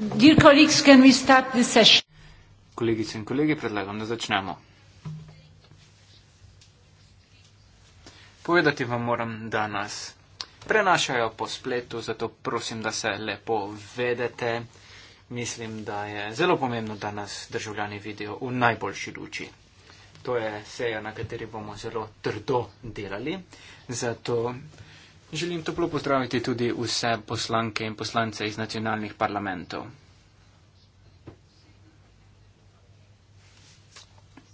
Dear colleagues, can we start the session? Kolegice in kolegi, predlagam, da začnemo. Povedati vam moram, da nas prenašajo po spletu, zato prosim, da se lepo vedete. Mislim, da je zelo pomembno, da nas državljani vidijo v najboljši luči. To je seja, na kateri bomo zelo trdo delali, zato Želim toplo pozdraviti tudi vse poslanke in poslance iz nacionalnih parlamentov.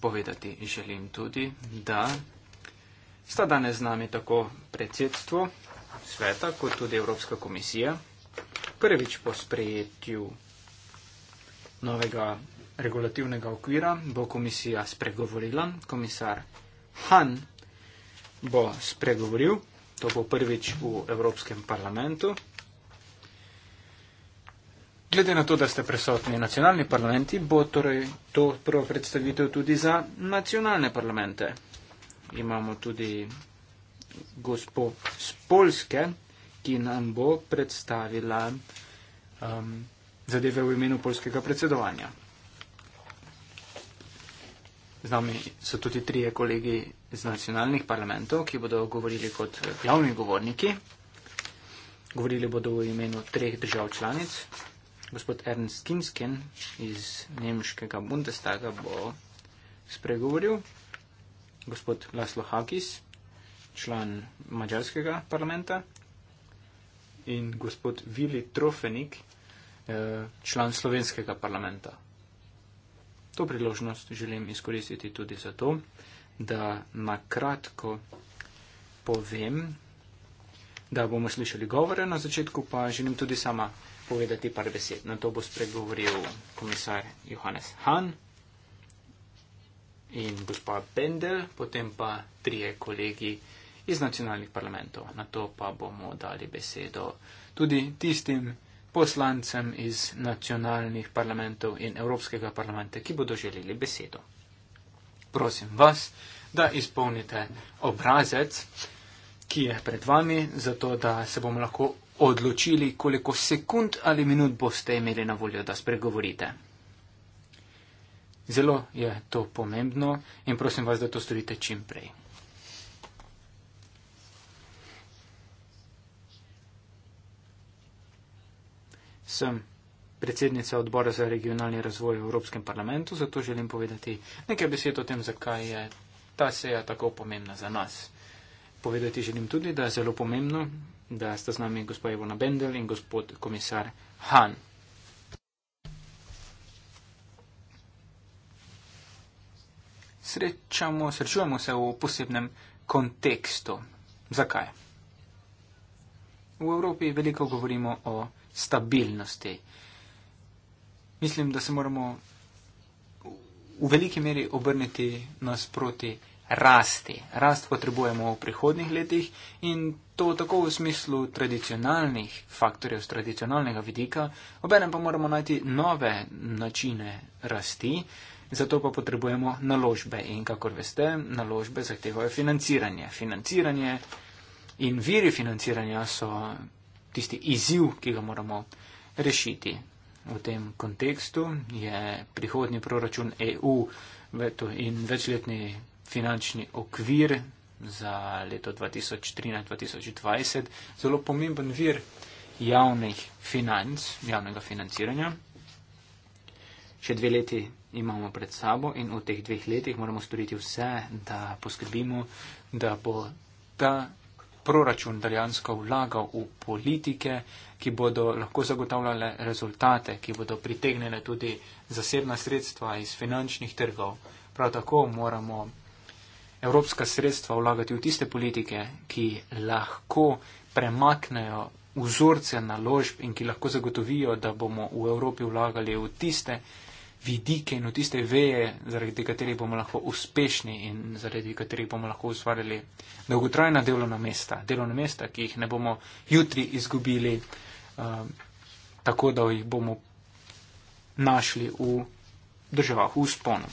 Povedati želim tudi, da sta danes z nami tako predsedstvo sveta kot tudi Evropska komisija. Prvič po sprejetju novega regulativnega okvira bo komisija spregovorila. Komisar Han bo spregovoril. To bo prvič v Evropskem parlamentu. Glede na to, da ste prisotni nacionalni parlamenti, bo torej to prvo predstavitev tudi za nacionalne parlamente. Imamo tudi gospod z Polske, ki nam bo predstavila um, zadeve v imenu polskega predsedovanja. Z nami so tudi trije kolegi iz nacionalnih parlamentov, ki bodo govorili kot glavni govorniki. Govorili bodo v imenu treh držav članic. Gospod Ernst Kinsken iz nemškega Bundestaga bo spregovoril. Gospod Laszlo Hakis, član mađarskega parlamenta. In gospod Vili Trofenik, eh, član slovenskega parlamenta. To priložnost želim izkoristiti tudi zato, da na kratko povem, da bomo slišali govore na začetku, pa želim tudi sama povedati par besed. Na to bo spregovoril komisar Johannes Hahn in gospa Bendel, potem pa trije kolegi iz nacionalnih parlamentov. Na to pa bomo dali besedo tudi tistim, poslancem iz nacionalnih parlamentov in Evropskega parlamenta, ki bodo želeli besedo. Prosim vas, da izpolnite obrazec, ki je pred vami, zato da se bomo lahko odločili, koliko sekund ali minut boste imeli na voljo, da spregovorite. Zelo je to pomembno in prosim vas, da to storite čim prej. sem predsednica odbora za regionalni razvoj v Evropskem parlamentu, zato želim povedati nekaj besed o tem, zakaj je ta seja tako pomembna za nas. Povedati želim tudi, da je zelo pomembno, da sta z nami gospod Ivona Bendel in gospod komisar Han. Srečamo, srečujemo se v posebnem kontekstu. Zakaj? V Evropi veliko govorimo o stabilnosti. Mislim, da se moramo v veliki meri obrniti nas proti rasti. Rast potrebujemo v prihodnih letih in to tako v smislu tradicionalnih faktorjev, z tradicionalnega vidika, obenem pa moramo najti nove načine rasti, zato pa potrebujemo naložbe in, kakor veste, naložbe zahtevajo financiranje. Financiranje in viri financiranja so tisti izziv, ki ga moramo rešiti. V tem kontekstu je prihodni proračun EU in večletni finančni okvir za leto 2013-2020 zelo pomemben vir javnih financ, javnega financiranja. Še dve leti imamo pred sabo in v teh dveh letih moramo storiti vse, da poskrbimo, da bo ta proračun dejansko vlagal v politike, ki bodo lahko zagotavljale rezultate, ki bodo pritegnile tudi zasebna sredstva iz finančnih trgov. Prav tako moramo evropska sredstva vlagati v tiste politike, ki lahko premaknejo vzorce naložb in ki lahko zagotovijo, da bomo v Evropi vlagali v tiste politike, vidike in v tiste veje, zaradi katerih bomo lahko uspešni in zaradi katerih bomo lahko ustvarjali dolgotrajna delovna mesta, delovna mesta, ki jih ne bomo jutri izgubili, um, tako da jih bomo našli v državah, v sponu.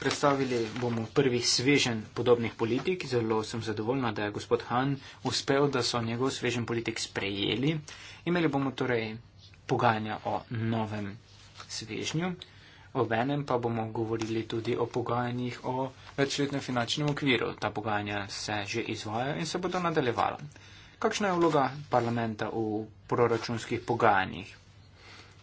Predstavili bomo prvi svežen podobnih politik. Zelo sem zadovoljna, da je gospod Han uspel, da so njegov svežen politik sprejeli. Imeli bomo torej pogajanja o novem svežnju. Obenem pa bomo govorili tudi o pogajanjih o večletnem finančnem okviru. Ta pogajanja se že izvajajo in se bodo nadaljevala. Kakšna je vloga parlamenta v proračunskih pogajanjih?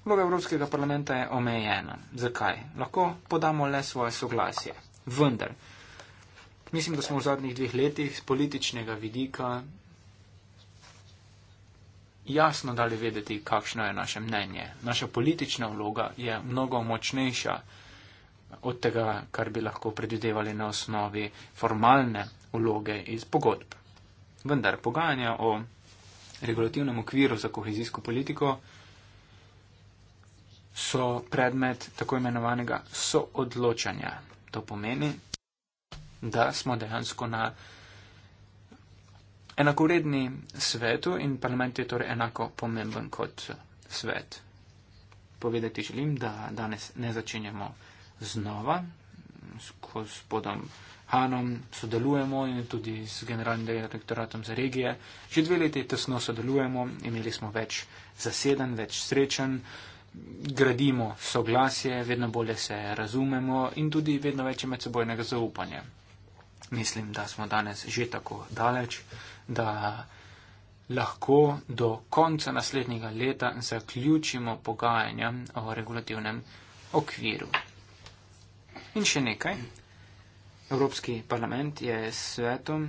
Vloga Evropskega parlamenta je omejena. Zakaj? Lahko podamo le svoje soglasje. Vendar, mislim, da smo v zadnjih dveh letih z političnega vidika jasno dali vedeti, kakšno je naše mnenje. Naša politična vloga je mnogo močnejša od tega, kar bi lahko predvidevali na osnovi formalne vloge iz pogodb. Vendar pogajanja o regulativnem okviru za kohezijsko politiko so predmet tako imenovanega soodločanja. To pomeni, da smo dejansko na enakovredni svetu in parlament je torej enako pomemben kot svet. Povedati želim, da danes ne začenjamo znova. S gospodom Hanom sodelujemo in tudi z generalnim direktoratom za regije. Že dve leti tesno sodelujemo, imeli smo več zaseden, več srečen, gradimo soglasje, vedno bolje se razumemo in tudi vedno več medsebojnega zaupanja. Mislim, da smo danes že tako daleč da lahko do konca naslednjega leta zaključimo pogajanja o regulativnem okviru. In še nekaj. Evropski parlament je s svetom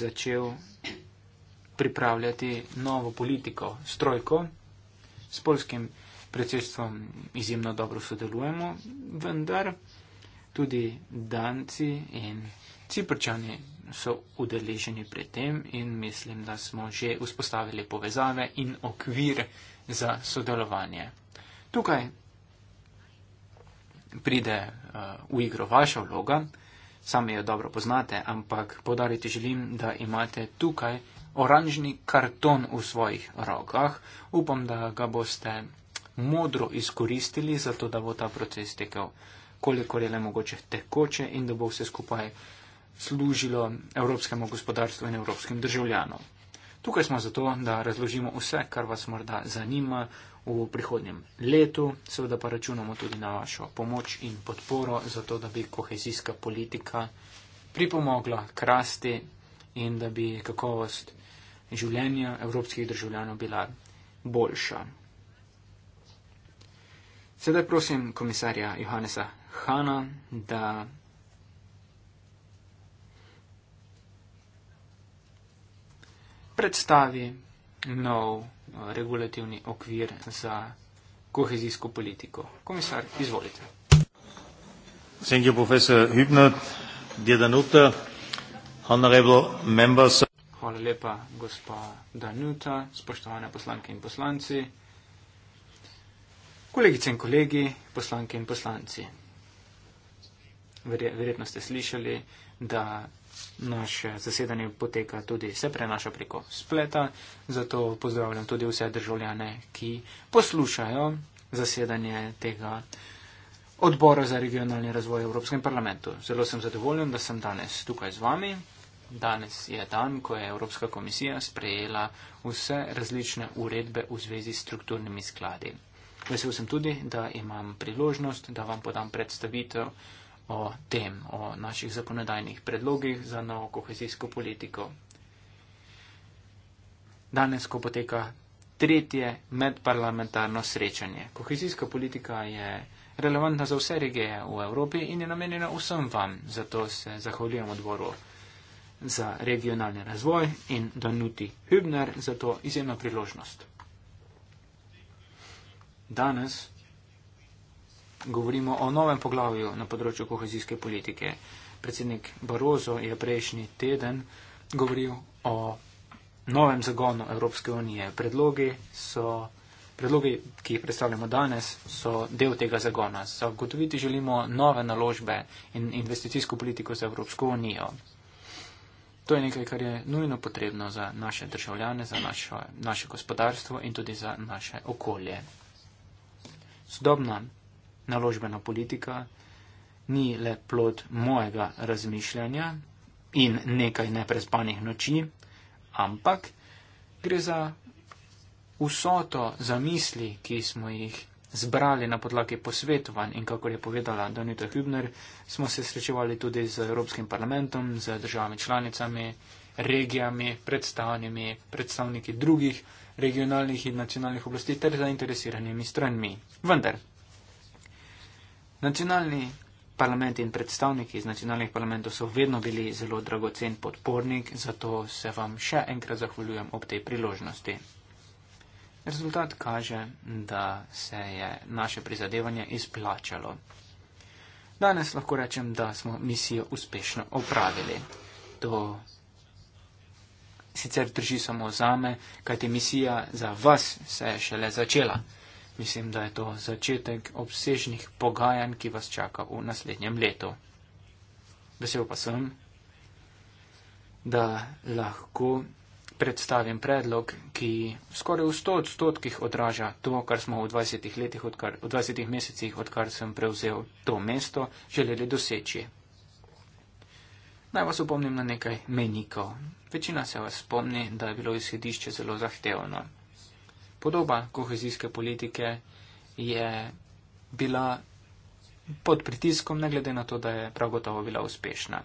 začel pripravljati novo politiko strojko. S polskim predsedstvom izjemno dobro sodelujemo, vendar tudi Danci in Ciprčani so udeleženi pri tem in mislim, da smo že vzpostavili povezave in okvir za sodelovanje. Tukaj pride uh, v igro vaša vloga, sami jo dobro poznate, ampak podariti želim, da imate tukaj oranžni karton v svojih rokah. Upam, da ga boste modro izkoristili, zato da bo ta proces tekel kolikor je le mogoče tekoče in da bo vse skupaj služilo evropskemu gospodarstvu in evropskim državljanom. Tukaj smo zato, da razložimo vse, kar vas morda zanima v prihodnjem letu, seveda pa računamo tudi na vašo pomoč in podporo, zato da bi kohezijska politika pripomogla k rasti in da bi kakovost življenja evropskih državljanov bila boljša. Sedaj prosim komisarja Johannesa Hana, da predstavi nov eh, regulativni okvir za kohezijsko politiko. Komisar, izvolite. Senjor profesor Hübner, Dedanuta, honorable members. Hvala lepa, gospa Danuta, spoštovane poslanke in poslanci, kolegice in kolegi, poslanke in poslanci. Verjetno ste slišali, da naše zasedanje poteka tudi, se prenaša preko spleta, zato pozdravljam tudi vse državljane, ki poslušajo zasedanje tega odbora za regionalni razvoj v Evropskem parlamentu. Zelo sem zadovoljen, da sem danes tukaj z vami. Danes je dan, ko je Evropska komisija sprejela vse različne uredbe v zvezi s strukturnimi skladi. Vesel sem tudi, da imam priložnost, da vam podam predstavitev o tem, o naših zakonodajnih predlogih za novo kohezijsko politiko. Danes, ko poteka tretje medparlamentarno srečanje. Kohezijska politika je relevantna za vse regije v Evropi in je namenjena vsem vam. Zato se zahvaljujem odboru za regionalni razvoj in Danuti Hübner za to izjemno priložnost. Danes govorimo o novem poglavju na področju kohezijske politike. Predsednik Barozo je prejšnji teden govoril o novem zagonu Evropske unije. Predlogi, so, predlogi ki jih predstavljamo danes, so del tega zagona. Zagotoviti želimo nove naložbe in investicijsko politiko za Evropsko unijo. To je nekaj, kar je nujno potrebno za naše državljane, za našo, naše gospodarstvo in tudi za naše okolje. Sodobna naložbena politika ni le plod mojega razmišljanja in nekaj neprespanih noči, ampak gre za vsoto zamisli, ki smo jih zbrali na podlagi posvetovanj in kako je povedala Donita Hübner, smo se srečevali tudi z Evropskim parlamentom, z državami članicami, regijami, predstavnimi, predstavniki drugih regionalnih in nacionalnih oblasti ter zainteresiranimi stranmi. Vendar Nacionalni parlament in predstavniki iz nacionalnih parlamentov so vedno bili zelo dragocen podpornik, zato se vam še enkrat zahvaljujem ob tej priložnosti. Rezultat kaže, da se je naše prizadevanje izplačalo. Danes lahko rečem, da smo misijo uspešno opravili. To sicer drži samo zame, kajti misija za vas se je šele začela. Mislim, da je to začetek obsežnih pogajanj, ki vas čaka v naslednjem letu. Vesel pa sem, da lahko predstavim predlog, ki skoraj v 100 odstotkih odraža to, kar smo v 20, letih, odkar, v 20 mesecih, odkar sem prevzel to mesto, želeli doseči. Naj vas upomnim na nekaj menikov. Večina se vas spomni, da je bilo izhodišče zelo zahtevno podoba kohezijske politike je bila pod pritiskom, ne glede na to, da je prav gotovo bila uspešna.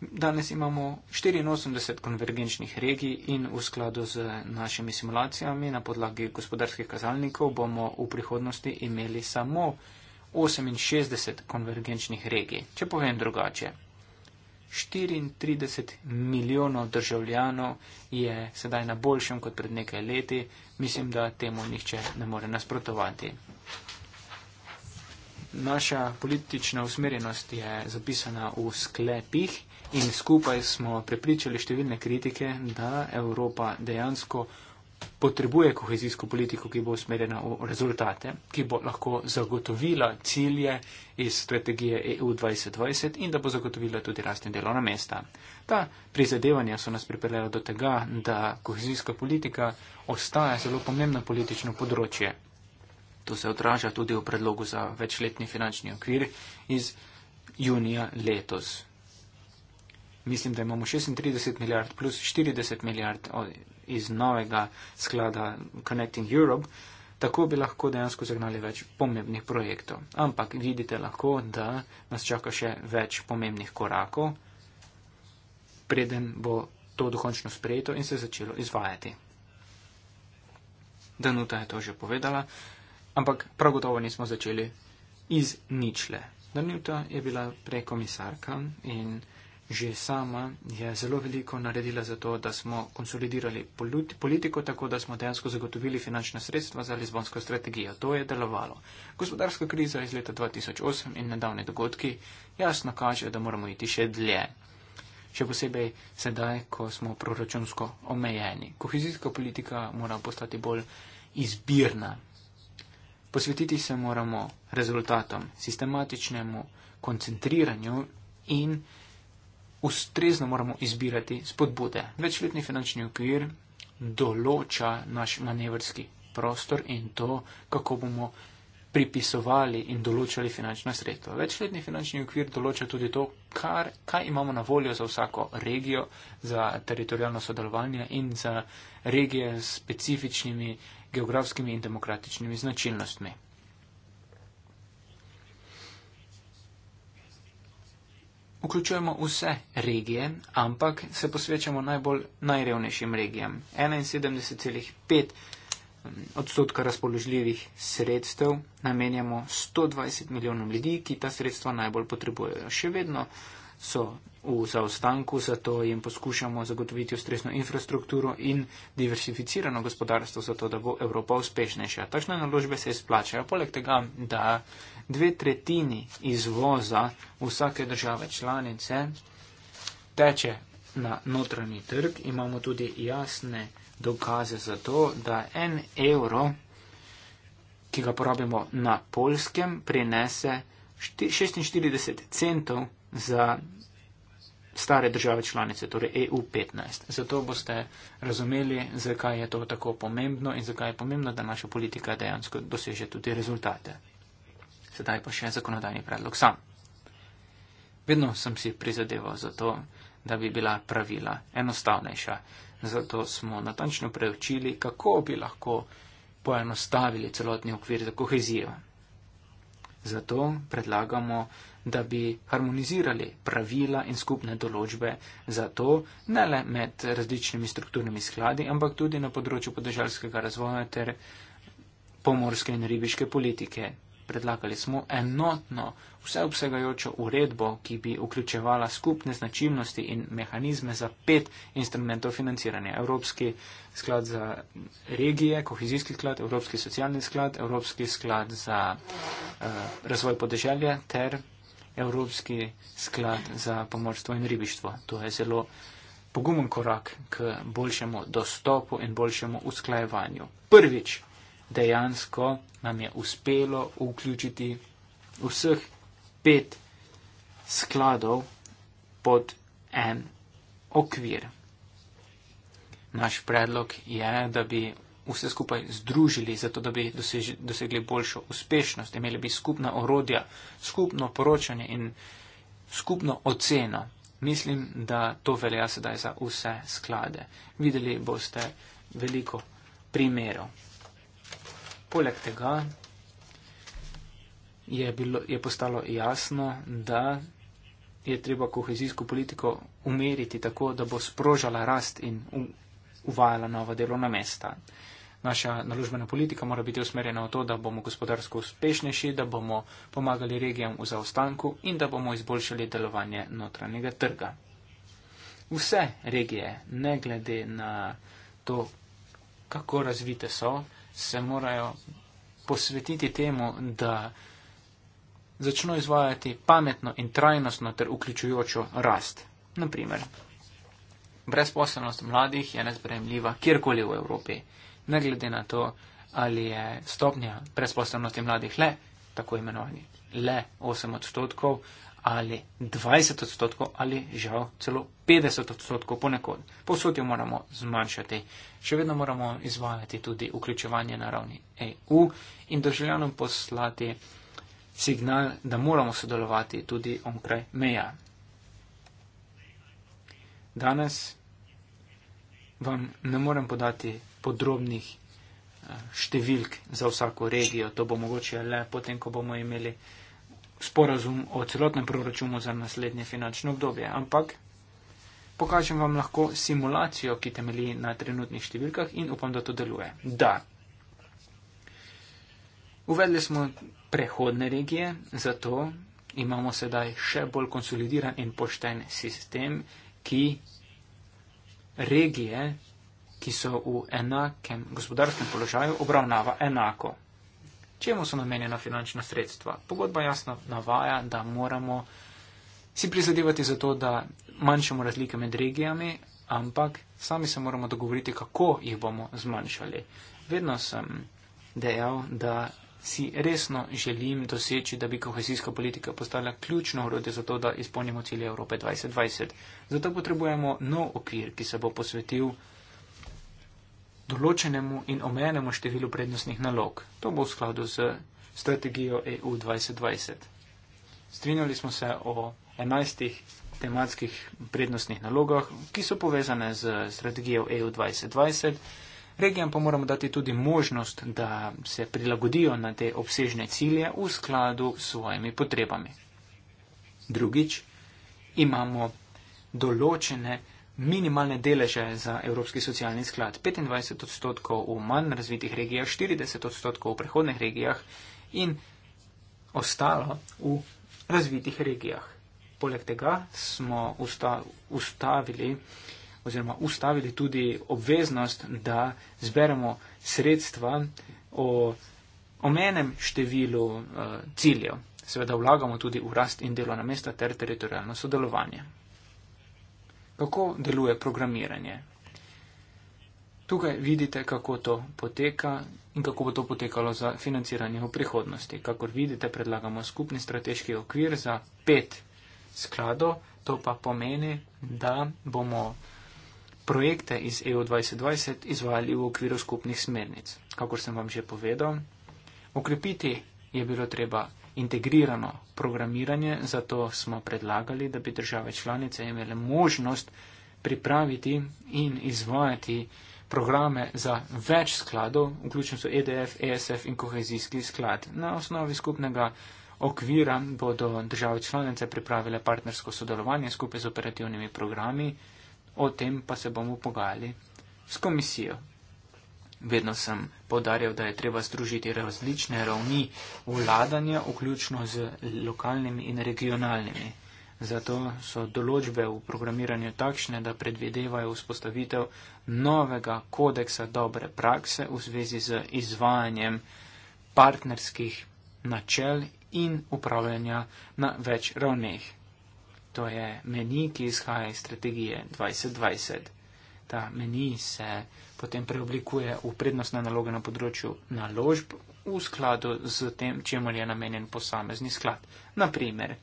Danes imamo 84 konvergenčnih regij in v skladu z našimi simulacijami na podlagi gospodarskih kazalnikov bomo v prihodnosti imeli samo 68 konvergenčnih regij. Če povem drugače, 34 milijonov državljanov je sedaj na boljšem kot pred nekaj leti. Mislim, da temu nihče ne more nasprotovati. Naša politična usmerjenost je zapisana v sklepih in skupaj smo prepričali številne kritike, da Evropa dejansko potrebuje kohezijsko politiko, ki bo usmerjena v rezultate, ki bo lahko zagotovila cilje iz strategije EU 2020 in da bo zagotovila tudi rast in delovna mesta. Ta prizadevanja so nas pripeljala do tega, da kohezijska politika ostaja zelo pomembno politično področje. To se odraža tudi v predlogu za večletni finančni okvir iz junija letos. Mislim, da imamo 36 milijard plus 40 milijard iz novega sklada Connecting Europe, tako bi lahko dejansko zagnali več pomembnih projektov. Ampak vidite lahko, da nas čaka še več pomembnih korakov, preden bo to dokončno sprejeto in se začelo izvajati. Danuta je to že povedala, ampak prav gotovo nismo začeli iz ničle. Danuta je bila prej komisarka in že sama je zelo veliko naredila za to, da smo konsolidirali politiko tako, da smo dejansko zagotovili finančne sredstva za lizbonsko strategijo. To je delovalo. Gospodarska kriza iz leta 2008 in nedavne dogodki jasno kaže, da moramo iti še dlje. Še posebej sedaj, ko smo proračunsko omejeni. Kohezijska politika mora postati bolj izbirna. Posvetiti se moramo rezultatom, sistematičnemu koncentriranju in ustrezno moramo izbirati spodbude. Večletni finančni okvir določa naš manevrski prostor in to, kako bomo pripisovali in določali finančna sredstva. Večletni finančni okvir določa tudi to, kar, kaj imamo na voljo za vsako regijo, za teritorijalno sodelovanje in za regije s specifičnimi geografskimi in demokratičnimi značilnostmi. Vključujemo vse regije, ampak se posvečamo najbolj najrevnejšim regijam. 71,5 um, odstotka razpoložljivih sredstev namenjamo 120 milijonom ljudi, ki ta sredstva najbolj potrebujejo. Še vedno so v zaostanku, zato jim poskušamo zagotoviti ustresno infrastrukturo in diversificirano gospodarstvo, zato da bo Evropa uspešnejša. Takšne naložbe se izplačajo, poleg tega, da dve tretjini izvoza vsake države članice teče na notranji trg. Imamo tudi jasne dokaze za to, da en evro, ki ga porabimo na polskem, prinese 46 centov za stare države članice, torej EU15. Zato boste razumeli, zakaj je to tako pomembno in zakaj je pomembno, da naša politika dejansko doseže tudi rezultate sedaj pa še zakonodajni predlog sam. Vedno sem si prizadeval za to, da bi bila pravila enostavnejša. Zato smo natančno preučili, kako bi lahko poenostavili celotni okvir za kohezijo. Zato predlagamo, da bi harmonizirali pravila in skupne določbe za to, ne le med različnimi strukturnimi skladi, ampak tudi na področju podeželskega razvoja ter pomorske in ribiške politike, predlagali smo enotno, vseobsegajočo uredbo, ki bi vključevala skupne značilnosti in mehanizme za pet instrumentov financiranja. Evropski sklad za regije, kohezijski sklad, Evropski socialni sklad, Evropski sklad za uh, razvoj podeželja ter Evropski sklad za pomorstvo in ribištvo. To je zelo pogumen korak k boljšemu dostopu in boljšemu usklajevanju. Prvič, dejansko nam je uspelo vključiti vseh pet skladov pod en okvir. Naš predlog je, da bi vse skupaj združili, zato da bi dosegli boljšo uspešnost, imeli bi skupna orodja, skupno poročanje in skupno oceno. Mislim, da to velja sedaj za vse sklade. Videli boste veliko primerov poleg tega je, bilo, je postalo jasno, da je treba kohezijsko politiko umeriti tako, da bo sprožala rast in uvajala nova delovna mesta. Naša naložbena politika mora biti usmerjena v to, da bomo gospodarsko uspešnejši, da bomo pomagali regijam v zaostanku in da bomo izboljšali delovanje notranjega trga. Vse regije, ne glede na to, kako razvite so, se morajo posvetiti temu, da začno izvajati pametno in trajnostno ter vključujočo rast. Naprimer, brezposelnost mladih je nesprejemljiva kjerkoli v Evropi, ne glede na to, ali je stopnja brezposelnosti mladih le, tako imenovani, le 8 odstotkov ali 20 odstotkov ali žal celo 50 odstotkov ponekod. Povsod jo moramo zmanjšati. Še vedno moramo izvajati tudi vključevanje na ravni EU in državljanom poslati signal, da moramo sodelovati tudi onkraj meja. Danes vam ne morem podati podrobnih eh, številk za vsako regijo. To bo mogoče le potem, ko bomo imeli sporazum o celotnem proračunu za naslednje finančno obdobje, ampak pokažem vam lahko simulacijo, ki temelji na trenutnih številkah in upam, da to deluje. Da. Uvedli smo prehodne regije, zato imamo sedaj še bolj konsolidiran in pošten sistem, ki regije, ki so v enakem gospodarskem položaju, obravnava enako čemu so namenjena finančna sredstva. Pogodba jasno navaja, da moramo si prizadevati za to, da manjšamo razlike med regijami, ampak sami se moramo dogovoriti, kako jih bomo zmanjšali. Vedno sem dejal, da si resno želim doseči, da bi kohezijska politika postala ključno urode za to, da izpolnimo cilje Evrope 2020. Zato potrebujemo nov okvir, ki se bo posvetil določenemu in omejenemu številu prednostnih nalog. To bo v skladu z strategijo EU 2020. Strinjali smo se o 11 tematskih prednostnih nalogah, ki so povezane z strategijo EU 2020. Regijam pa moramo dati tudi možnost, da se prilagodijo na te obsežne cilje v skladu s svojimi potrebami. Drugič, imamo določene minimalne deleže za Evropski socialni sklad. 25 odstotkov v manj razvitih regijah, 40 odstotkov v prehodnih regijah in ostalo v razvitih regijah. Poleg tega smo usta, ustavili oziroma ustavili tudi obveznost, da zberemo sredstva o omenem številu uh, ciljev. Seveda vlagamo tudi v rast in delo na mesta ter teritorijalno sodelovanje kako deluje programiranje. Tukaj vidite, kako to poteka in kako bo to potekalo za financiranje v prihodnosti. Kakor vidite, predlagamo skupni strateški okvir za pet skladov. To pa pomeni, da bomo projekte iz EU 2020 izvajali v okviru skupnih smernic. Kakor sem vam že povedal, okrepiti je bilo treba integrirano programiranje, zato smo predlagali, da bi države članice imele možnost pripraviti in izvajati programe za več skladov, vključno so EDF, ESF in kohezijski sklad. Na osnovi skupnega okvira bodo države članice pripravile partnersko sodelovanje skupaj z operativnimi programi, o tem pa se bomo pogajali s komisijo. Vedno sem podarjal, da je treba združiti različne ravni vladanja, vključno z lokalnimi in regionalnimi. Zato so določbe v programiranju takšne, da predvidevajo vzpostavitev novega kodeksa dobre prakse v zvezi z izvajanjem partnerskih načel in upravljanja na več ravneh. To je meni, ki izhaja iz strategije 2020. Ta meni se potem preoblikuje v prednostne naloge na področju naložb v skladu z tem, čemu je namenjen posamezni sklad. Naprimer,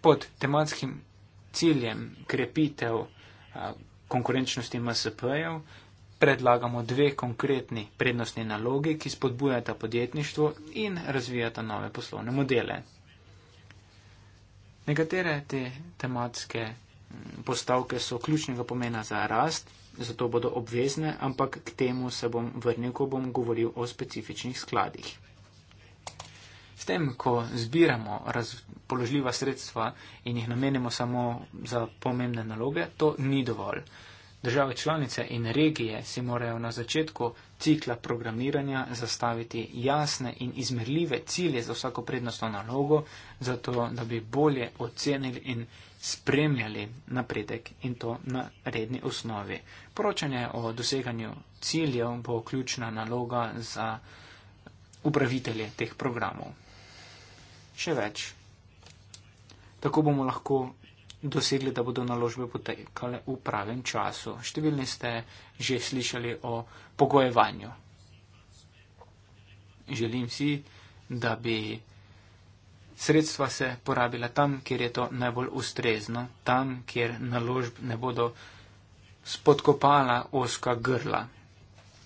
pod tematskim ciljem krepitev a, konkurenčnosti MSP-jev predlagamo dve konkretni prednostni nalogi, ki spodbujata podjetništvo in razvijata nove poslovne modele. Nekatere te tematske postavke so ključnega pomena za rast zato bodo obvezne, ampak k temu se bom vrnil, ko bom govoril o specifičnih skladih. S tem, ko zbiramo razpoložljiva sredstva in jih namenimo samo za pomembne naloge, to ni dovolj. Države članice in regije si morajo na začetku cikla programiranja zastaviti jasne in izmerljive cilje za vsako prednostno nalogo, zato da bi bolje ocenili in spremljali napredek in to na redni osnovi. Poročanje o doseganju ciljev bo ključna naloga za upravitelje teh programov. Še več. Tako bomo lahko dosegli, da bodo naložbe potekale v pravem času. Številni ste že slišali o pogojevanju. Želim si, da bi sredstva se porabila tam, kjer je to najbolj ustrezno, tam, kjer naložb ne bodo spodkopala oska grla.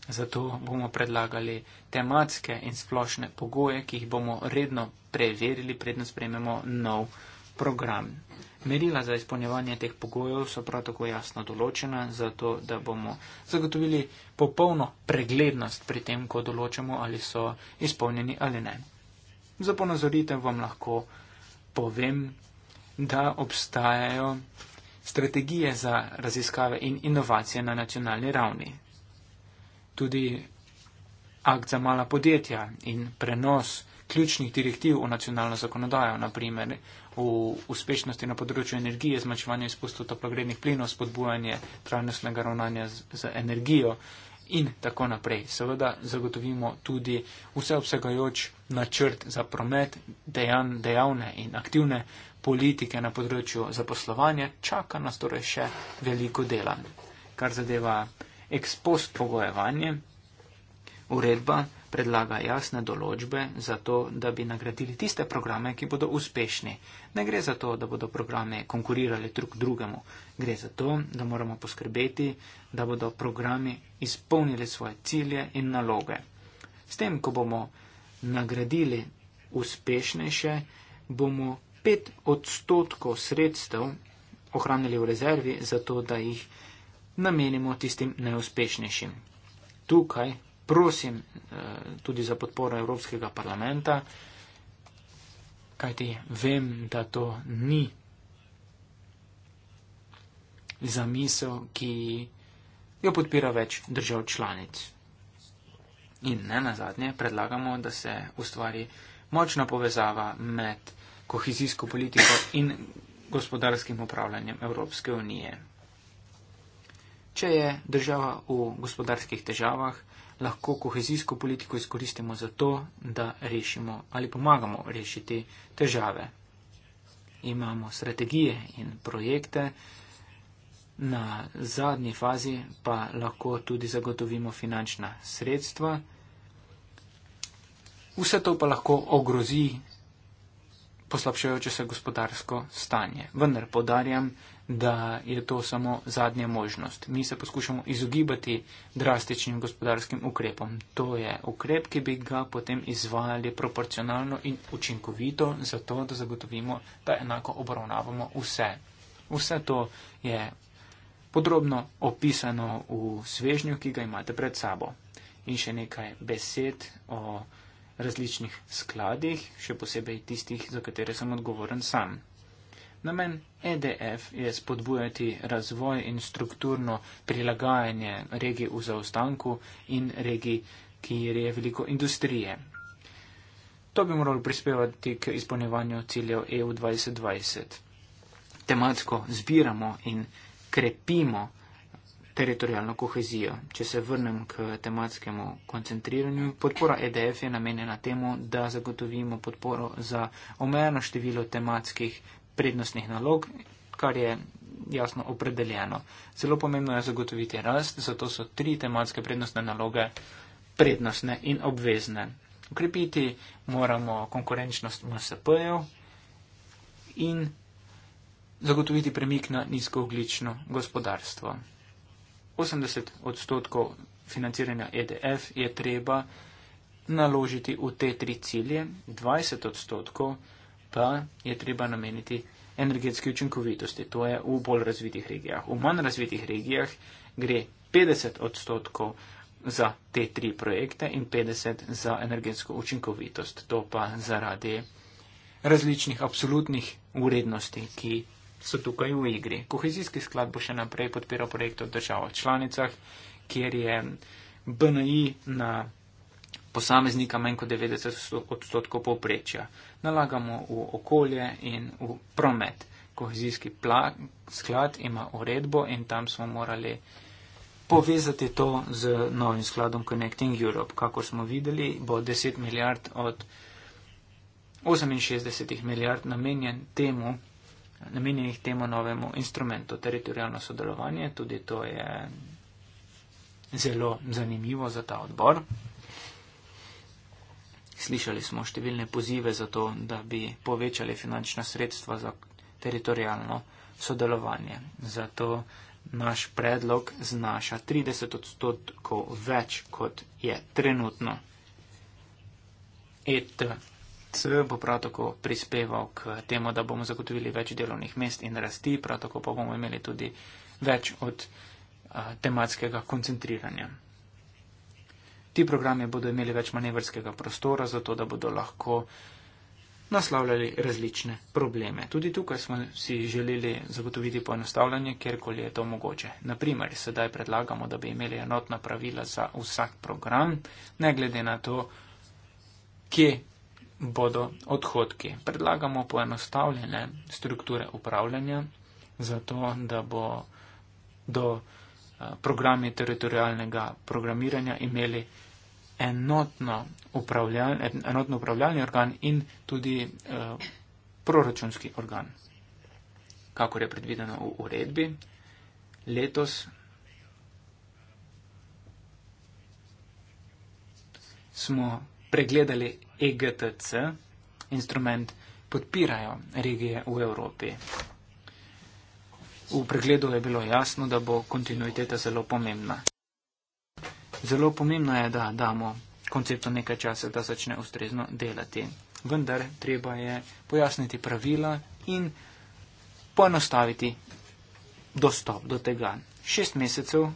Zato bomo predlagali tematske in splošne pogoje, ki jih bomo redno preverili, predno sprememo nov program. Merila za izpolnjevanje teh pogojev so prav tako jasno določena, zato da bomo zagotovili popolno preglednost pri tem, ko določamo, ali so izpolnjeni ali ne. Za ponazoritev vam lahko povem, da obstajajo strategije za raziskave in inovacije na nacionalni ravni. Tudi akt za mala podjetja in prenos ključnih direktiv v nacionalno zakonodajo, naprimer v uspešnosti na področju energije, zmanjševanje izpustov toplogrednih plinov, spodbujanje trajnostnega ravnanja z, z energijo in tako naprej. Seveda zagotovimo tudi vseobsegajoč načrt za promet, dejan, dejavne in aktivne politike na področju zaposlovanja. Čaka nas torej še veliko dela. Kar zadeva ekspost pogojevanje, uredba predlaga jasne določbe za to, da bi nagradili tiste programe, ki bodo uspešni. Ne gre za to, da bodo programe konkurirali drug drugemu, gre za to, da moramo poskrbeti, da bodo programi izpolnili svoje cilje in naloge. S tem, ko bomo nagradili uspešnejše, bomo pet odstotkov sredstev ohranili v rezervi za to, da jih namenimo tistim neuspešnejšim. Tukaj prosim eh, tudi za podporo Evropskega parlamenta, kajti vem, da to ni zamisel, ki jo podpira več držav članic. In ne nazadnje predlagamo, da se ustvari močna povezava med kohezijsko politiko in gospodarskim upravljanjem Evropske unije. Če je država v gospodarskih težavah, lahko kohezijsko politiko izkoristimo za to, da rešimo ali pomagamo rešiti težave. Imamo strategije in projekte, na zadnji fazi pa lahko tudi zagotovimo finančna sredstva. Vse to pa lahko ogrozi poslabšujoče se gospodarsko stanje. Vendar podarjam, da je to samo zadnja možnost. Mi se poskušamo izogibati drastičnim gospodarskim ukrepom. To je ukrep, ki bi ga potem izvajali proporcionalno in učinkovito, zato da zagotovimo, da enako obravnavamo vse. Vse to je podrobno opisano v svežnju, ki ga imate pred sabo. In še nekaj besed o različnih skladih, še posebej tistih, za katere sem odgovoren sam. Namen EDF je spodbujati razvoj in strukturno prilagajanje regij v zaostanku in regij, kjer je veliko industrije. To bi moralo prispevati k izpolnjevanju ciljev EU 2020. Tematsko zbiramo in krepimo teritorijalno kohezijo. Če se vrnem k tematskemu koncentriranju, podpora EDF je namenjena temu, da zagotovimo podporo za omejeno število tematskih prednostnih nalog, kar je jasno opredeljeno. Zelo pomembno je zagotoviti rast, zato so tri tematske prednostne naloge prednostne in obvezne. Ukrepiti moramo konkurenčnost MSP-jev in zagotoviti premik na nizkooglično gospodarstvo. 80 odstotkov financiranja EDF je treba naložiti v te tri cilje, 20 odstotkov pa je treba nameniti energetski učinkovitosti, to je v bolj razvitih regijah. V manj razvitih regijah gre 50 odstotkov za te tri projekte in 50 za energetsko učinkovitost, to pa zaradi različnih absolutnih urednosti, ki so tukaj v igri. Kohezijski sklad bo še naprej podpiral projekte v državah članicah, kjer je BNI na posameznika manj kot 90 odstotkov povprečja. Nalagamo v okolje in v promet. Kohezijski sklad ima uredbo in tam smo morali povezati to z novim skladom Connecting Europe. Kako smo videli, bo 10 milijard od 68 milijard namenjen temu, namenjenih temu novemu instrumentu, teritorijalno sodelovanje. Tudi to je zelo zanimivo za ta odbor. Slišali smo številne pozive za to, da bi povečali finančna sredstva za teritorijalno sodelovanje. Zato naš predlog znaša 30 odstotkov več, kot je trenutno. E Eh, bo prav tako prispeval k temu, da bomo zagotovili več delovnih mest in rasti, prav tako pa bomo imeli tudi več od eh, tematskega koncentriranja. Ti programe bodo imeli več manevrskega prostora, zato da bodo lahko naslavljali različne probleme. Tudi tukaj smo si želeli zagotoviti poenostavljanje, kjerkoli je to mogoče. Naprimer, sedaj predlagamo, da bi imeli enotna pravila za vsak program, ne glede na to, kje bodo odhodki. Predlagamo poenostavljene strukture upravljanja, zato da bo do eh, programi teritorijalnega programiranja imeli enotno upravljalni, enotno upravljalni organ in tudi eh, proračunski organ, kakor je predvideno v uredbi. Letos smo pregledali EGTC instrument podpirajo regije v Evropi. V pregledu je bilo jasno, da bo kontinuiteta zelo pomembna. Zelo pomembno je, da damo konceptu nekaj časa, da začne ustrezno delati. Vendar treba je pojasniti pravila in poenostaviti dostop do tega. Šest mesecev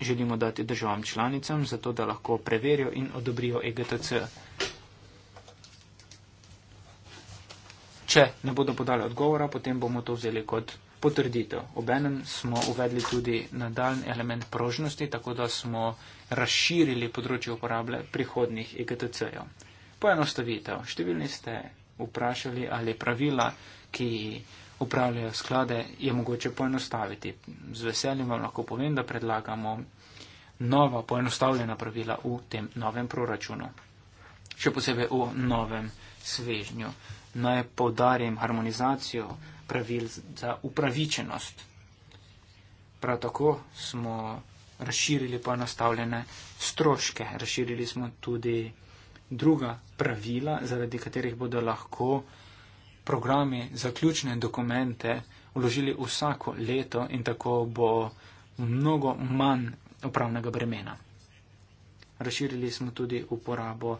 želimo dati državam članicam, zato da lahko preverijo in odobrijo EGTC. Če ne bodo podali odgovora, potem bomo to vzeli kot potrditev. Obenem smo uvedli tudi nadaljni element prožnosti, tako da smo razširili področje uporabe prihodnih EGTC-jev. Poenostavitev. Številni ste vprašali, ali pravila, ki upravljajo sklade, je mogoče poenostaviti. Z veseljem vam lahko povem, da predlagamo nova poenostavljena pravila v tem novem proračunu. Še posebej v novem proračunu svežnju. Naj podarim harmonizacijo pravil za upravičenost. Prav tako smo razširili poenostavljene stroške, razširili smo tudi druga pravila, zaradi katerih bodo lahko programi za ključne dokumente vložili vsako leto in tako bo mnogo manj upravnega bremena. Razširili smo tudi uporabo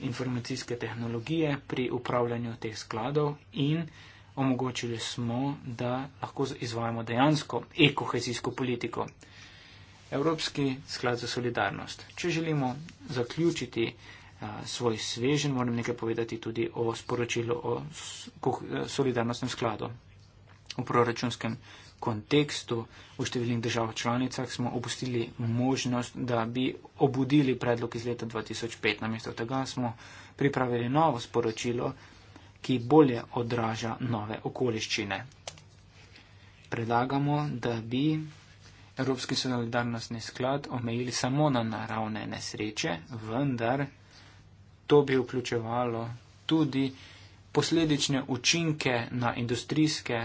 informacijske tehnologije pri upravljanju teh skladov in omogočili smo, da lahko izvajamo dejansko ekohezijsko politiko. Evropski sklad za solidarnost. Če želimo zaključiti a, eh, svoj svežen, moram nekaj povedati tudi o sporočilu o eh, solidarnostnem skladu. V proračunskem kontekstu v številnih državah članicah smo opustili možnost, da bi obudili predlog iz leta 2005. Namesto tega smo pripravili novo sporočilo, ki bolje odraža nove okoliščine. Predlagamo, da bi Evropski solidarnostni sklad omejili samo na naravne nesreče, vendar to bi vključevalo tudi posledične učinke na industrijske.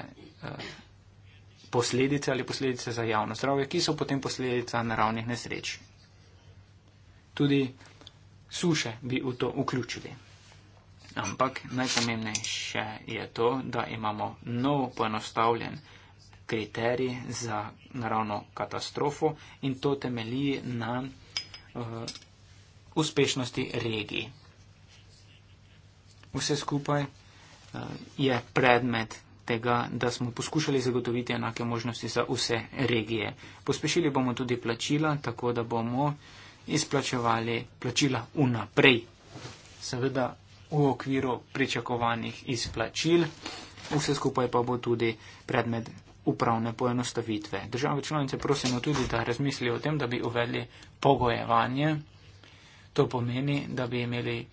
Eh, posledice ali posledice za javno zdravje, ki so potem posledica naravnih nesreč. Tudi suše bi v to vključili. Ampak najpomembnejše je to, da imamo nov poenostavljen kriterij za naravno katastrofo in to temelji na uh, uspešnosti regiji. Vse skupaj uh, je predmet tega, da smo poskušali zagotoviti enake možnosti za vse regije. Pospešili bomo tudi plačila, tako da bomo izplačevali plačila unaprej. Seveda v okviru pričakovanih izplačil, vse skupaj pa bo tudi predmet upravne poenostavitve. Države članice prosimo tudi, da razmislijo o tem, da bi uvedli pogojevanje. To pomeni, da bi imeli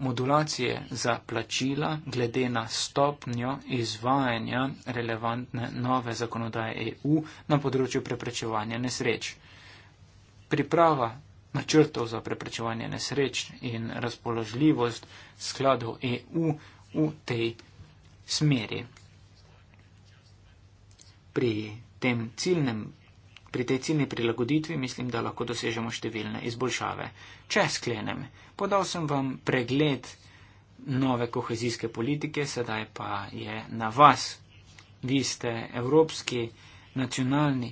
modulacije za plačila glede na stopnjo izvajanja relevantne nove zakonodaje EU na področju preprečevanja nesreč. Priprava načrtov za preprečevanje nesreč in razpoložljivost skladov EU v tej smeri. Pri, tem ciljnem, pri tej ciljni prilagoditvi mislim, da lahko dosežemo številne izboljšave. Če sklenem, Podal sem vam pregled nove kohezijske politike, sedaj pa je na vas. Vi ste evropski, nacionalni,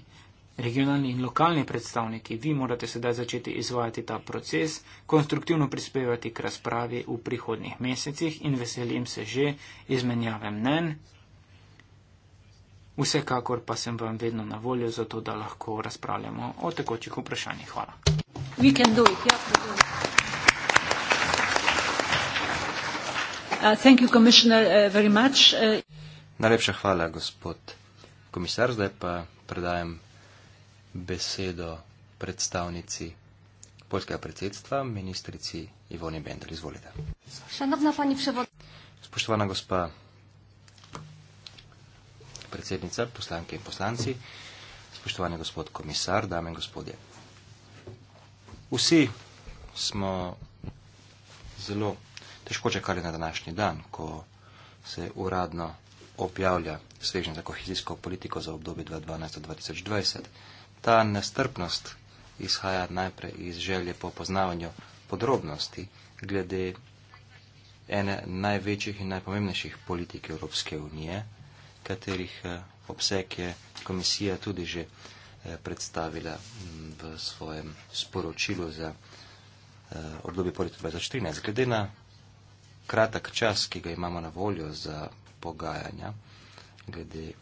regionalni in lokalni predstavniki. Vi morate sedaj začeti izvajati ta proces, konstruktivno prispevati k razpravi v prihodnih mesecih in veselim se že izmenjave mnen. Vsekakor pa sem vam vedno na voljo za to, da lahko razpravljamo o tekočih vprašanjih. Hvala. We can do it. Yeah, we can do it. Uh, thank you, Commissioner, uh, very much. Uh, Najlepša hvala, gospod komisar. Zdaj pa predajem besedo predstavnici polskega predsedstva, ministrici Ivoni Bendel. Izvolite. Spoštovana gospa predsednica, poslanke in poslanci, spoštovani gospod komisar, dame in gospodje. Vsi smo zelo težko čakali na današnji dan, ko se uradno objavlja svežen za kohezijsko politiko za obdobje 2012-2020. Ta nestrpnost izhaja najprej iz želje po poznavanju podrobnosti glede ene največjih in najpomembnejših politik Evropske unije, katerih eh, obseg je komisija tudi že eh, predstavila mm, v svojem sporočilu za eh, obdobje politika 2014. Glede na kratek čas, ki ga imamo na voljo za pogajanja glede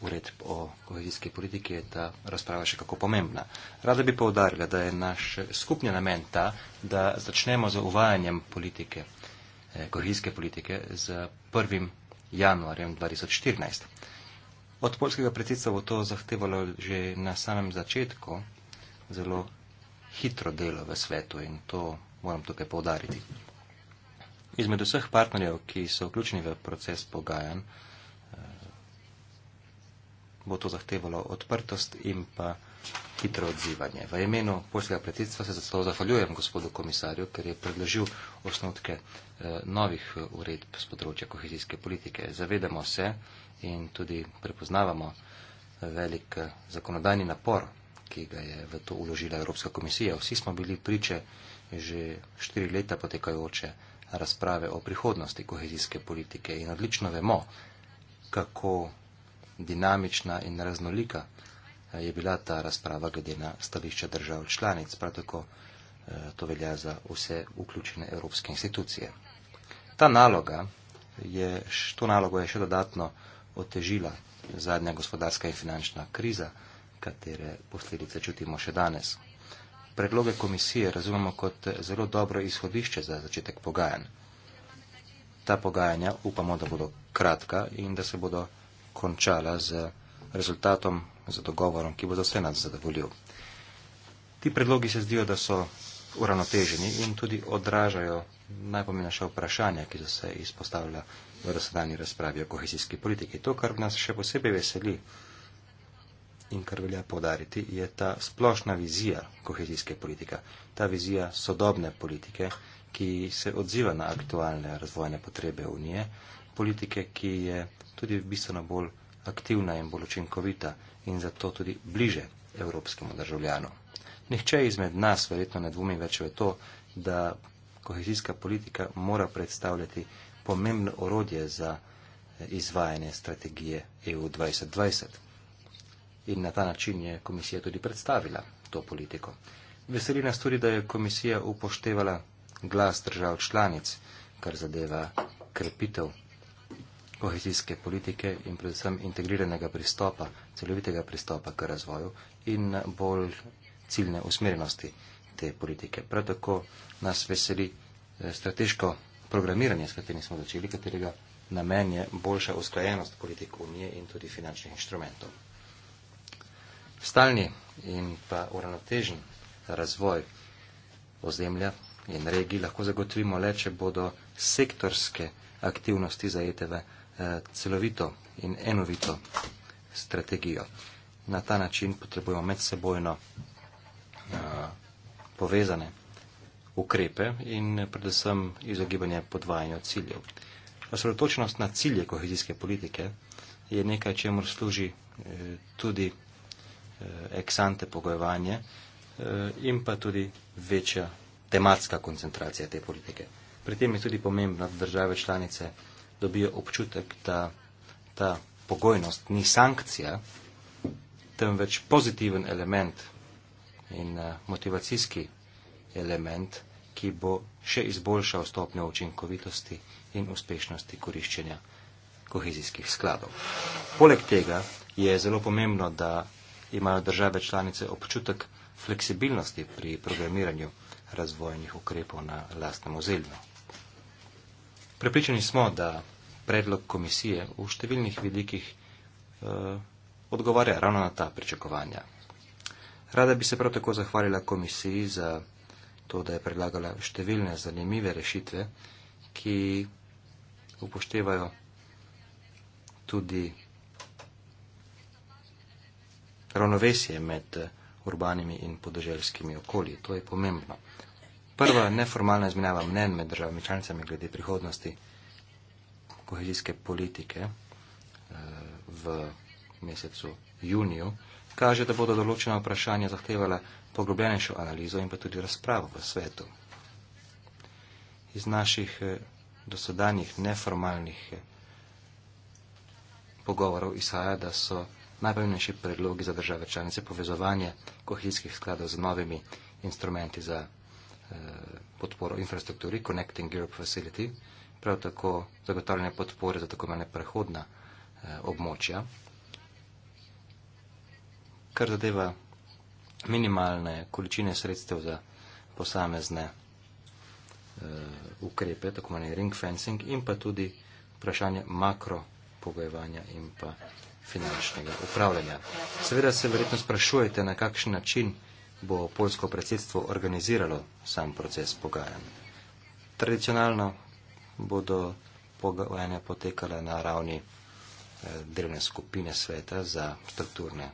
uredb o kohezijski politiki, je ta razprava še kako pomembna. Rada bi povdarila, da je naš skupni namen ta, da začnemo z uvajanjem politike, eh, kohezijske politike z 1. januarjem 2014. Od polskega predsedstva bo to zahtevalo že na samem začetku zelo hitro delo v svetu in to moram tukaj povdariti. Izmed vseh partnerjev, ki so vključeni v proces pogajan, eh, bo to zahtevalo odprtost in pa hitro odzivanje. V imenu poljskega predsedstva se zato zahvaljujem gospodu komisarju, ker je predložil osnotke eh, novih eh, uredb z področja kohezijske politike. Zavedamo se in tudi prepoznavamo velik zakonodajni napor, ki ga je v to uložila Evropska komisija. Vsi smo bili priče že štiri leta potekajoče razprave o prihodnosti kohezijske politike in odlično vemo, kako dinamična in raznolika eh, je bila ta razprava glede na stališče držav članic, prav tako eh, to velja za vse vključene evropske institucije. Ta naloga je, to nalogo je še dodatno otežila zadnja gospodarska in finančna kriza, katere posledice čutimo še danes predloge komisije razumemo kot zelo dobro izhodišče za začetek pogajanj. Ta pogajanja upamo, da bodo kratka in da se bodo končala z rezultatom, z dogovorom, ki bo za vse nas zadovoljil. Ti predlogi se zdijo, da so uravnoteženi in tudi odražajo najpomembnejša vprašanja, ki so se izpostavila v razsedanji razpravi o kohezijski politiki. To, kar nas še posebej veseli, in kar velja povdariti, je ta splošna vizija kohezijske politike, ta vizija sodobne politike, ki se odziva na aktualne razvojne potrebe Unije, politike, ki je tudi bistveno bolj aktivna in bolj učinkovita in zato tudi bliže evropskemu državljanu. Nihče izmed nas verjetno ne dvumi več v to, da kohezijska politika mora predstavljati pomembno orodje za eh, izvajanje strategije EU 2020 in na ta način je komisija tudi predstavila to politiko. Veseli nas tudi, da je komisija upoštevala glas držav članic, kar zadeva krepitev kohezijske politike in predvsem integriranega pristopa, celovitega pristopa k razvoju in bolj ciljne usmerjenosti te politike. Prav tako nas veseli eh, strateško programiranje, s katerim smo začeli, katerega namen je boljša usklajenost politik Unije in tudi finančnih inštrumentov stalni in pa uravnotežen razvoj ozemlja in regij lahko zagotovimo le, če bodo sektorske aktivnosti zajete v eh, celovito in enovito strategijo. Na ta način potrebujemo medsebojno eh, povezane ukrepe in predvsem izogibanje podvajanja ciljev. Osredotočenost na cilje kohezijske politike je nekaj, čemu služi eh, tudi eksante eh, pogojevanje eh, in pa tudi večja tematska koncentracija te politike. Pri tem je tudi pomembno, da države članice dobijo občutek, da ta pogojnost ni sankcija, temveč pozitiven element in eh, motivacijski element, ki bo še izboljšal stopnjo učinkovitosti in uspešnosti koriščenja kohezijskih skladov. Poleg tega je zelo pomembno, da imajo države članice občutek fleksibilnosti pri programiranju razvojnih ukrepov na lastnem ozelju. Prepričani smo, da predlog komisije v številnih vidikih eh, odgovarja ravno na ta pričakovanja. Rada bi se prav tako zahvalila komisiji za to, da je predlagala številne zanimive rešitve, ki upoštevajo tudi ravnovesje med eh, urbanimi in podeželskimi okolji. To je pomembno. Prva neformalna izmenjava mnen med državami članicami glede prihodnosti kohezijske politike eh, v mesecu juniju kaže, da bodo določena vprašanja zahtevala poglobljenejšo analizo in pa tudi razpravo v svetu. Iz naših eh, dosedanjih neformalnih pogovorov izhaja, da so Najpomembnejši predlogi za države članice povezovanje kohezijskih skladov z novimi instrumenti za eh, podporo infrastrukturi, Connecting Europe Facility, prav tako zagotavljanje podpore za tako imenovane prehodna eh, območja. Kar zadeva minimalne količine sredstev za posamezne eh, ukrepe, tako imenovane ring fencing, in pa tudi vprašanje makropogojevanja in pa finančnega upravljanja. Seveda se verjetno sprašujete, na kakšen način bo polsko predsedstvo organiziralo sam proces pogajanj. Tradicionalno bodo pogajanja potekala na ravni eh, delovne skupine sveta za strukturne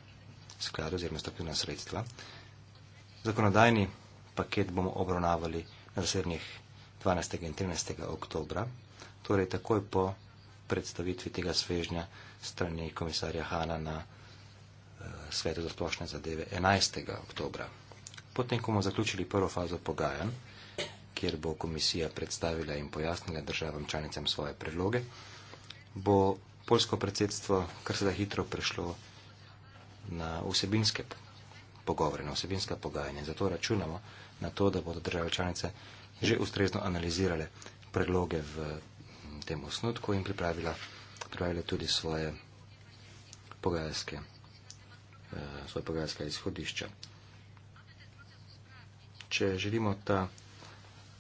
sklade oziroma strukturna sredstva. Zakonodajni paket bomo obravnavali na zasednjih 12. in 13. oktobra, torej takoj po predstavitvi tega svežnja strani komisarja Hana na eh, svetu za splošne zadeve 11. oktober. Potem, ko bomo zaključili prvo fazo pogajanj, kjer bo komisija predstavila in pojasnila državam članicam svoje predloge, bo polsko predsedstvo kar sedaj hitro prešlo na vsebinske pogovore, na vsebinska pogajanja. Zato računamo na to, da bodo države članice že ustrezno analizirale predloge v tem osnutku in pripravila pripravili tudi svoje pogajalske, eh, svoje pogajalske izhodišča. Če želimo ta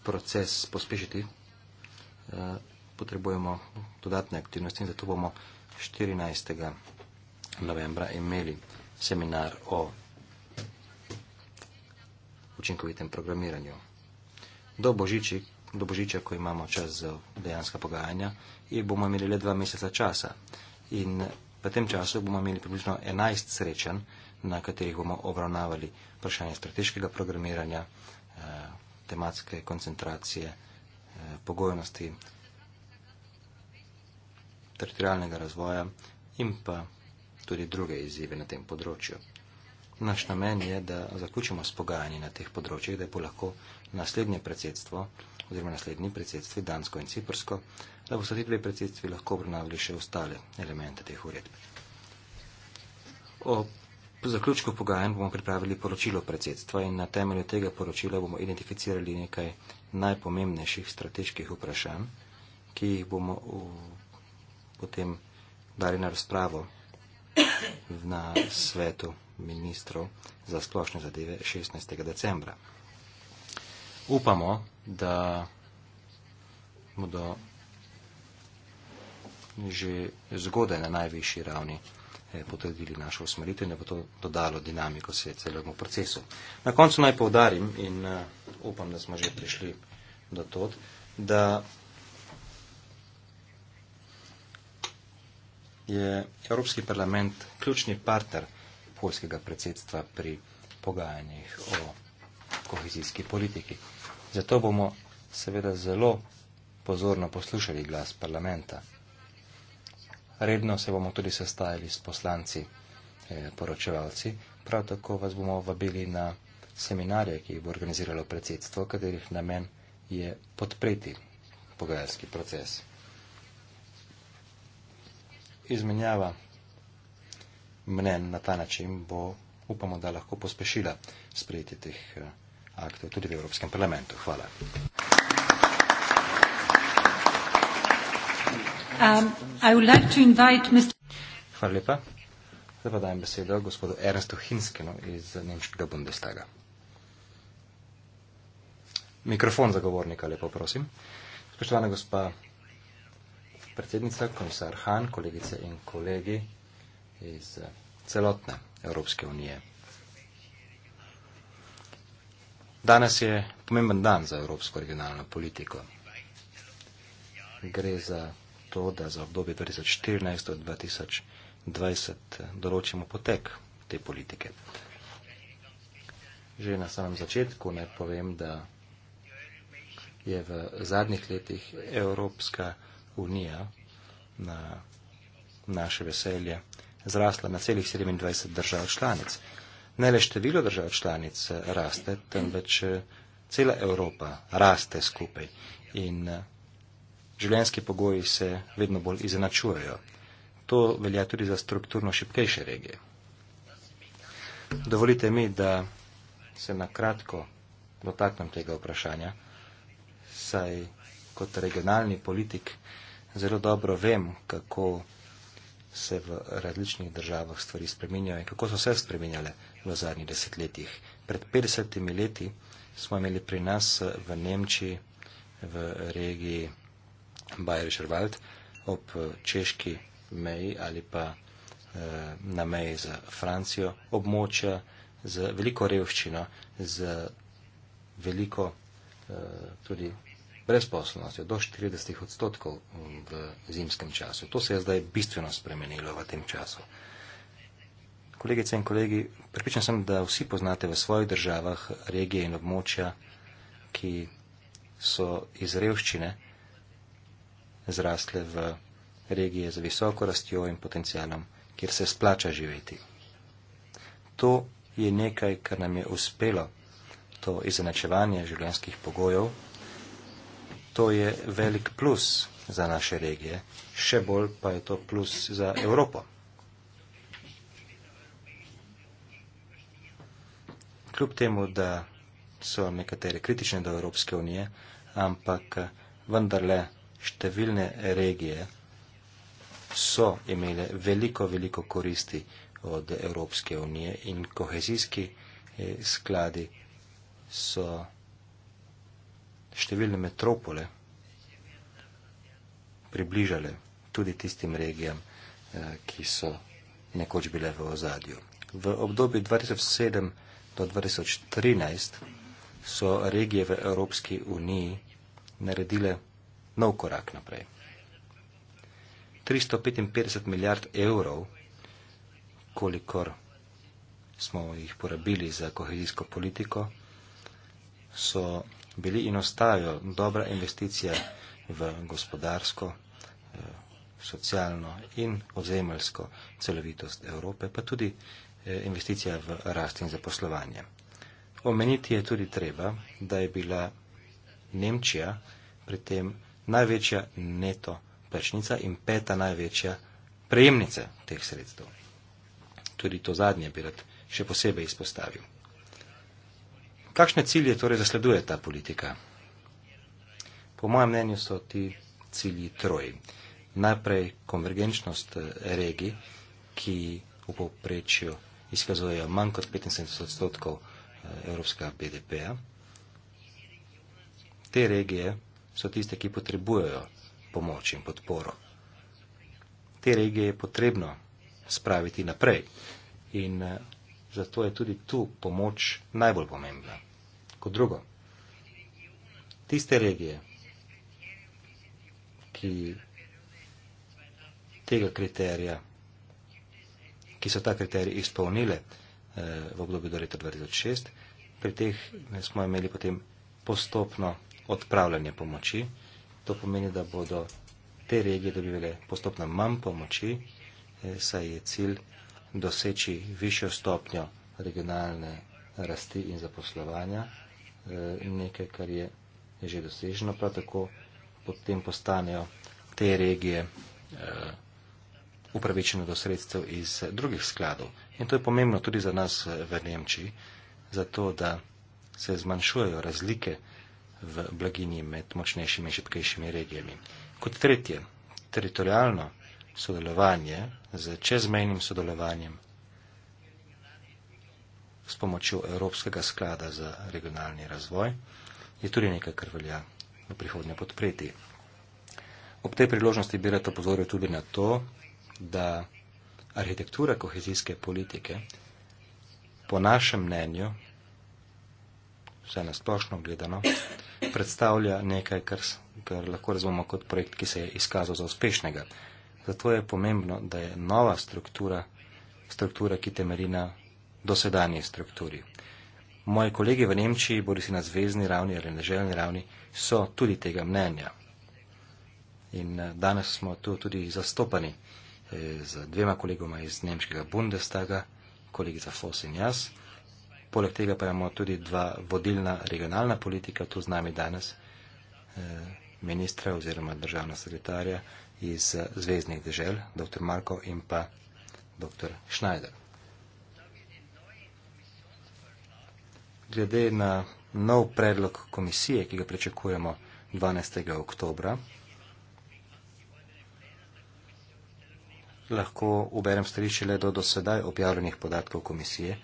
proces pospešiti, eh, potrebujemo dodatne aktivnosti in zato bomo 14. novembra imeli seminar o učinkovitem programiranju. Do božiči, do božiča, ko imamo čas za dejanska pogajanja, bomo imeli le dva meseca časa. In v tem času bomo imeli približno 11 srečanj, na katerih bomo obravnavali vprašanje strateškega programiranja, eh, tematske koncentracije, eh, pogojnosti, teritorijalnega razvoja in pa tudi druge izzive na tem področju. Naš namen je, da zaključimo s pogajanji na teh področjih, da bo lahko naslednje predsedstvo, oziroma naslednji predsedstvi, Dansko in Ciprsko, da boste ti dve predsedstvi lahko obravnavali še ostale elemente teh uredb. O zaključku pogajanj bomo pripravili poročilo predsedstva in na temelju tega poročila bomo identificirali nekaj najpomembnejših strateških vprašanj, ki jih bomo v, potem dali na razpravo na svetu ministrov za splošne zadeve 16. decembra upamo, da bodo že zgodaj na najvišji ravni eh, potrdili našo usmeritev in da bo to dodalo dinamiko se celemu procesu. Na koncu naj povdarim in eh, upam, da smo že prišli do tod, da je Evropski parlament ključni partner poljskega predsedstva pri pogajanjih o kohezijski politiki. Zato bomo seveda zelo pozorno poslušali glas parlamenta. Redno se bomo tudi sestajali s poslanci, eh, poročevalci, prav tako vas bomo vabili na seminarje, ki jih bo organiziralo predsedstvo, katerih namen je podpreti pogajalski proces. Izmenjava mnen na ta način bo, upamo, da lahko pospešila sprejeti teh eh, aktov tudi v Evropskem parlamentu. Hvala. Um, Hvala lepa. Zdaj pa dajem besedo gospodu Ernstu Hinskenu iz Nemškega Bundestaga. Mikrofon zagovornika, lepo prosim. Spoštovana gospa predsednica, komisar Han, kolegice in kolegi iz celotne Evropske unije. Danes je pomemben dan za evropsko regionalno politiko. Gre za to, da za obdobje 2014 do 2020 določimo potek te politike. Že na samem začetku naj povem, da je v zadnjih letih Evropska unija na naše veselje zrasla na celih 27 držav članic ne le število držav članic eh, raste, temveč eh, cela Evropa raste skupaj in eh, življenjski pogoji se vedno bolj izenačujejo. To velja tudi za strukturno šipkejše regije. Dovolite mi, da se na kratko dotaknem tega vprašanja, saj kot regionalni politik zelo dobro vem, kako se v različnih državah stvari spreminjajo in kako so se spreminjale v zadnjih desetletjih. Pred 50 leti smo imeli pri nas eh, v Nemčiji, v regiji Bayerischer Wald, ob eh, češki meji ali pa eh, na meji z Francijo, območja z veliko revščino, z veliko tudi brezposobnostjo, do 40 odstotkov v zimskem času. To se je zdaj bistveno spremenilo v tem času. Kolegice in kolegi, pripričan sem, da vsi poznate v svojih državah regije in območja, ki so iz revščine zrastle v regije z visoko rastjo in potencialom, kjer se splača živeti. To je nekaj, kar nam je uspelo, to izenačevanje življenjskih pogojev. To je velik plus za naše regije, še bolj pa je to plus za Evropo. kljub temu, da so nekatere kritične do Evropske unije, ampak vendarle številne regije so imele veliko, veliko koristi od Evropske unije in kohezijski eh, skladi so številne metropole približale tudi tistim regijam, eh, ki so nekoč bile v ozadju. V obdobju 2007 do 2013 so regije v Evropski uniji naredile nov korak naprej. 355 milijard evrov, kolikor smo jih porabili za kohezijsko politiko, so bili in ostajo dobra investicija v gospodarsko, eh, socialno in ozemeljsko celovitost Evrope, pa tudi Eh, investicija v rast in zaposlovanje. Omeniti je tudi treba, da je bila Nemčija pri tem največja neto plačnica in peta največja prejemnica teh sredstev. Tudi to zadnje bi rad še posebej izpostavil. Kakšne cilje torej zasleduje ta politika? Po mojem mnenju so ti cilji troji. Najprej konvergenčnost eh, regij, ki v povprečju izkazujejo manj kot 75 odstotkov eh, evropskega BDP-ja. Te regije so tiste, ki potrebujejo pomoč in podporo. Te regije je potrebno spraviti naprej in eh, zato je tudi tu pomoč najbolj pomembna. Kot drugo, tiste regije, ki tega kriterija ki so ta kriterij izpolnile eh, v obdobju do leta 2006. Pri teh smo imeli potem postopno odpravljanje pomoči. To pomeni, da bodo te regije dobivale postopno manj pomoči, eh, saj je cilj doseči višjo stopnjo regionalne rasti in zaposlovanja, eh, nekaj, kar je že doseženo. Prav tako potem postanejo te regije. Uh, upravičeno do sredstev iz drugih skladov. In to je pomembno tudi za nas v Nemčiji, zato da se zmanjšujejo razlike v blaginji med močnejšimi in šipkejšimi regijami. Kot tretje, teritorijalno sodelovanje z čezmejnim sodelovanjem s pomočjo Evropskega sklada za regionalni razvoj je tudi nekaj, kar velja v prihodnje podpreti. Ob tej priložnosti bi rad opozoril tudi na to, da arhitektura kohezijske politike po našem mnenju, vse nasplošno gledano, predstavlja nekaj, kar, kar lahko razumemo kot projekt, ki se je izkazal za uspešnega. Zato je pomembno, da je nova struktura, struktura, ki temelji na dosedanji strukturi. Moji kolegi v Nemčiji, bodi si na zvezdni ravni ali na želni ravni, so tudi tega mnenja. In eh, danes smo tu tudi zastopani. E, z dvema kolegoma iz nemškega Bundestaga, kolegica Fos in jaz. Poleg tega pa imamo tudi dva vodilna regionalna politika tu z nami danes, e, ministra oziroma državna sekretarja iz e, Zvezdnih držav, dr. Marko in pa dr. Schneider. Glede na nov predlog komisije, ki ga pričakujemo 12. oktobra, lahko uberem stališče le do dosedaj objavljenih podatkov komisije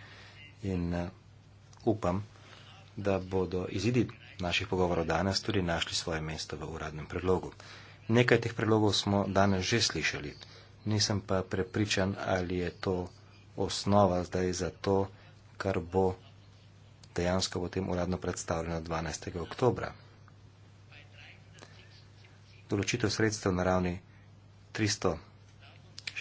in eh, upam, da bodo izidi naših pogovorov danes tudi našli svoje mesto v uradnem predlogu. Nekaj teh predlogov smo danes že slišali, nisem pa prepričan, ali je to osnova zdaj za to, kar bo dejansko potem uradno predstavljeno 12. oktobra. Določitev sredstev na ravni 300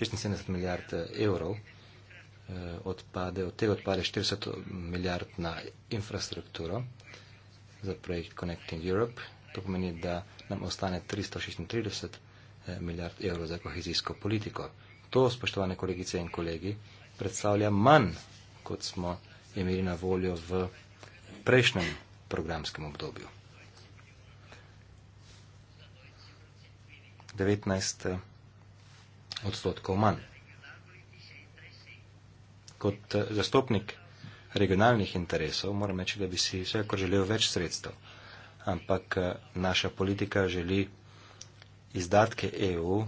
76 milijard eh, evrov eh, odpade, od tega odpade 40 milijard na infrastrukturo za projekt Connecting Europe. To pomeni, da nam ostane 336 eh, milijard evrov za kohezijsko politiko. To, spoštovane kolegice in kolegi, predstavlja manj, kot smo imeli na voljo v prejšnjem programskem obdobju. 19 odstotkov manj. Kot eh, zastopnik regionalnih interesov moram reči, da bi si vsekakor želel več sredstev, ampak eh, naša politika želi izdatke EU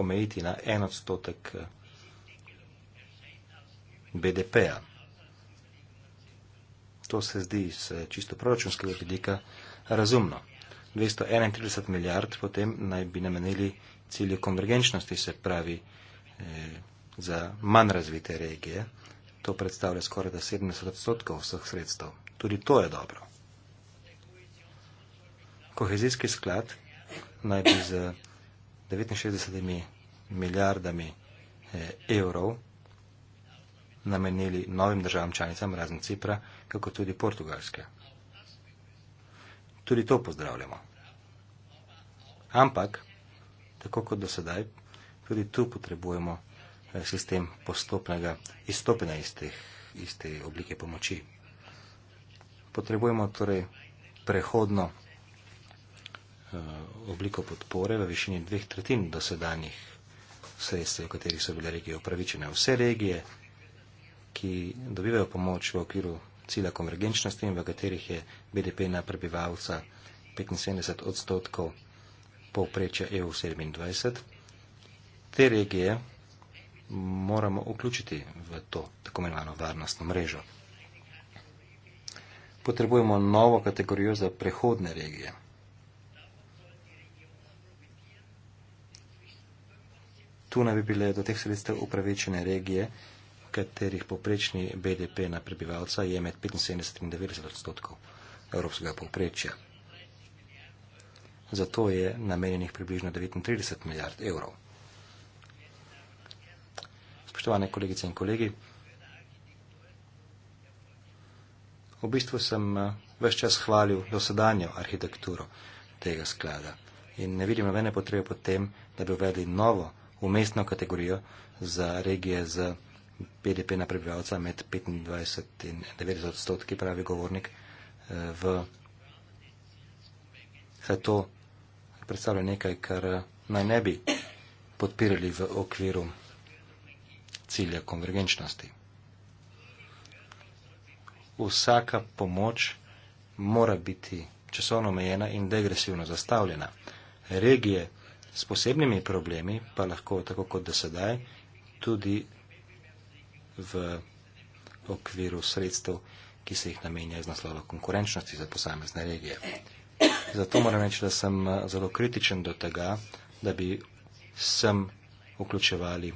omejiti na en odstotek eh, BDP-a. To se zdi z čisto proračunskega vidika razumno. 231 milijard potem naj bi namenili cilju konvergenčnosti, se pravi eh, za manj razvite regije, to predstavlja skoraj da 70 odstotkov vseh sredstev. Tudi to je dobro. Kohezijski sklad naj bi z 69 milijardami eh, evrov namenili novim državam članicam, razen Cipra, kako tudi Portugalske. Tudi to pozdravljamo. Ampak tako kot do sedaj, tudi tu potrebujemo eh, sistem postopnega izstopanja iz, iz te oblike pomoči. Potrebujemo torej prehodno eh, obliko podpore v višini dveh tretjin dosedanjih sredstev, v katerih so bile regije upravičene. Vse regije, ki dobivajo pomoč v okviru cilja konvergenčnosti in v katerih je BDP na prebivalca 75 odstotkov povprečja EU27, te regije moramo vključiti v to tako imenovano varnostno mrežo. Potrebujemo novo kategorijo za prehodne regije. Tu naj bi bile do teh sredstev upravičene regije, katerih poprečni BDP na prebivalca je med 75 in 90 odstotkov evropskega povprečja za to je namenjenih približno 39 milijard evrov. Spoštovane kolegice in kolegi, v bistvu sem eh, več čas hvalil dosedanjo arhitekturo tega sklada in ne vidim nobene potrebe po tem, da bi uvedli novo umestno kategorijo za regije z BDP na prebivalca med 25 in 90 odstotki, pravi govornik, eh, v Saj to predstavlja nekaj, kar eh, naj ne bi podpirali v okviru cilja konvergenčnosti. Vsaka pomoč mora biti časovno omejena in degresivno zastavljena. Regije s posebnimi problemi pa lahko, tako kot da sedaj, tudi v okviru sredstev, ki se jih namenja iz naslova konkurenčnosti za posamezne regije. Zato moram reči, da sem eh, zelo kritičen do tega, da bi sem vključevali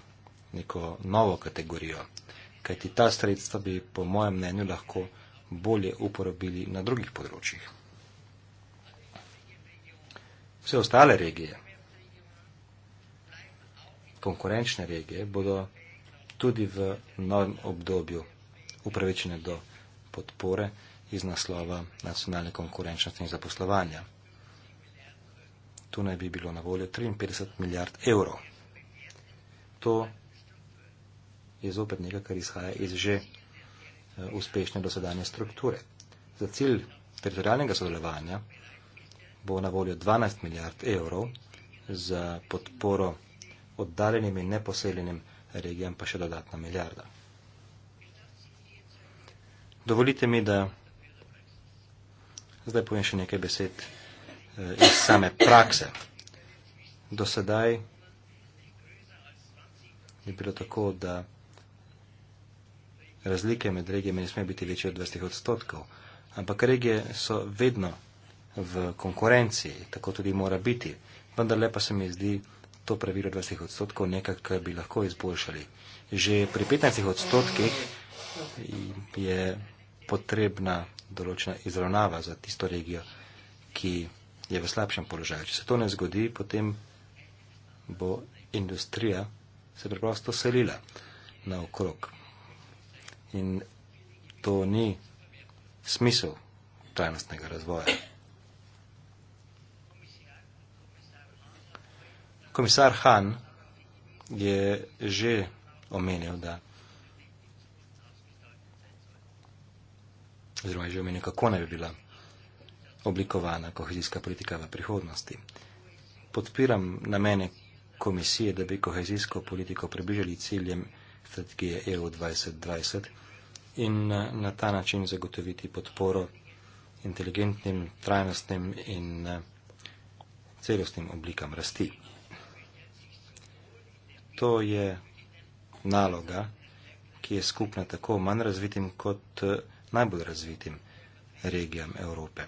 neko novo kategorijo. Kajti ta sredstva bi, po mojem mnenju, lahko bolje uporabili na drugih področjih. Vse ostale regije, konkurenčne regije, bodo tudi v novem obdobju upravičene do podpore, iz naslova nacionalne konkurenčnosti in zaposlovanja. Tu naj bi bilo na voljo 53 milijard evrov. To je zopet nekaj, kar izhaja iz že eh, uspešne dosedanje strukture. Za cilj teritorijalnega sodelovanja bo na voljo 12 milijard evrov, za podporo oddaljenim in neposeljenim regijam pa še dodatna milijarda. Dovolite mi, da Zdaj povem še nekaj besed eh, iz same prakse. Do sedaj je bilo tako, da razlike med regijami ne sme biti večje od 20 odstotkov, ampak regije so vedno v konkurenciji, tako tudi mora biti. Vendar lepa se mi zdi to pravilo 20 odstotkov nekaj, kar bi lahko izboljšali. Že pri 15 odstotkih je potrebna določena izravnava za tisto regijo, ki je v slabšem položaju. Če se to ne zgodi, potem bo industrija se preprosto selila na okrog. In to ni smisel trajnostnega razvoja. Komisar Han je že omenil, da oziroma že omenil, kako naj bi bila oblikovana kohezijska politika v prihodnosti. Podpiram namene komisije, da bi kohezijsko politiko približali ciljem strategije EU 2020 in eh, na ta način zagotoviti podporo inteligentnim, trajnostnim in eh, celostnim oblikam rasti. To je naloga, ki je skupna tako manj razvitim kot eh, najbolj razvitim regijam Evrope.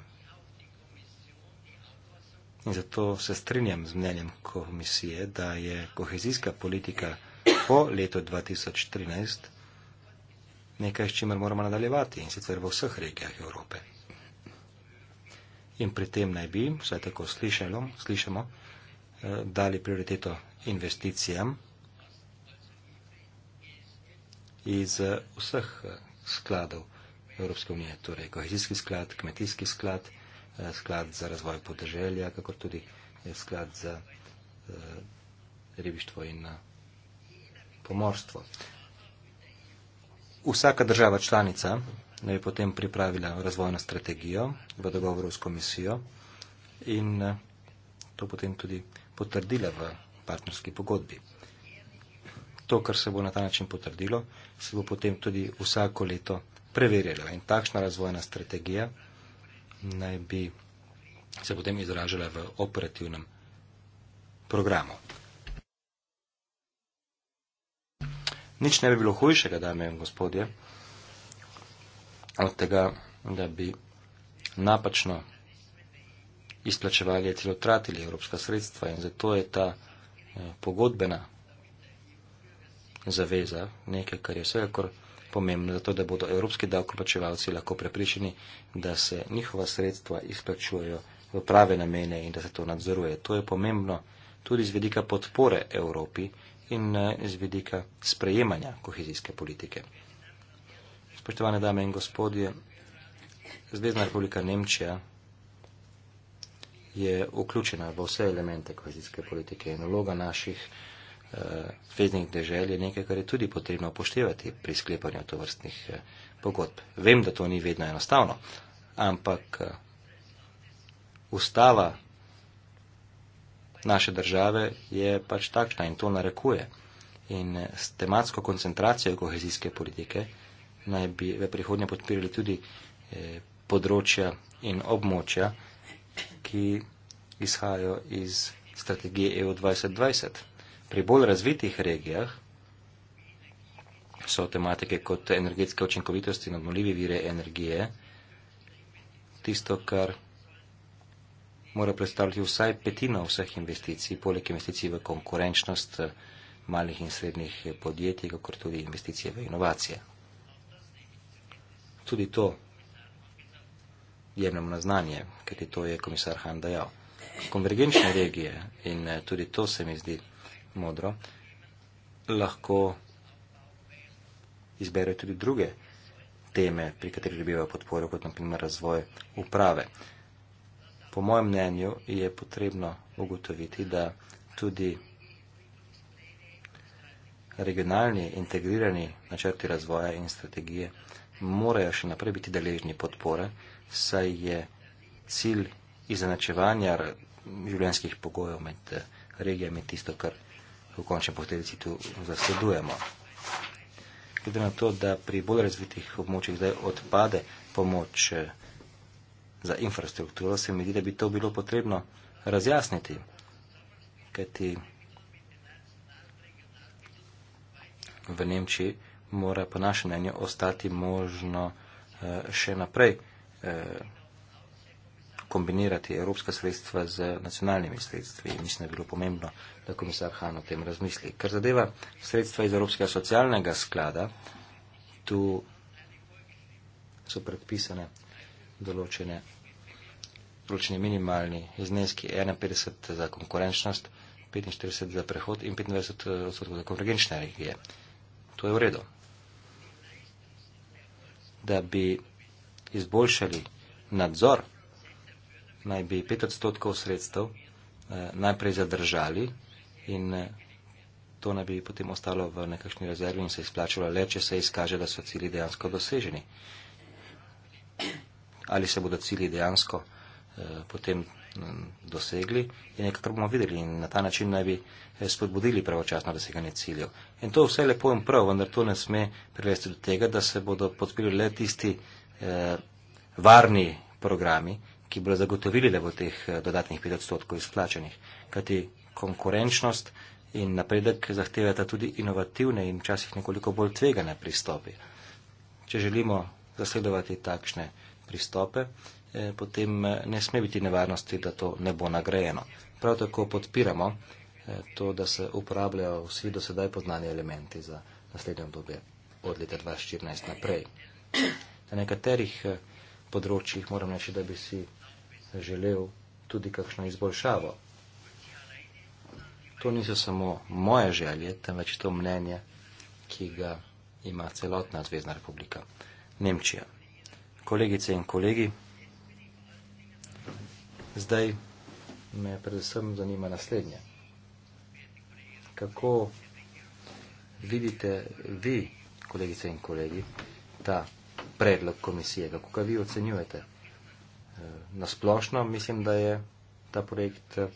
In zato se strinjam z mnenjem komisije, da je kohezijska politika po letu 2013 nekaj, s čimer moramo nadaljevati in sicer v vseh regijah Evrope. In pri tem naj bi, vse tako slišalo, slišamo, eh, dali prioriteto investicijam iz eh, vseh eh, skladov Evropske unije, torej kohezijski sklad, kmetijski sklad, eh, sklad za razvoj podeželja, kakor tudi eh, sklad za eh, ribištvo in pomorstvo. Vsaka država članica je potem pripravila razvojno strategijo v dogovoru s komisijo in to potem tudi potrdila v partnerski pogodbi. To, kar se bo na ta način potrdilo, se bo potem tudi vsako leto preverjala. In takšna razvojna strategija naj bi se potem izražala v operativnem programu. Nič ne bi bilo hujšega, dame in gospodje, od tega, da bi napačno izplačevali, celo tratili evropska sredstva in zato je ta eh, pogodbena zaveza nekaj, kar je vsekakor pomembno, zato da bodo evropski davkoplačevalci lahko prepričani, da se njihova sredstva izplačujejo v prave namene in da se to nadzoruje. To je pomembno tudi z vedika podpore Evropi in eh, z vedika sprejemanja kohezijske politike. Spoštovane dame in gospodje, Zvezdna republika Nemčija je vključena v vse elemente kohezijske politike in vloga naših zveznih držav je nekaj, kar je tudi potrebno upoštevati pri sklepanju tovrstnih eh, pogodb. Vem, da to ni vedno enostavno, ampak eh, ustava naše države je pač takšna in to narekuje. In eh, s tematsko koncentracijo kohezijske politike naj bi v prihodnje podpirali tudi področja in območja, ki izhajajo iz strategije EU 2020. Pri bolj razvitih regijah so tematike kot energetske očinkovitosti in obnovljivi vire energije tisto, kar mora predstavljati vsaj petino vseh investicij, poleg investicij v konkurenčnost malih in srednjih podjetij, kakor tudi investicije v inovacije. Tudi to jemljamo na znanje, kajti to je komisar Han dejal. Konvergenčne regije in eh, tudi to se mi zdi modro, lahko izberejo tudi druge teme, pri katerih dobivajo podporo, kot naprimer razvoj uprave. Po mojem mnenju je potrebno ugotoviti, da tudi regionalni integrirani načrti razvoja in strategije morajo še naprej biti deležni podpore, saj je cilj izenačevanja življenjskih pogojev med eh, regijami tisto, kar v končni posledici tu zasledujemo. Glede na to, da pri bolj razvitih območjih zdaj odpade pomoč eh, za infrastrukturo, se mi zdi, da bi to bilo potrebno razjasniti, kajti v Nemčiji mora po našem mnenju ostati možno eh, še naprej eh, kombinirati evropska sredstva z nacionalnimi sredstvi. Mislim, da je bilo pomembno, da komisar Han o tem razmisli. Kar zadeva sredstva iz Evropskega socialnega sklada, tu so predpisane določene, določene minimalni izneski 51 za konkurenčnost, 45 za prehod in 25 odstotkov za konvergenčne regije. To je v redu. Da bi izboljšali nadzor naj bi 5 odstotkov sredstev eh, najprej zadržali in eh, to naj bi potem ostalo v nekakšni rezervi in se izplačalo le, če se izkaže, da so cilji dejansko doseženi. Ali se bodo cilji dejansko eh, potem mm, dosegli in nekako bomo videli in na ta način naj bi spodbudili pravočasno doseganje ciljev. In to vse lepo in prav, vendar to ne sme privesti do tega, da se bodo podpili le tisti eh, varni programi, ki bodo zagotovili, da bo teh eh, dodatnih 5 odstotkov izplačenih. Kajti konkurenčnost in napredek zahtevata tudi inovativne in včasih nekoliko bolj tvegane pristopi. Če želimo zasledovati takšne pristope, eh, potem eh, ne sme biti nevarnosti, da to ne bo nagrajeno. Prav tako podpiramo to, da se uporabljajo vsi dosedaj poznani elementi za naslednjo obdobje od leta 2014 naprej. Na nekaterih področjih moram reči, da bi si želel tudi kakšno izboljšavo. To niso samo moje želje, temveč to mnenje, ki ga ima celotna Zvezdna republika Nemčija. Kolegice in kolegi, zdaj me predvsem zanima naslednje. Kako vidite vi, kolegice in kolegi, ta predlog komisije, kako ga vi ocenjujete? na splošno mislim, da je ta projekt eh,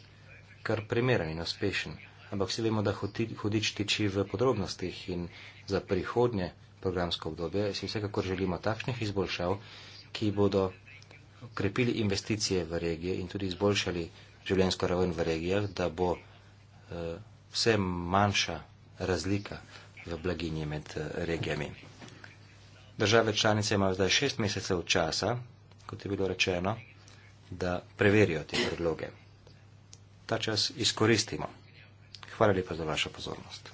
kar primeren in uspešen. Ampak vsi vemo, da hudič tiči v podrobnostih in za prihodnje programsko obdobje si vsekakor želimo takšnih izboljšav, ki bodo krepili investicije v regije in tudi izboljšali življensko raven v regijah, da bo eh, vse manjša razlika v blaginji med eh, regijami. Države članice imajo zdaj šest mesecev časa, kot je bilo rečeno, da preverijo te predloge. Ta čas izkoristimo. Hvala lepa za vašo pozornost.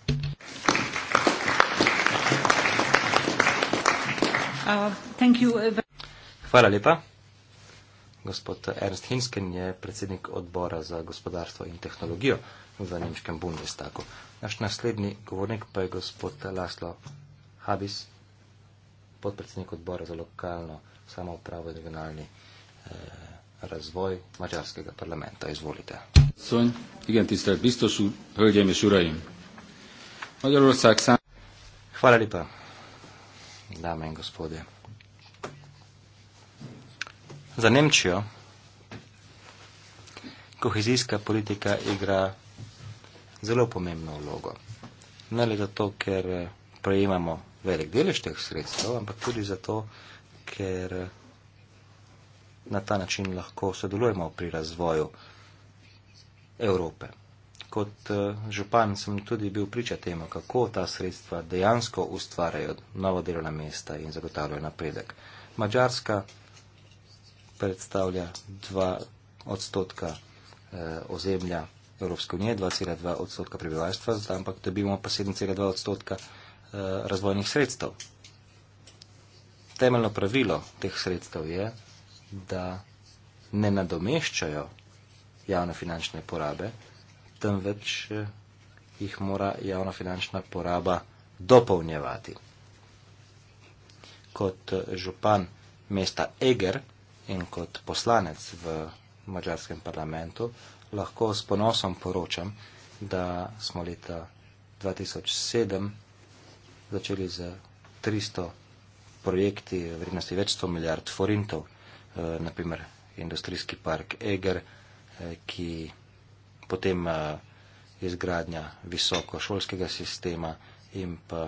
Uh, uh, Hvala lepa. Gospod Ernst Hinsken je predsednik odbora za gospodarstvo in tehnologijo v nemškem Bundestagu. Naš naslednji govornik pa je gospod Laslo Habis, podpredsednik odbora za lokalno samoupravo in regionalni eh, razvoj mačarskega parlamenta. Izvolite. Hvala lepa, dame in gospode. Za Nemčijo kohezijska politika igra zelo pomembno vlogo. Ne le zato, ker eh, prejemamo velik delež teh sredstev, ampak tudi zato, ker na ta način lahko sodelujemo pri razvoju Evrope. Kot eh, župan sem tudi bil priča temu, kako ta sredstva dejansko ustvarjajo novo delovna mesta in zagotavljajo napredek. Mačarska predstavlja 2 odstotka eh, ozemlja Evropske unije, 2,2 odstotka prebivalstva, ampak dobimo pa 7,2 odstotka eh, razvojnih sredstev. Temeljno pravilo teh sredstev je, da ne nadomeščajo javnofinančne porabe, temveč eh, jih mora javnofinančna poraba dopolnjevati. Kot eh, župan mesta Eger in kot poslanec v mađarskem parlamentu lahko s ponosom poročam, da smo leta 2007 začeli z 300 projekti vrednosti več 100 milijard forintov Eh, naprimer industrijski park Eger, eh, ki potem eh, izgradnja visokošolskega sistema in pa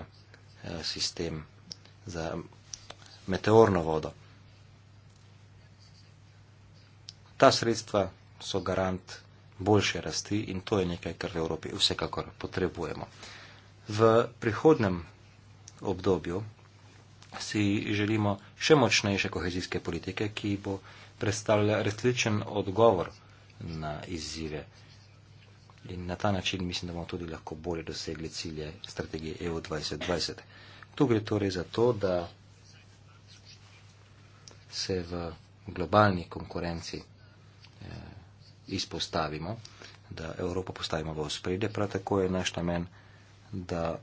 sistem za meteorno vodo. Ta sredstva so garant boljše rasti in to je nekaj, kar v Evropi vsekakor potrebujemo. V prihodnem obdobju, si želimo še močnejše kohezijske politike, ki bo predstavljala resničen odgovor na izzive. In na ta način mislim, da bomo tudi lahko bolje dosegli cilje strategije EU 2020. Tu gre torej za to, da se v globalni konkurenci eh, izpostavimo, da Evropo postavimo v ospredje, prav tako je naš namen, da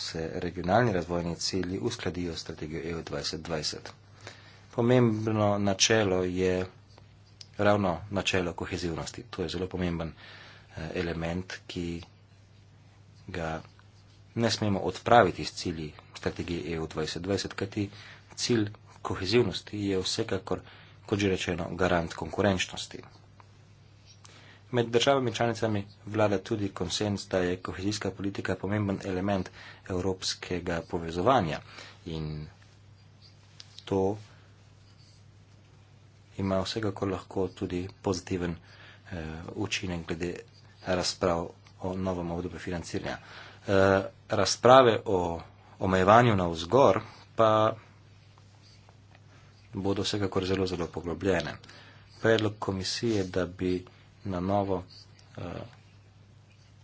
se regionalni razvojni cilji uskladijo s strategijo EU 2020. Pomembno načelo je ravno načelo kohezivnosti. To je zelo pomemben eh, element, ki ga ne smemo odpraviti iz cilji strategije EU 2020, kajti cilj kohezivnosti je vsekakor, kot že rečeno, garant konkurenčnosti. Med državami članicami vlada tudi konsens, da je kohezijska politika pomemben element evropskega povezovanja in to ima vsega, ko lahko tudi pozitiven eh, učinek glede razprav o novem obdobju financiranja. Eh, razprave o omejevanju na vzgor pa bodo vsega, ko zelo, zelo poglobljene. Predlog komisije, da bi na novo uh,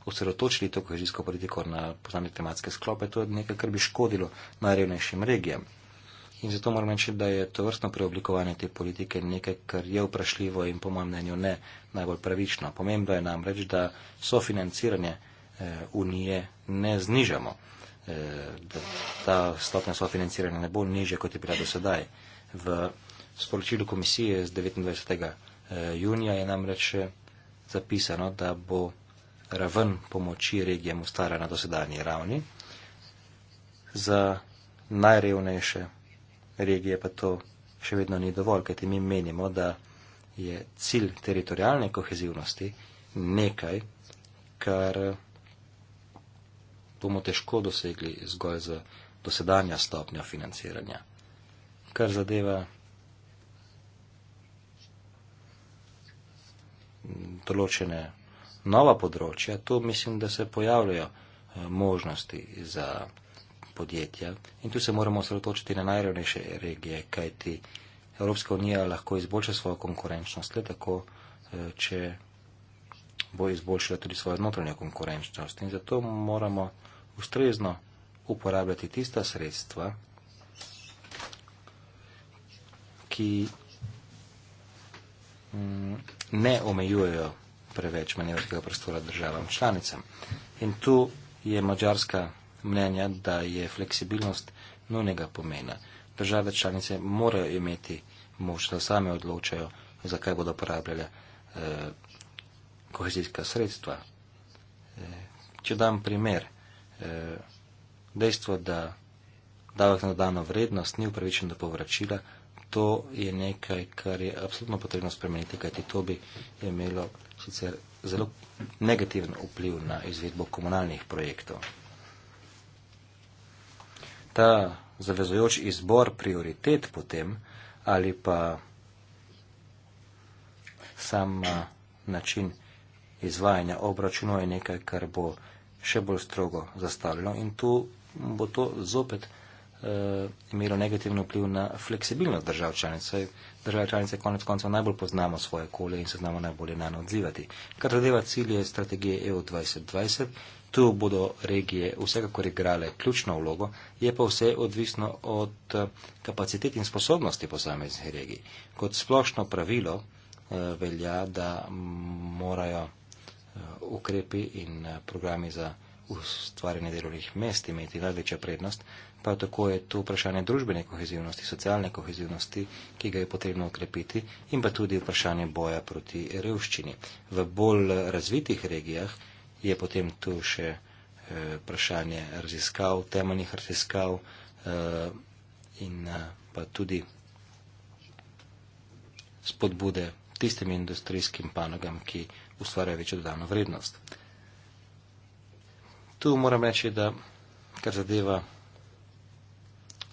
osredotočili to kohezijsko politiko na posamezne tematske sklope, to je nekaj, kar bi škodilo najrevnejšim regijam. In zato moram reči, da je to vrstno preoblikovanje te politike nekaj, kar je vprašljivo in po mojem mnenju ne najbolj pravično. Pomembno je namreč, da sofinanciranje eh, unije ne znižamo, eh, da ta stopnja sofinanciranja ne bo niže, kot je bila do sedaj. V sporočilu komisije z 29. Eh, junija je namreč eh, zapisano, da bo raven pomoči regijam ostala na dosedanji ravni, za najrevnejše regije pa to še vedno ni dovolj, kajti mi menimo, da je cilj teritorijalne kohezivnosti nekaj, kar bomo težko dosegli zgolj z dosedanja stopnja financiranja. Kar zadeva določene nova področja, tu mislim, da se pojavljajo eh, možnosti za podjetja in tu se moramo osredotočiti na najrevnejše regije, kajti Evropska unija lahko izboljša svojo konkurenčnost le tako, eh, če bo izboljšala tudi svojo notranjo konkurenčnost. In zato moramo ustrezno uporabljati tista sredstva, ki Mm, ne omejujejo preveč manevrskega prostora državam članicam. In tu je mačarska mnenja, da je fleksibilnost nujnega pomena. Države članice morajo imeti moč, da same odločajo, zakaj bodo uporabljale eh, kohezijska sredstva. Eh, če dam primer, eh, dejstvo, da davek na dano vrednost ni upravičen do povračila, to je nekaj, kar je absolutno potrebno spremeniti, kajti to bi imelo sicer zelo negativen vpliv na izvedbo komunalnih projektov. Ta zavezojoč izbor prioritet potem ali pa sam način izvajanja obračuna je nekaj, kar bo še bolj strogo zastavljeno in tu bo to zopet uh, imelo negativno vpliv na fleksibilnost držav članic. Države članice konec koncev najbolj poznamo svoje okolje in se znamo najbolje na njo odzivati. Kar zadeva cilje strategije EU 2020, tu bodo regije vsekakor igrale ključno vlogo, je pa vse odvisno od eh, kapacitet in sposobnosti posameznih regij. Kot splošno pravilo eh, velja, da morajo eh, ukrepi in eh, programi za ustvarjanje delovnih mest imeti največjo prednost, Prav tako je tu vprašanje družbene kohezivnosti, socialne kohezivnosti, ki ga je potrebno ukrepiti, in pa tudi vprašanje boja proti revščini. V bolj razvitih regijah je potem tu še eh, vprašanje raziskav, temeljnih raziskav eh, in eh, pa tudi spodbude tistim industrijskim panogam, ki ustvarjajo večjo dodano vrednost. Tu moram reči, da kar zadeva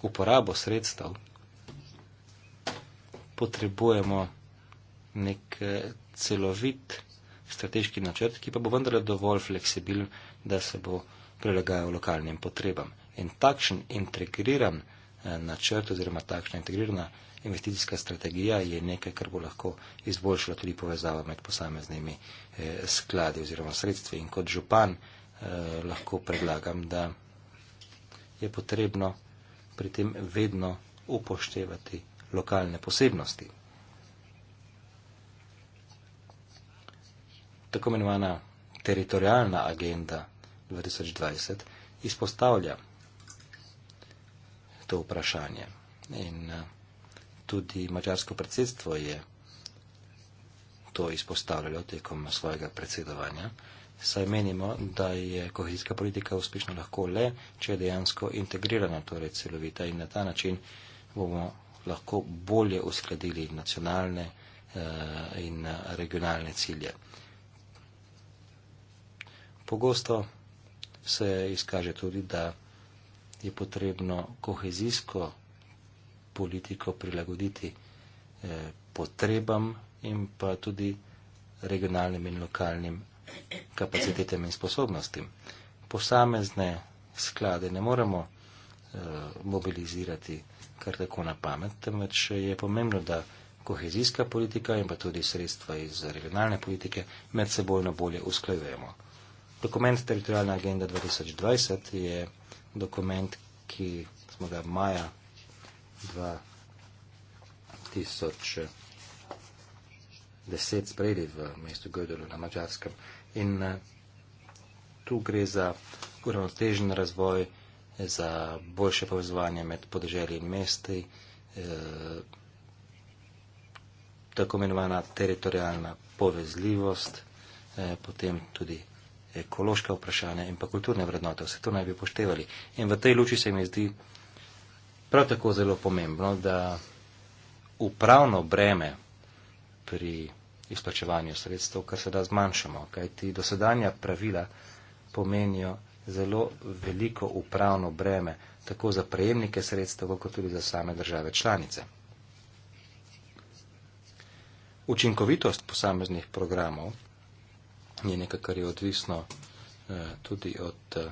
uporabo sredstev potrebujemo nek eh, celovit strateški načrt, ki pa bo vendarle dovolj fleksibilen, da se bo prilagajal lokalnim potrebam. In takšen integriran eh, načrt oziroma takšna integrirana investicijska strategija je nekaj, kar bo lahko izboljšalo tudi povezavo med posameznimi eh, skladi oziroma sredstvi. In kot župan eh, lahko predlagam, da je potrebno pri tem vedno upoštevati lokalne posebnosti. Tako imenovana teritorijalna agenda 2020 izpostavlja to vprašanje. In eh, tudi mačarsko predsedstvo je to izpostavljalo tekom svojega predsedovanja saj menimo, da je kohezijska politika uspešna lahko le, če je dejansko integrirana, torej celovita in na ta način bomo lahko bolje uskladili nacionalne eh, in eh, regionalne cilje. Pogosto se izkaže tudi, da je potrebno kohezijsko politiko prilagoditi eh, potrebam in pa tudi regionalnim in lokalnim kapacitetami in sposobnostim. Posamezne sklade ne moremo uh, mobilizirati kar tako na pamet, temveč je pomembno, da kohezijska politika in pa tudi sredstva iz regionalne politike med seboj na bolje usklajujemo. Dokument Teritorijalna agenda 2020 je dokument, ki smo ga maja 2020 deset sprejeli v mestu Gödelu na Mačarskem. In eh, tu gre za uravnotežen razvoj, za boljše povezovanje med podeželji in mesti, eh, tako imenovana teritorijalna povezljivost, eh, potem tudi ekološka vprašanja in pa kulturne vrednote. Vse to naj bi upoštevali. In v tej luči se mi zdi prav tako zelo pomembno, da upravno breme pri izplačevanju sredstev, kar se da zmanjšamo, kajti dosedanja pravila pomenijo zelo veliko upravno breme, tako za prejemnike sredstev, kot tudi za same države članice. Učinkovitost posameznih programov je nekaj, kar je odvisno eh, tudi od eh,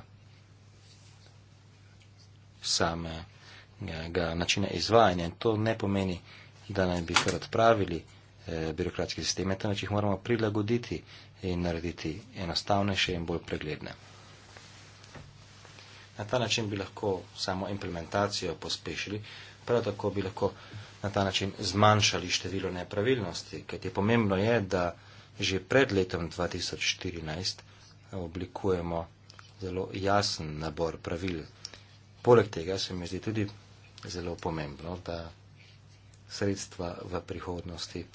samega načina izvajanja. In to ne pomeni, da naj bi kar odpravili Eh, birokratske sisteme, temveč jih moramo prilagoditi in narediti enostavnejše in bolj pregledne. Na ta način bi lahko samo implementacijo pospešili, prav tako bi lahko na ta način zmanjšali število nepravilnosti, ker je pomembno je, da že pred letom 2014 oblikujemo zelo jasen nabor pravil. Poleg tega se mi zdi tudi zelo pomembno, da sredstva v prihodnosti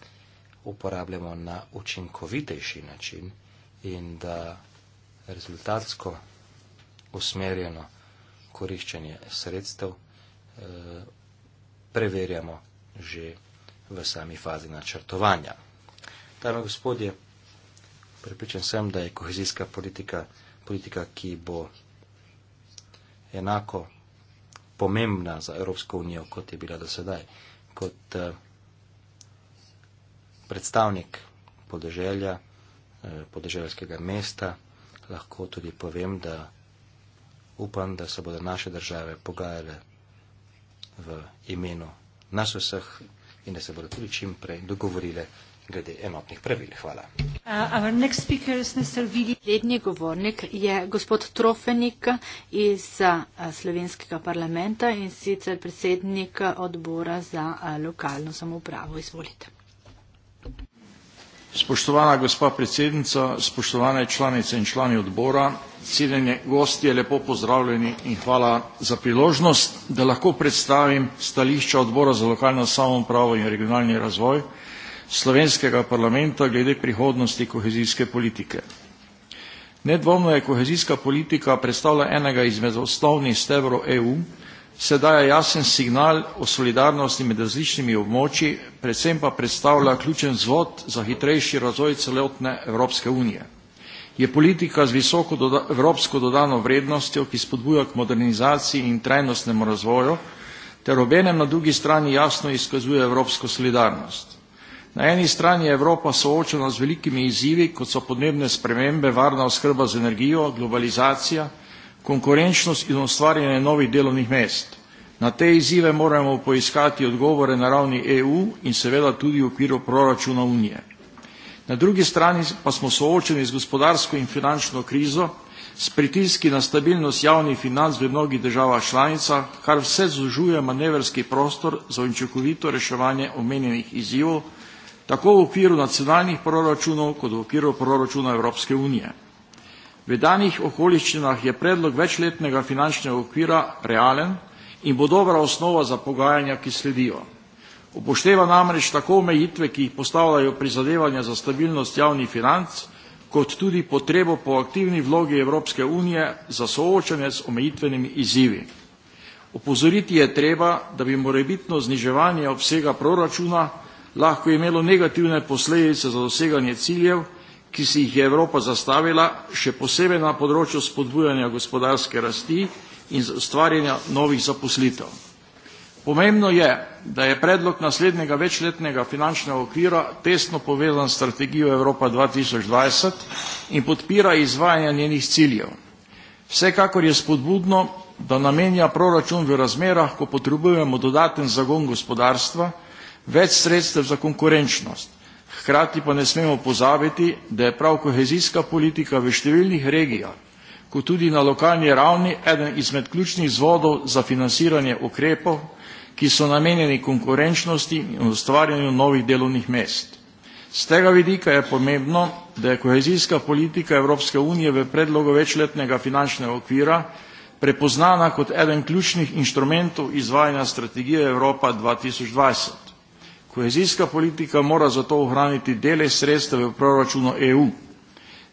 uporabljamo na učinkovitejši način in da rezultatsko usmerjeno koriščenje sredstev eh, preverjamo že v sami fazi načrtovanja. Dame gospodje, pripričan sem, da je kohezijska politika politika, ki bo enako pomembna za Evropsko unijo, kot je bila do sedaj, kot uh, predstavnik podeželja, eh, podeželjskega mesta, lahko tudi povem, da upam, da se bodo naše države pogajale v imenu nas vseh in da se bodo tudi čim prej dogovorile glede enotnih pravil. Hvala. Uh, Naslednji uh, govornik je gospod Trofenik iz uh, Slovenskega parlamenta in sicer predsednik odbora za uh, lokalno samoupravo. Izvolite. Spoštovana gospa predsednica, spoštovane članice in člani odbora, ciljene gostje, lepo pozdravljeni in hvala za priložnost, da lahko predstavim stališča odbora za lokalno samopravo in regionalni razvoj slovenskega parlamenta glede prihodnosti kohezijske politike. Nedvomno je kohezijska politika predstavlja enega izmed osnovnih stebrov EU, se daje jasen signal o solidarnosti med različnimi območji, predvsem pa predstavlja ključen zvod za hitrejši razvoj celotne Evropske unije. Je politika z visoko doda evropsko dodano vrednostjo, ki spodbuja k modernizaciji in trajnostnemu razvoju, ter obenem na drugi strani jasno izkazuje evropsko solidarnost. Na eni strani je Evropa soočena z velikimi izzivi, kot so podnebne spremembe, varna oskrba z energijo, globalizacija, konkurenčnost in ustvarjanje novih delovnih mest. Na te izzive moramo poiskati odgovore na ravni EU in seveda tudi v okviru proračuna Unije. Na drugi strani pa smo soočeni z gospodarsko in finančno krizo, s pritiski na stabilnost javnih financ v mnogih državah članica, kar vse zožuje manevrski prostor za učinkovito reševanje omenjenih izzivov, tako v okviru nacionalnih proračunov kot v okviru proračuna Evropske unije. V danih okoliščinah je predlog večletnega finančnega okvira realen in bo dobra osnova za pogajanja, ki sledijo. Upošteva namreč tako omejitve, ki jih postavljajo prizadevanja za stabilnost javnih financ, kot tudi potrebo po aktivni vlogi Evropske unije za soočanje s omejitvenimi izzivi. Opozoriti je treba, da bi morebitno zniževanje obsega proračuna lahko imelo negativne posledice za doseganje ciljev, ki si jih je Evropa zastavila, še posebej na področju spodbujanja gospodarske rasti in ustvarjanja novih zaposlitev. Pomembno je, da je predlog naslednjega večletnega finančnega okvira tesno povezan s strategijo Evropa 2020 in podpira izvajanje njenih ciljev. Vsekakor je spodbudno, da namenja proračun v razmerah, ko potrebujemo dodaten zagon gospodarstva, več sredstev za konkurenčnost. Hkrati pa ne smemo pozabiti, da je prav kohezijska politika v številnih regijah, kot tudi na lokalni ravni, eden izmed ključnih zvodov za financiranje ukrepov, ki so namenjeni konkurenčnosti in ustvarjanju novih delovnih mest. Z tega vidika je pomembno, da je kohezijska politika Evropske unije v predlogu večletnega finančnega okvira prepoznana kot eden ključnih inštrumentov izvajanja strategije Evropa 2020. Kohezijska politika mora zato ohraniti dele sredstev v proračunu EU.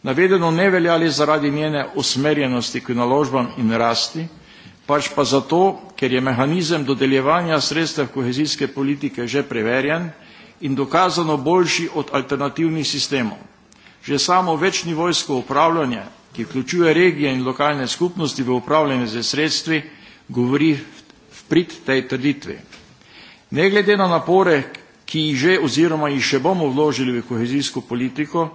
Navedeno ne velja le zaradi njene usmerjenosti k naložbam in rasti, pač pa zato, ker je mehanizem dodeljevanja sredstev kohezijske politike že preverjen in dokazano boljši od alternativnih sistemov. Že samo večnivojsko upravljanje, ki vključuje regije in lokalne skupnosti v upravljanje ze sredstvi, govori v prid tej trditvi. Ne glede na napore, ki jih že oziroma jih še bomo vložili v kohezijsko politiko,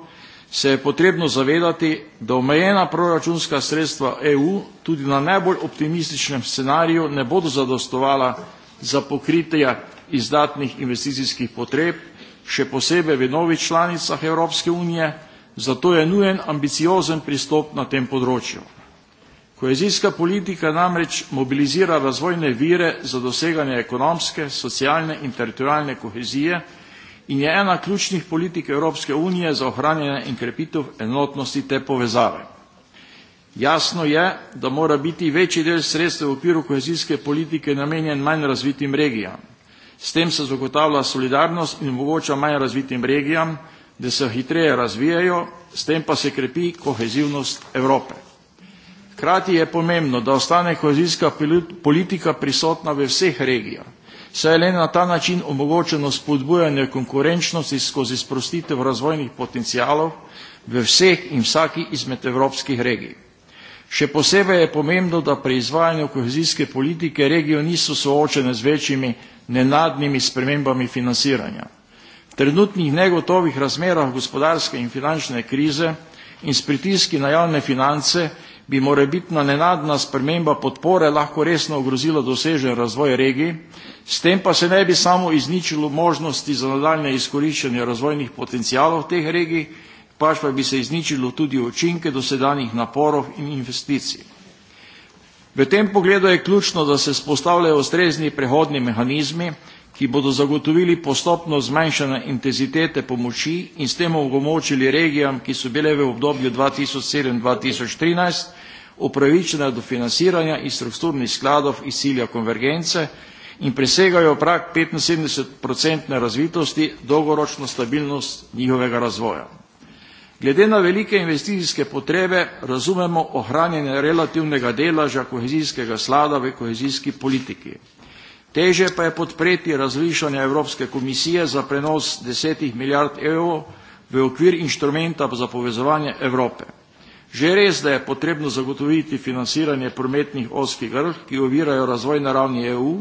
se je potrebno zavedati, da omejena proračunska sredstva EU tudi na najbolj optimističnem scenariju ne bodo zadostovala za pokritje izdatnih investicijskih potreb, še posebej v novih članicah Evropske unije, zato je nujen ambiciozen pristop na tem področju. Koezijska politika namreč mobilizira razvojne vire za doseganje ekonomske, socialne in teritorijalne kohezije in je ena ključnih politik Evropske unije za ohranjanje in krepitev enotnosti te povezave. Jasno je, da mora biti večji del sredstev v okviru kohezijske politike namenjen manj razvitim regijam. S tem se zagotavlja solidarnost in omogoča manj razvitim regijam, da se hitreje razvijajo, s tem pa se krepi kohezivnost Evrope. Hkrati je pomembno, da ostane kohezijska politika prisotna v vseh regijah. Saj je le na ta način omogočeno spodbujanje konkurenčnosti skozi sprostitev razvojnih potencijalov v vseh in vsaki izmed evropskih regij. Še posebej je pomembno, da pri izvajanju kohezijske politike regijo niso soočene z večjimi nenadnimi spremembami financiranja. V trenutnih negotovih razmerah gospodarske in finančne krize in s pritiski na javne finance bi morebitna nenadna sprememba podpore lahko resno ogrozila dosežen razvoj regij, s tem pa se ne bi samo izničilo možnosti za nadaljne izkoriščanje razvojnih potencijalov teh regij, pač pa bi se izničilo tudi učinke dosedanjih naporov in investicij. V tem pogledu je ključno, da se spostavljajo ustrezni prehodni mehanizmi, ki bodo zagotovili postopno zmanjšanje intenzitete pomoči in s tem omogočili regijam, ki so bile v obdobju 2007-2013 upravičena do financiranja iz strukturnih skladov iz cilja konvergence in presegajo prak 75-procentne razvitosti dolgoročno stabilnost njihovega razvoja. Glede na velike investicijske potrebe razumemo ohranjenje relativnega delaža kohezijskega slada v kohezijski politiki. Teže pa je podpreti razvišanje Evropske komisije za prenos desetih milijard evrov v okvir inštrumenta za povezovanje Evrope. Že res, da je potrebno zagotoviti financiranje prometnih oskih grh, ki ovirajo razvoj na ravni EU,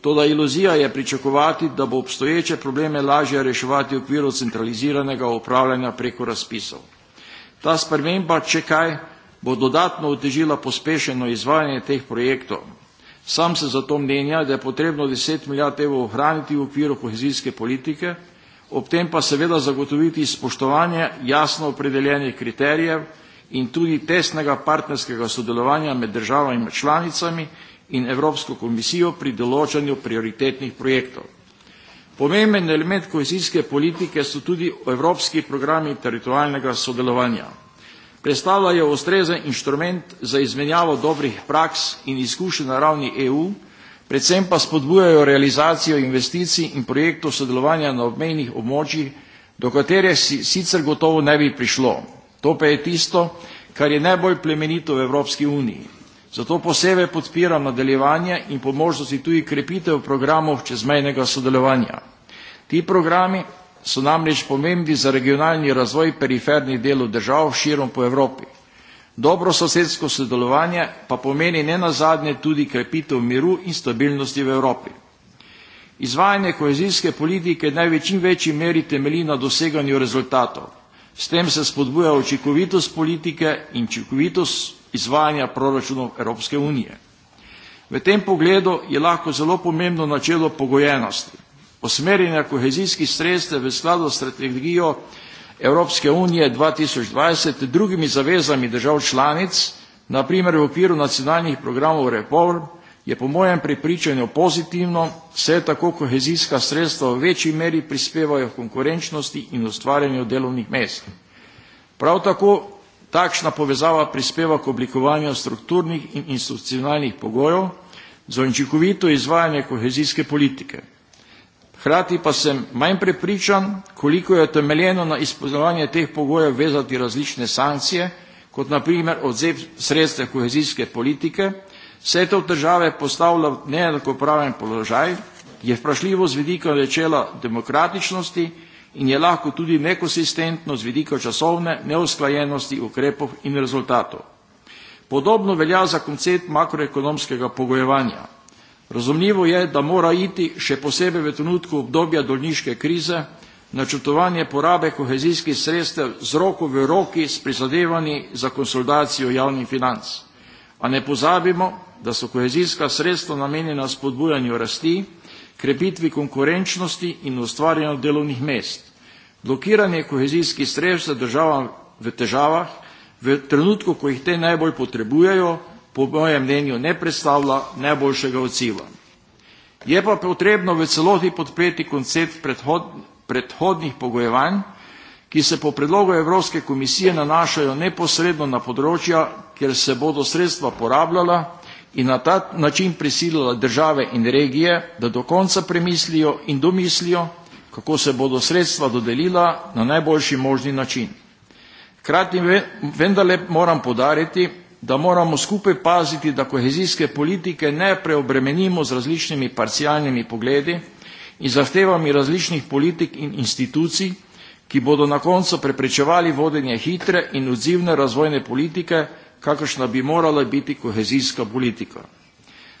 toda iluzija je pričakovati, da bo obstoječe probleme lažje reševati v okviru centraliziranega upravljanja preko razpisov. Ta sprememba, če kaj, bo dodatno otežila pospešeno izvajanje teh projektov. Sam se zato mnenja, da je potrebno 10 milijard evrov ohraniti v okviru kohezijske politike, ob tem pa seveda zagotoviti spoštovanje jasno opredeljenih kriterijev, in tudi tesnega partnerskega sodelovanja med državami članicami in Evropsko komisijo pri določanju prioritetnih projektov. Pomemben element kohezijske politike so tudi evropski programi teritorijalnega sodelovanja. Predstavljajo ustrezen inštrument za izmenjavo dobrih praks in izkušenj na ravni EU, predvsem pa spodbujajo realizacijo investicij in projektov sodelovanja na obmejnih območjih, do katerih sicer gotovo ne bi prišlo. To pa je tisto, kar je najbolj plemenito v Evropski uniji. Zato posebej podpiram nadaljevanje in po možnosti tudi krepitev programov čezmejnega sodelovanja. Ti programi so namreč pomembni za regionalni razvoj perifernih delov držav širom po Evropi. Dobro sosedsko sodelovanje pa pomeni ne nazadnje tudi krepitev miru in stabilnosti v Evropi. Izvajanje kohezijske politike naj v čim večji meri temelji na doseganju rezultatov. S tem se spodbuja učinkovitost politike in učinkovitost izvajanja proračunov Evropske unije. V tem pogledu je lahko zelo pomembno načelo pogojenosti, osmerjenja kohezijskih sredstev v skladu s strategijo Evropske unije 2020 drugimi zavezami držav članic, naprimer v okviru nacionalnih programov reform, je po mojem prepričanju pozitivno, vse tako kohezijska sredstva v večji meri prispevajo konkurenčnosti in ustvarjanju delovnih mest. Prav tako takšna povezava prispeva k oblikovanju strukturnih in institucionalnih pogojev za učinkovito izvajanje kohezijske politike. Hrati pa sem manj prepričan, koliko je temeljeno na izpolnjevanje teh pogojev vezati različne sankcije, kot naprimer odzev sredstev kohezijske politike, Vse to države postavlja v neenakopraven položaj, je vprašljivo z vidika večela demokratičnosti in je lahko tudi nekonsistentno z vidika časovne neusklajenosti ukrepov in rezultatov. Podobno velja za koncept makroekonomskega pogojevanja. Razumljivo je, da mora iti še posebej v trenutku obdobja dolniške krize načrtovanje porabe kohezijskih sredstev z roko v roki s prizadevanji za konsolidacijo javnih financ. A ne pozabimo, da so kohezijska sredstva namenjena spodbujanju rasti, krepitvi konkurenčnosti in ustvarjanju delovnih mest. Blokiranje kohezijskih sredstv državam v težavah, v trenutku, ko jih te najbolj potrebujejo, po mojem mnenju ne predstavlja najboljšega odziva. Je pa potrebno v celoti podpreti koncept predhodnih pogojevanj, ki se po predlogu Evropske komisije nanašajo neposredno na področja, kjer se bodo sredstva porabljala in na ta način prisilila države in regije, da do konca premislijo in domislijo, kako se bodo sredstva dodelila na najboljši možni način. Hkrati vendarle moram podariti, da moramo skupaj paziti, da kohezijske politike ne preobremenimo z različnimi parcialnimi pogledi in zahtevami različnih politik in institucij, ki bodo na koncu preprečevali vodenje hitre in odzivne razvojne politike, kakršna bi morala biti kohezijska politika.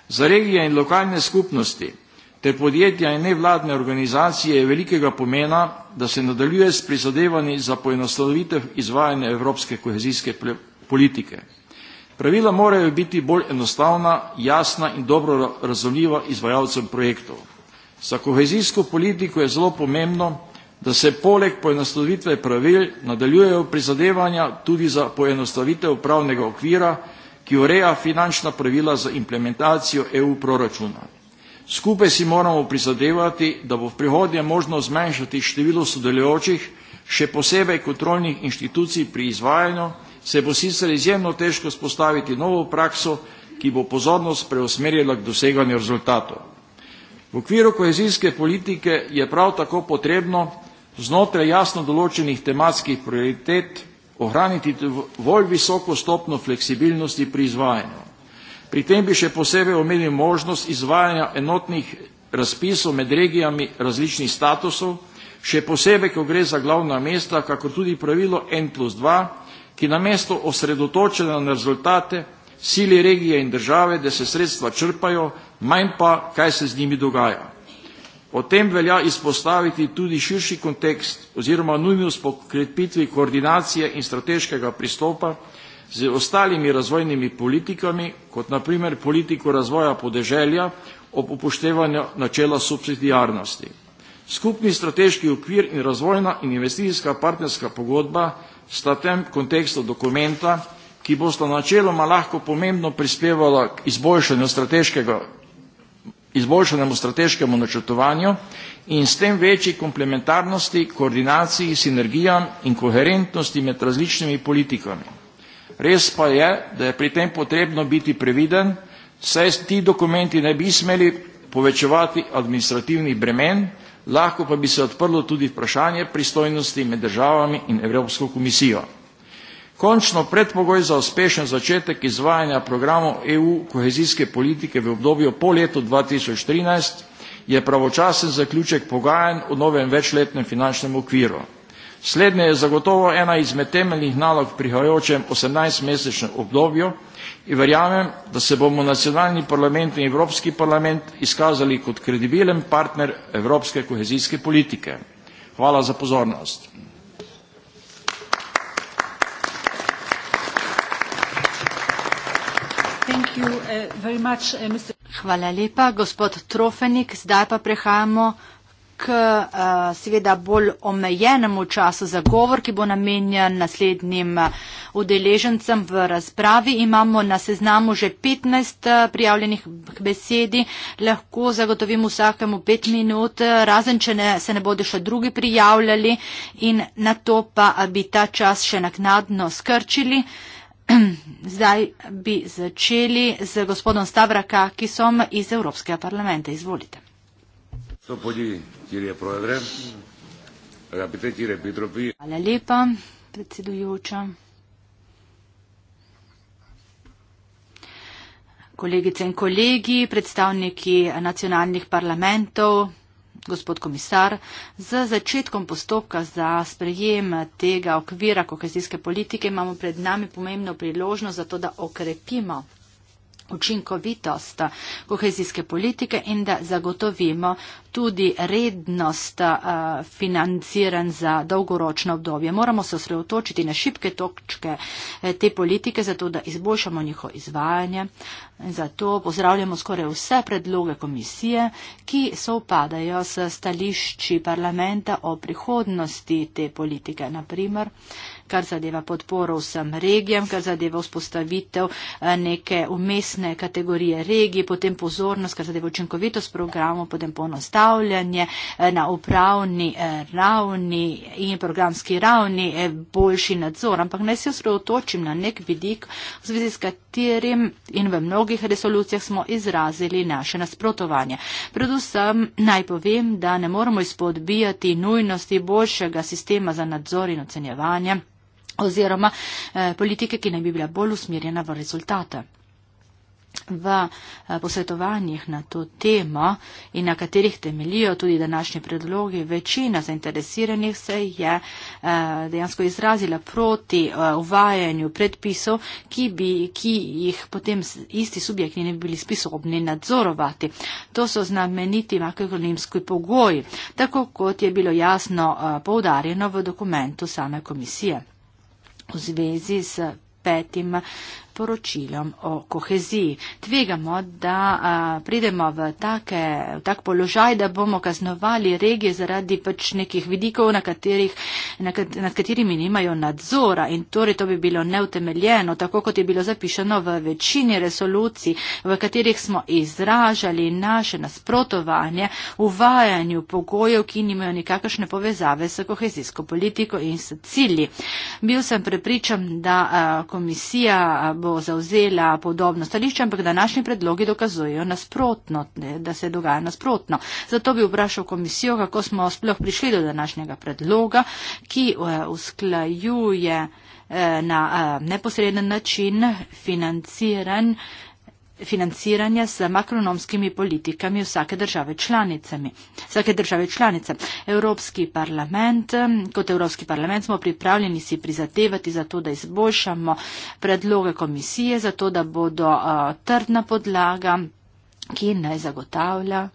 Za regije in lokalne skupnosti ter podjetja in nevladne organizacije je velikega pomena, da se nadaljuje s prizadevanji za poenostavitev izvajanja evropske kohezijske politike. Pravila morajo biti bolj enostavna, jasna in dobro razumljiva izvajalcem projektov. Za kohezijsko politiko je zelo pomembno, da se poleg poenostavitve pravil nadaljujejo prizadevanja tudi za poenostavitev pravnega okvira, ki ureja finančna pravila za implementacijo EU proračuna. Skupaj si moramo prizadevati, da bo v prihodnje možno zmanjšati število sodelujočih, še posebej kontrolnih inštitucij pri izvajanju, se bo sicer izjemno težko spostaviti novo prakso, ki bo pozornost preusmerila k doseganju rezultatov. V okviru kohezijske politike je prav tako potrebno znotraj jasno določenih tematskih prioritet ohraniti dovolj visoko stopno fleksibilnosti pri izvajanju. Pri tem bi še posebej omenil možnost izvajanja enotnih razpisov med regijami različnih statusov, še posebej, ko gre za glavna mesta, kako tudi pravilo N plus 2, ki namesto osredotočena na rezultate sili regije in države, da se sredstva črpajo manj pa, kaj se z njimi dogaja. O tem velja izpostaviti tudi širši kontekst oziroma nujnost po krepitvi koordinacije in strateškega pristopa z ostalimi razvojnimi politikami, kot naprimer politiko razvoja podeželja ob upoštevanju načela subsidijarnosti. Skupni strateški okvir in razvojna in investicijska partnerska pogodba sta tem kontekstu dokumenta, ki bosta načeloma lahko pomembno prispevala k izboljšanju strateškega izboljšanemu strateškemu načrtovanju in s tem večji komplementarnosti, koordinaciji, sinergijam in koherentnosti med različnimi politikami. Res pa je, da je pri tem potrebno biti previden, saj ti dokumenti ne bi smeli povečevati administrativnih bremen, lahko pa bi se odprlo tudi vprašanje pristojnosti med državami in Evropsko komisijo. Končno predpogoj za uspešen začetek izvajanja programov EU kohezijske politike v obdobju po letu 2013 je pravočasen zaključek pogajanj o novem večletnem finančnem okviru. Slednje je zagotovo ena izmed temeljnih nalog v prihajajočem 18-mesečnem obdobju in verjamem, da se bomo nacionalni parlament in Evropski parlament izkazali kot kredibilen partner evropske kohezijske politike. Hvala za pozornost. Eh, eh, Hvala lepa, gospod Trofenik. Zdaj pa prehajamo k uh, seveda bolj omejenemu času za govor, ki bo namenjen naslednjim udeležencem v razpravi. Imamo na seznamu že 15 prijavljenih k besedi. Lahko zagotovim vsakemu pet minut, razen če ne, se ne bodo še drugi prijavljali in na to pa bi ta čas še naknadno skrčili. Uh, Zdaj bi začeli z gospodom Stavraka, ki so iz Evropskega parlamenta. Izvolite. Hvala lepa, predsedujoča. Kolegice in kolegi, predstavniki nacionalnih parlamentov, gospod komisar, z začetkom postopka za sprejem tega okvira kohezijske politike imamo pred nami pomembno priložnost za to, da okrepimo učinkovitost kohezijske politike in da zagotovimo tudi rednost eh, financiran za dolgoročno obdobje. Moramo se osredotočiti na šibke točke eh, te politike, zato da izboljšamo njihovo izvajanje. Zato pozdravljamo skoraj vse predloge komisije, ki se upadajo s stališči parlamenta o prihodnosti te politike. Naprimer, kar zadeva podporo vsem regijam, kar zadeva vzpostavitev eh, neke umestne kategorije regij, potem pozornost, kar zadeva učinkovitost programov, potem ponostavljanje eh, na upravni eh, ravni in programski ravni, boljši nadzor. Ampak naj se osredotočim na nek vidik, v zvezi s katerim in v mnogih resolucijah smo izrazili naše nasprotovanje. Predvsem naj povem, da ne moramo izpodbijati nujnosti boljšega sistema za nadzor in ocenjevanje oziroma eh, politike, ki naj bi bila bolj usmerjena v rezultate. V eh, posvetovanjih na to temo in na katerih temelijo tudi današnji predlogi, večina zainteresiranih se je eh, dejansko izrazila proti eh, uvajanju predpisov, ki, bi, ki jih potem isti subjekti ne bi bili sposobni nadzorovati. To so znameniti makroekonomski pogoji, tako kot je bilo jasno poudarjeno v dokumentu same komisije v zvezi s petim poročilom o koheziji. Tvegamo, da a, pridemo v, take, v tak položaj, da bomo kaznovali regije zaradi pač nekih vidikov, na katerih nad katerimi nimajo nadzora in torej to bi bilo neutemeljeno, tako kot je bilo zapišeno v večini resolucij, v katerih smo izražali naše nasprotovanje uvajanju pogojev, ki nimajo nikakršne povezave s kohezijsko politiko in s cilji. Bil sem prepričan, da komisija bo zauzela podobno stališče, ampak današnji predlogi dokazujejo nasprotno, da se dogaja nasprotno. Zato bi vprašal komisijo, kako smo sploh prišli do današnjega predloga, ki eh, usklajuje eh, na eh, neposreden način financiran financiranja s makronomskimi politikami vsake države članicami. Vsake države članice. Evropski parlament, kot Evropski parlament smo pripravljeni si prizadevati za to, da izboljšamo predloge komisije, za to, da bodo uh, trdna podlaga, ki naj zagotavlja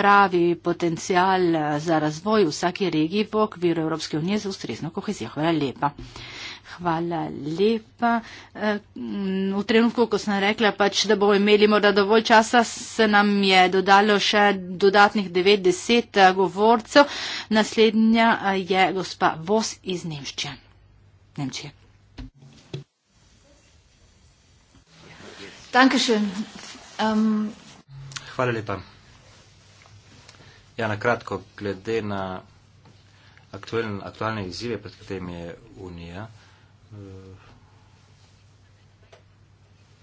pravi potencial eh, za razvoj vsake regiji v okviru Evropske unije za ustrezno kohezijo. Hvala lepa. Hvala lepa. Eh, v trenutku, ko sem rekla, pač, da bomo imeli morda dovolj časa, se nam je dodalo še dodatnih 90 eh, govorcev. Naslednja je gospa Vos iz Nemščije. Nemčije. Danke schön. Um, ähm, Hvala lepa. Ja, na kratko, glede na aktualne, aktualne izzive, pred katerimi je Unija, eh,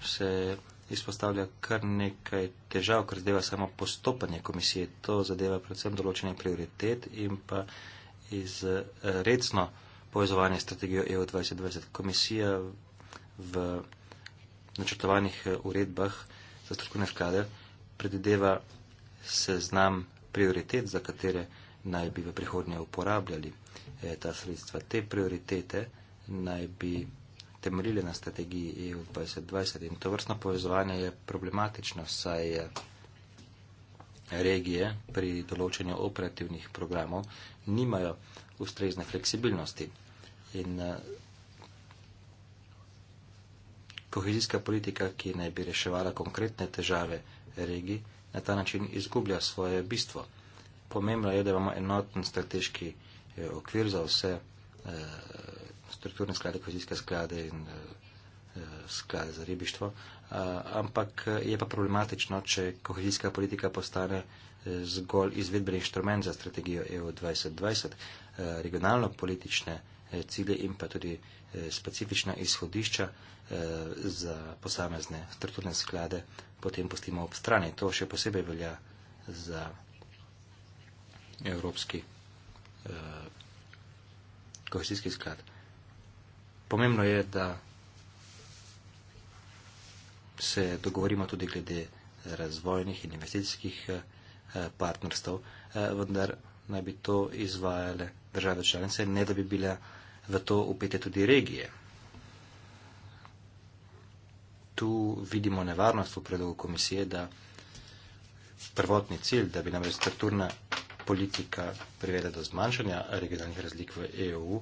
se izpostavlja kar nekaj težav, kar zadeva samo postopanje komisije. To zadeva predvsem določene prioritet in pa izrecno povezovanje strategijo EU 2020. Komisija v načrtovanih uredbah za strokovne sklade predvideva seznam prioritet, za katere naj bi v prihodnje uporabljali eh, ta sredstva. Te prioritete naj bi temeljile na strategiji EU 2020 in to vrstno povezovanje je problematično, saj je eh, regije pri določenju operativnih programov nimajo ustrezne fleksibilnosti. In eh, kohezijska politika, ki naj bi reševala konkretne težave regij, na ta način izgublja svoje bistvo. Pomembno je, da imamo enoten strateški eh, okvir za vse eh, strukturne sklade, kozijske sklade in eh, sklade za ribištvo, ampak je pa problematično, če kohezijska politika postane zgolj izvedbeni inštrument za strategijo EU 2020, regionalno politične cilje in pa tudi specifična izhodišča eh, za posamezne strukturne sklade, potem postimo ob strani. To še posebej velja za Evropski eh, kohesijski sklad. Pomembno je, da se dogovorimo tudi glede razvojnih in investicijskih eh, partnerstv, vendar naj bi to izvajale države članice, ne da bi bila v to upete tudi regije. Tu vidimo nevarnost v predlogu komisije, da prvotni cilj, da bi nam restrukturna politika privedla do zmanjšanja regionalnih razlik v EU,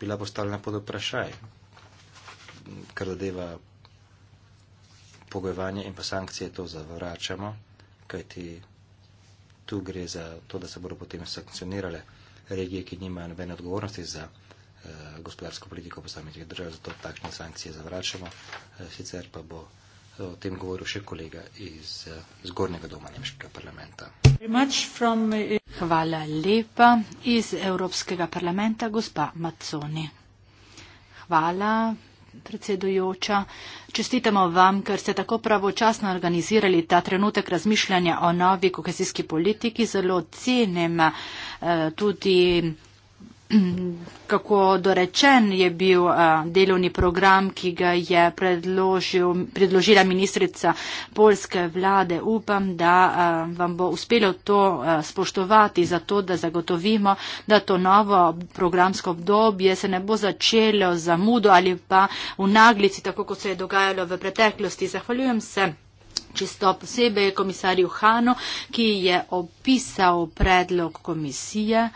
bila postavljena pod vprašaj, kar zadeva pogojevanje in pa sankcije, to zavračamo, kajti tu gre za to, da se bodo potem sankcionirale regije, ki nimajo nobene odgovornosti za. Eh, gospodarsko politiko posameznih držav, zato takšne sankcije zavračamo. Eh, sicer pa bo eh, o tem govoril še kolega iz zgornjega doma nemškega parlamenta. Hvala lepa iz Evropskega parlamenta, gospa Maconi. Hvala. Predsedujoča, čestitamo vam, ker ste tako pravočasno organizirali ta trenutek razmišljanja o novi kohezijski politiki. Zelo cenim eh, tudi kako dorečen je bil eh, delovni program, ki ga je predložil, predložila ministrica polske vlade. Upam, da eh, vam bo uspelo to eh, spoštovati, zato da zagotovimo, da to novo programsko obdobje se ne bo začelo za mudo ali pa v naglici, tako kot se je dogajalo v preteklosti. Zahvaljujem se. Čisto posebej komisarju Hanu, ki je opisal predlog komisije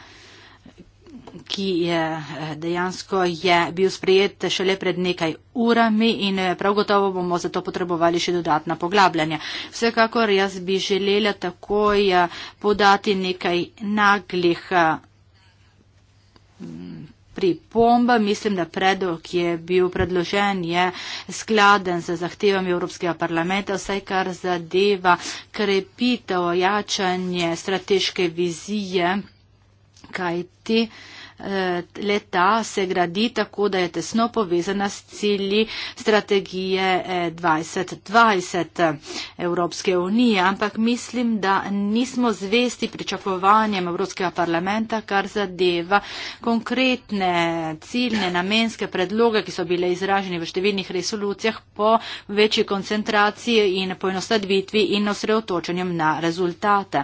ki je eh, dejansko je bil sprejet šele pred nekaj urami in eh, prav gotovo bomo zato potrebovali še dodatna poglabljanja. Vsekakor jaz bi želela takoj eh, podati nekaj naglih pripomba. Mislim, da predlog, ki je bil predložen, je skladen z zahtevami Evropskega parlamenta, vsaj kar zadeva krepitev, jačanje strateške vizije, kajti. Eh, leta se gradi tako, da je tesno povezana s cilji strategije 2020 eh, eh, Evropske unije. Ampak mislim, da nismo zvesti pričakovanjem Evropskega parlamenta, kar zadeva konkretne ciljne namenske predloge, ki so bile izraženi v številnih resolucijah po večji koncentraciji in poenostavitvi in osredotočenjem na rezultate.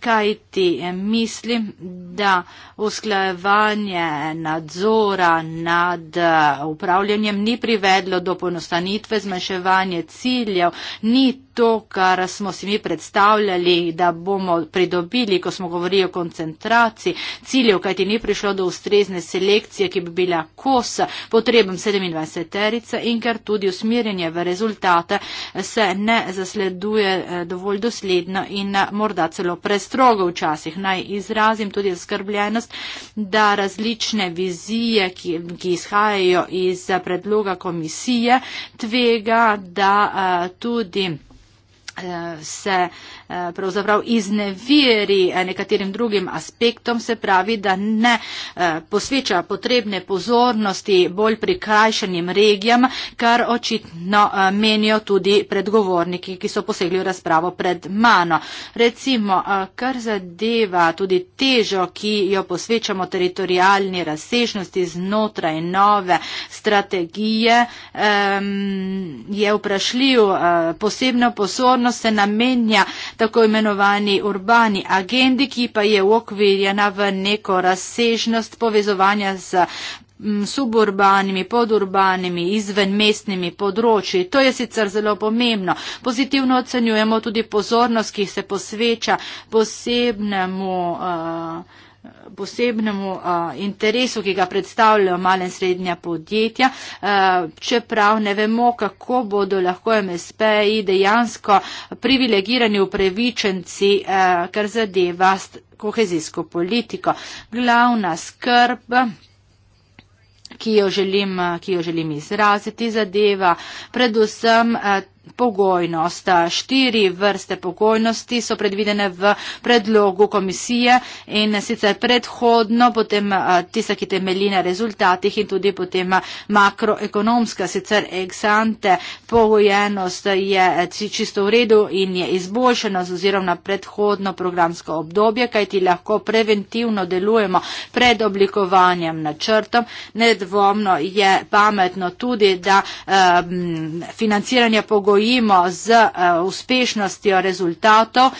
Kaj ti mislim, da usklajevanje izvrševanje nadzora nad eh, upravljanjem ni privedlo do ponostanitve, zmanjševanje ciljev, ni to, kar smo si mi predstavljali, da bomo pridobili, ko smo govorili o koncentraciji ciljev, kajti ni prišlo do ustrezne selekcije, ki bi bila kos potrebam 27 terica in ker tudi usmirjenje v rezultate eh, se ne zasleduje eh, dovolj dosledno in morda celo prestrogo včasih. Naj izrazim tudi skrbljenost, da različne vizije, ki, ki izhajajo iz predloga komisije, tvega, da eh, tudi eh, se Eh, pravzaprav izneveri eh, nekaterim drugim aspektom, se pravi, da ne eh, posveča potrebne pozornosti bolj prikrajšanim regijam, kar očitno menijo tudi predgovorniki, ki so posegli v razpravo pred mano. Recimo, kar zadeva tudi težo, ki jo posvečamo teritorijalni razsežnosti znotraj nove strategije, je vprašljiv. Posebno pozornost se namenja tako imenovani urbani agendi, ki pa je uokvirjena v neko razsežnost povezovanja z mm, suburbanimi, podurbanimi, izvenmestnimi področji. To je sicer zelo pomembno. Pozitivno ocenjujemo tudi pozornost, ki se posveča posebnemu. Uh, posebnemu uh, interesu, ki ga predstavljajo male in srednja podjetja, uh, čeprav ne vemo, kako bodo lahko MSP-ji dejansko privilegirani upravičenci, uh, kar zadeva kohezijsko politiko. Glavna skrb. Ki jo, želim, ki jo želim izraziti, zadeva predvsem pogojnost. Štiri vrste pogojnosti so predvidene v predlogu komisije in sicer predhodno, potem tista, ki temelji na rezultatih in tudi potem makroekonomska, sicer exante pogojenost je čisto v redu in je izboljšena z ozirom na predhodno programsko obdobje, kaj ti lahko preventivno delujemo pred oblikovanjem načrtom. Nedvomno je pametno tudi, da um, financiranje pogojnosti gojimo z eh, uspešnostjo rezultatov,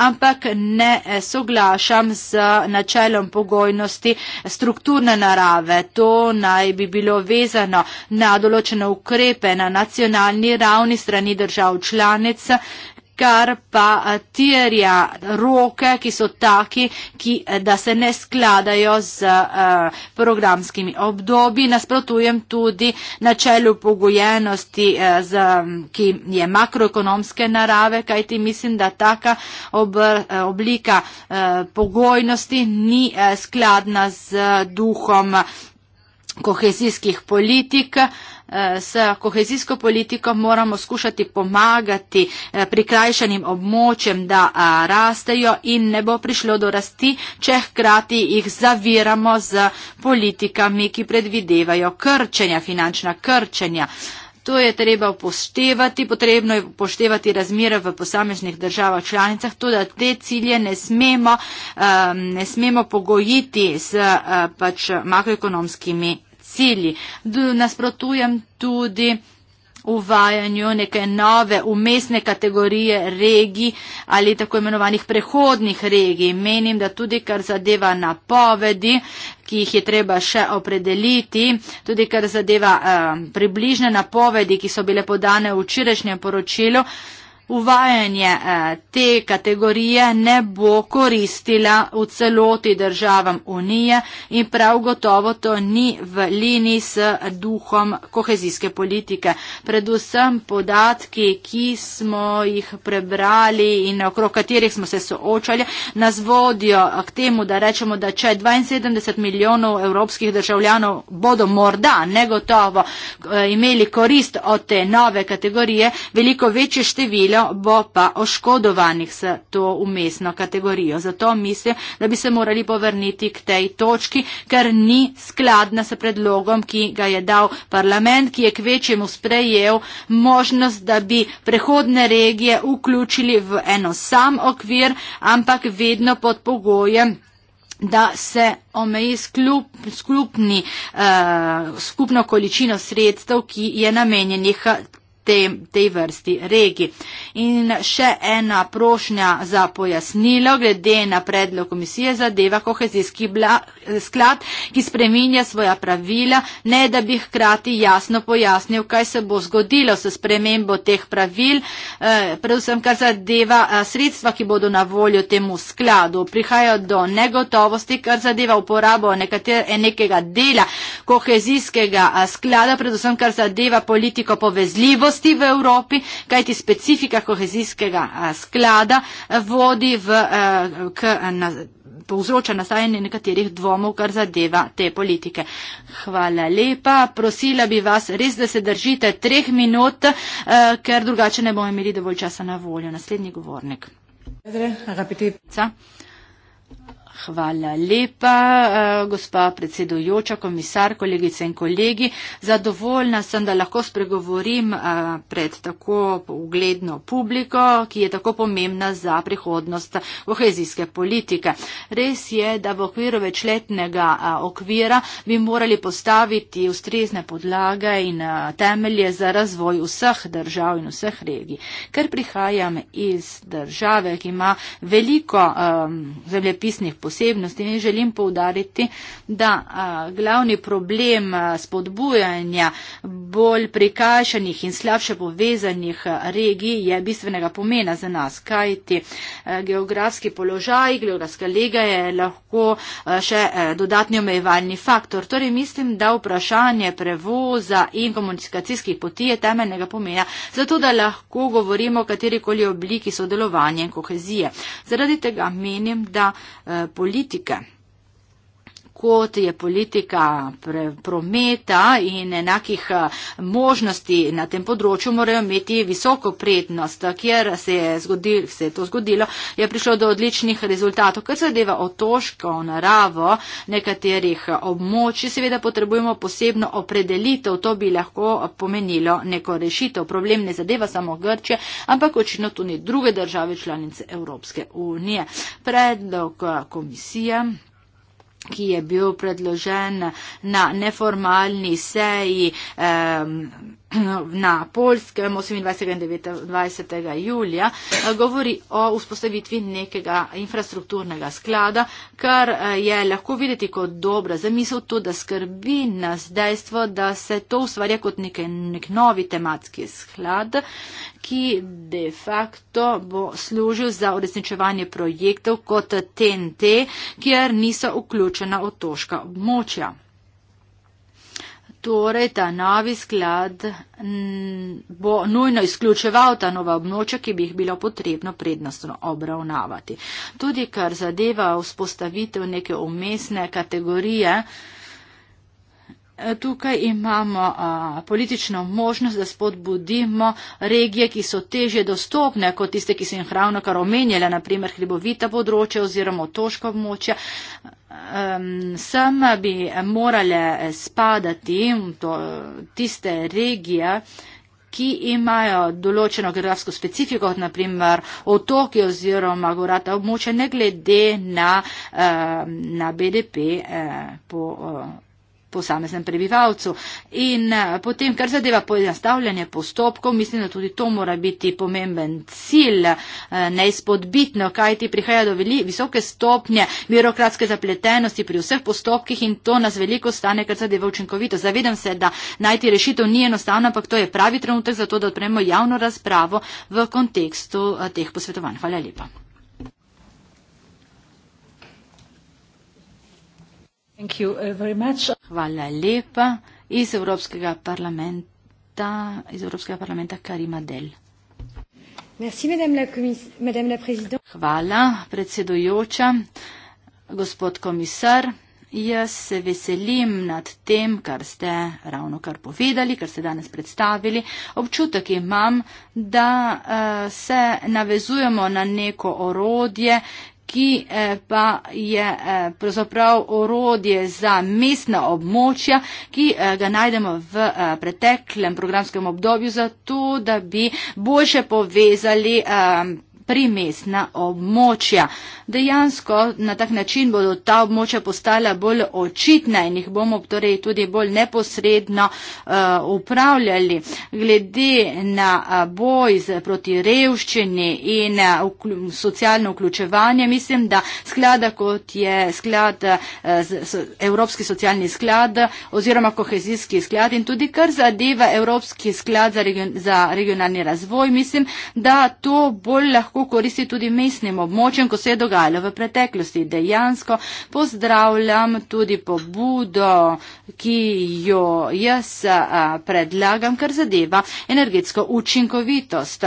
ampak ne eh, soglašam z načelom pogojnosti strukturne narave. To naj bi bilo vezano na določene ukrepe na nacionalni ravni strani držav članic, kar pa terja roke, ki so taki, ki, da se ne skladajo z uh, programskimi obdobji. Nasprotujem tudi načelu pogojenosti, uh, z, ki je makroekonomske narave, kajti mislim, da taka obr, oblika uh, pogojnosti ni uh, skladna z duhom kohezijskih politik. Uh, Eh, s kohezijsko politiko moramo skušati pomagati eh, prikrajšanim območjem, da eh, rastejo in ne bo prišlo do rasti, če hkrati jih zaviramo z politikami, ki predvidevajo krčenja, finančna krčenja. To je treba upoštevati, potrebno je upoštevati razmire v posameznih državah članicah, tudi te cilje ne smemo, ne smemo pogojiti s pač makroekonomskimi cilji. Nasprotujem tudi uvajanju neke nove umestne kategorije regij ali tako imenovanih prehodnih regij. Menim, da tudi kar zadeva napovedi, ki jih je treba še opredeliti, tudi kar zadeva eh, približne napovedi, ki so bile podane v včerajšnjem poročilu, eh, uvajanje eh, te kategorije ne bo koristila v celoti državam Unije in prav gotovo to ni v liniji s duhom kohezijske politike. Predvsem podatki, ki smo jih prebrali in okrog katerih smo se soočali, nas vodijo k temu, da rečemo, da če 72 milijonov evropskih državljanov bodo morda negotovo eh, imeli korist od te nove kategorije, veliko večje število, nedeljo, bo pa oškodovanih s to umestno kategorijo. Zato mislim, da bi se morali povrniti k tej točki, ker ni skladna s predlogom, ki ga je dal parlament, ki je k večjemu sprejel možnost, da bi prehodne regije vključili v eno sam okvir, ampak vedno pod pogojem da se omeji sklup, sklupni, uh, eh, skupno količino sredstev, ki je namenjenih te, tej vrsti regij. In še ena prošnja za pojasnilo glede na predlog komisije zadeva kohezijski bla, sklad, ki spreminja svoja pravila, ne da bi hkrati jasno pojasnil, kaj se bo zgodilo s spremembo teh pravil, eh, predvsem kar zadeva eh, sredstva, ki bodo na voljo temu skladu. Prihaja do negotovosti, kar zadeva uporabo nekater, eh, nekega dela kohezijskega sklada, predvsem kar zadeva politiko povezljivosti rasti v Evropi, kajti specifika kohezijskega sklada vodi v, k, na, povzroča nastajanje nekaterih dvomov, kar zadeva te politike. Hvala lepa. Prosila bi vas res, da se držite treh minut, ker drugače ne bomo imeli dovolj časa na voljo. Naslednji govornik. Zdre, Hvala lepa, eh, gospa predsedojoča, komisar, kolegice in kolegi. Zadovoljna sem, da lahko spregovorim eh, pred tako ugledno publiko, ki je tako pomembna za prihodnost kohezijske politike. Res je, da v okviru večletnega eh, okvira bi morali postaviti ustrezne podlage in temelje za razvoj vseh držav in vseh regij. Ker prihajam iz države, ki ima veliko um, zemljepisnih posebnosti, osebnosti in želim poudariti, da a, glavni problem spodbujanja bolj prikašenih in slabše povezanih regij je bistvenega pomena za nas, kajti geografski položaj, geografska lega je lahko še dodatni omejevalni faktor. Torej mislim, da vprašanje prevoza in komunikacijskih poti je temeljnega pomena, zato da lahko govorimo o katerikoli obliki sodelovanja in kohezije. Zaradi tega menim, da eh, politika, kot je politika pre, prometa in enakih eh, možnosti na tem področju, morajo imeti visoko prednost. Ker se je, zgodil, se je to zgodilo, je prišlo do odličnih rezultatov. Kar zadeva otoško naravo nekaterih eh, območij, seveda potrebujemo posebno opredelitev. To bi lahko pomenilo neko rešitev. Problem ne zadeva samo Grče, ampak očitno tudi druge države članice Evropske unije. Predlog eh, komisije ki je bil predložen na neformalni seji. Um, na Polskem 28. in 29. julija eh, govori o vzpostavitvi nekega infrastrukturnega sklada, kar eh, je lahko videti kot dobra zamisel, to, da skrbi nas dejstvo, da se to ustvarja kot neke, nek novi tematski sklad, ki de facto bo služil za uresničevanje projektov kot TNT, kjer niso vključena otoška območja. Torej, ta novi sklad bo nujno izključeval ta nova območja, ki bi jih bilo potrebno prednostno obravnavati. Tudi, kar zadeva vzpostavitev neke umestne kategorije, eh, Eh, tukaj imamo a, politično možnost, da spodbudimo regije, ki so teže dostopne, kot tiste, ki so jih ravno kar omenjala, naprimer hribovita področja oziroma otoška območja. Sem bi morale spadati to, tiste regije, ki imajo določeno geografsko specifiko, kot naprimer otoki oziroma gorata območja, ne glede na, na BDP eh, po posameznem prebivalcu. In eh, potem, kar zadeva poenostavljanje postopkov, mislim, da tudi to mora biti pomemben cilj, eh, neizpodbitno, kaj ti prihaja do veli, visoke stopnje birokratske zapletenosti pri vseh postopkih in to nas veliko stane, kar zadeva učinkovito. Zavedam se, da najti rešitev ni enostavno, ampak to je pravi trenutek za to, da odpremo javno razpravo v kontekstu eh, teh posvetovanj. Hvala lepa. Uh, Hvala lepa iz Evropskega parlamenta, iz Evropskega parlamenta Karima Del. Merci, madame la, madame la Hvala, predsedujoča, gospod komisar. Jaz se veselim nad tem, kar ste ravno kar povedali, kar ste danes predstavili. Občutek imam, da uh, se navezujemo na neko orodje, ki eh, pa je eh, pravzaprav orodje za mestna območja, ki eh, ga najdemo v preteklem programskem obdobju, zato da bi boljše povezali primestna območja. Dejansko na tak način bodo ta območja postala bolj očitna in jih bomo torej tudi bolj neposredno uh, upravljali. Glede na uh, boj proti revščini in uh, socialno vključevanje, mislim, da sklada kot je sklad, uh, z, so, Evropski socialni sklad oziroma kohezijski sklad in tudi kar zadeva Evropski sklad za, region, za regionalni razvoj, mislim, da to bolj lahko lahko koristi tudi mestnim območjem, ko se je dogajalo v preteklosti. Dejansko pozdravljam tudi pobudo, ki jo jaz predlagam, kar zadeva energetsko učinkovitost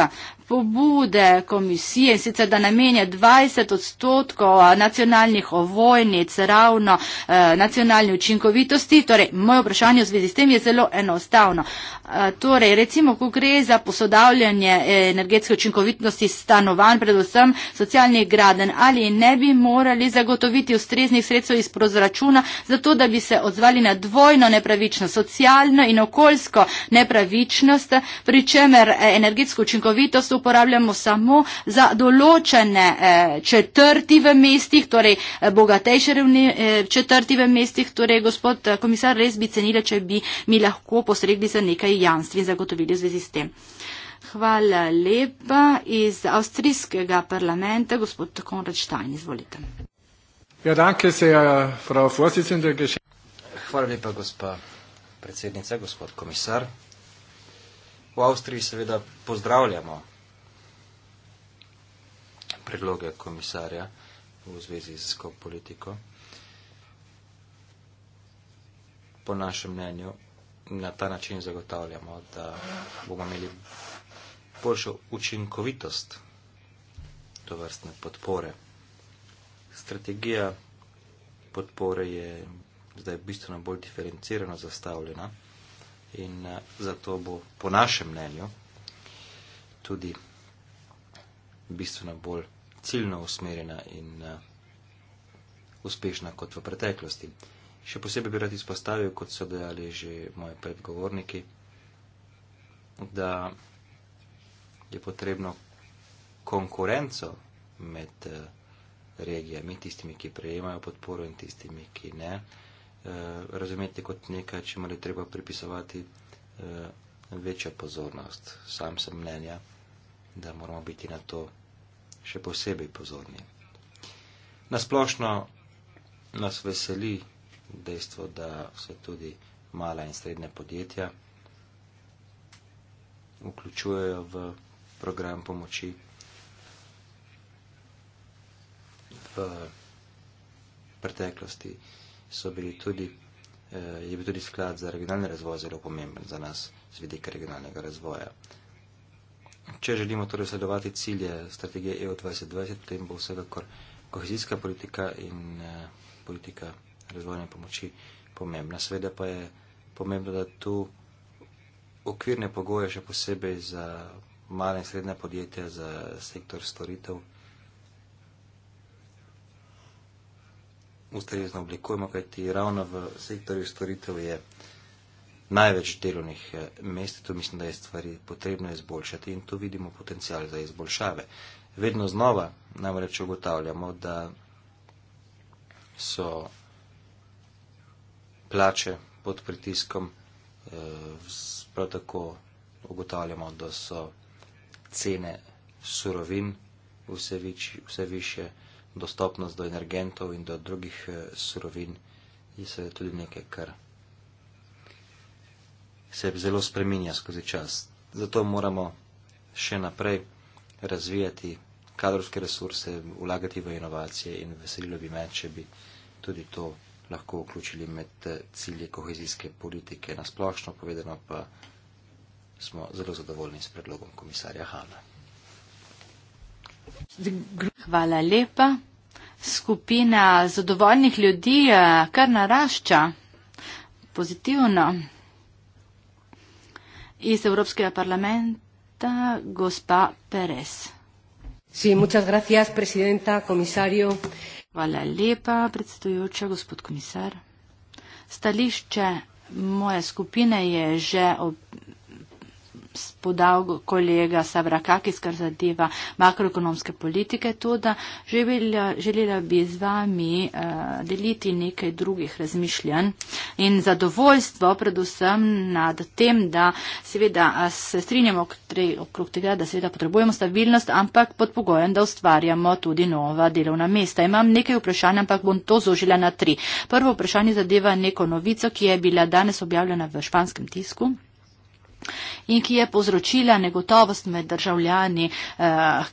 pobude komisije in sicer, da namenja 20 odstotkov nacionalnih ovojnic ravno eh, nacionalni učinkovitosti. Torej, moje vprašanje v zvezi s tem je zelo enostavno. Eh, torej, recimo, ko gre za posodavljanje eh, energetske učinkovitosti stanovanj, predvsem socialnih graden, ali ne bi morali zagotoviti ustreznih sredstev iz prozračuna, zato da bi se odzvali na dvojno nepravičnost, socialno in okoljsko nepravičnost, pri čemer eh, energetsko učinkovitost uporabljamo samo za določene eh, četrti v mestih, torej eh, bogatejše eh, četrti v mestih. Torej, gospod komisar, res bi cenila, če bi mi lahko posredili za nekaj janstvi in zagotovili v zvezi s tem. Hvala lepa iz avstrijskega parlamenta, gospod Konrad Štajn, izvolite. Ja, danke se, frau Vorsitzende, geschen. Hvala lepa, gospa predsednica, gospod komisar. V Avstriji seveda pozdravljamo predloge komisarja v zvezi z skop politiko. Po našem mnenju na ta način zagotavljamo, da bomo imeli boljšo učinkovitost to vrstne podpore. Strategija podpore je zdaj bistveno bolj diferencirano zastavljena in eh, zato bo po našem mnenju tudi bistveno bolj ciljno usmerjena in eh, uspešna kot v preteklosti. Še posebej bi rad izpostavil, kot so dejali že moji predgovorniki, da je potrebno konkurenco med eh, regijami, tistimi, ki prejemajo podporo in tistimi, ki ne, eh, razumeti kot nekaj, čemu je treba pripisovati večjo pozornost. Sam sem mnenja, da moramo biti na to še posebej pozorni. Nasplošno nas veseli dejstvo, da se tudi mala in srednja podjetja vključujejo v program pomoči. V preteklosti so bili tudi, eh, je bil tudi sklad za regionalni razvoj zelo pomemben za nas z vidika regionalnega razvoja če želimo torej sledovati cilje strategije EU 2020, potem bo vsekakor kohezijska politika in eh, politika razvojne pomoči pomembna. Seveda pa je pomembno, da tu okvirne pogoje, še posebej za male in srednje podjetja, za sektor storitev, ustrezno oblikujemo, kajti ravno v sektorju storitev je največ delovnih eh, mest, tu mislim, da je stvari potrebno izboljšati in tu vidimo potencial za izboljšave. Vedno znova namreč ugotavljamo, da so plače pod pritiskom, eh, prav tako ugotavljamo, da so cene surovin vse, vič, vse više, dostopnost do energentov in do drugih eh, surovin je seveda tudi nekaj, kar se zelo spreminja skozi čas. Zato moramo še naprej razvijati kadrovske resurse, ulagati v inovacije in veselilo bi me, če bi tudi to lahko vključili med eh, cilje kohezijske politike. Nasplošno povedano pa smo zelo zadovoljni s predlogom komisarja Hana. Hvala lepa. Skupina zadovoljnih ljudi eh, kar narašča pozitivno iz Evropskega parlamenta, gospa Perez. Sí, muchas gracias, presidenta, komisarjo. Hvala lepa, predsedujoča, gospod komisar. Stališče moje skupine je že ob podal kolega Savrakakis, kar zadeva makroekonomske politike, to, da želila, želila bi z vami uh, deliti nekaj drugih razmišljanj in zadovoljstvo predvsem nad tem, da seveda se strinjamo okrog tega, da seveda potrebujemo stabilnost, ampak pod pogojem, da ustvarjamo tudi nova delovna mesta. Imam nekaj vprašanj, ampak bom to zožila na tri. Prvo vprašanje zadeva neko novico, ki je bila danes objavljena v španskem tisku in ki je povzročila negotovost med državljani, eh,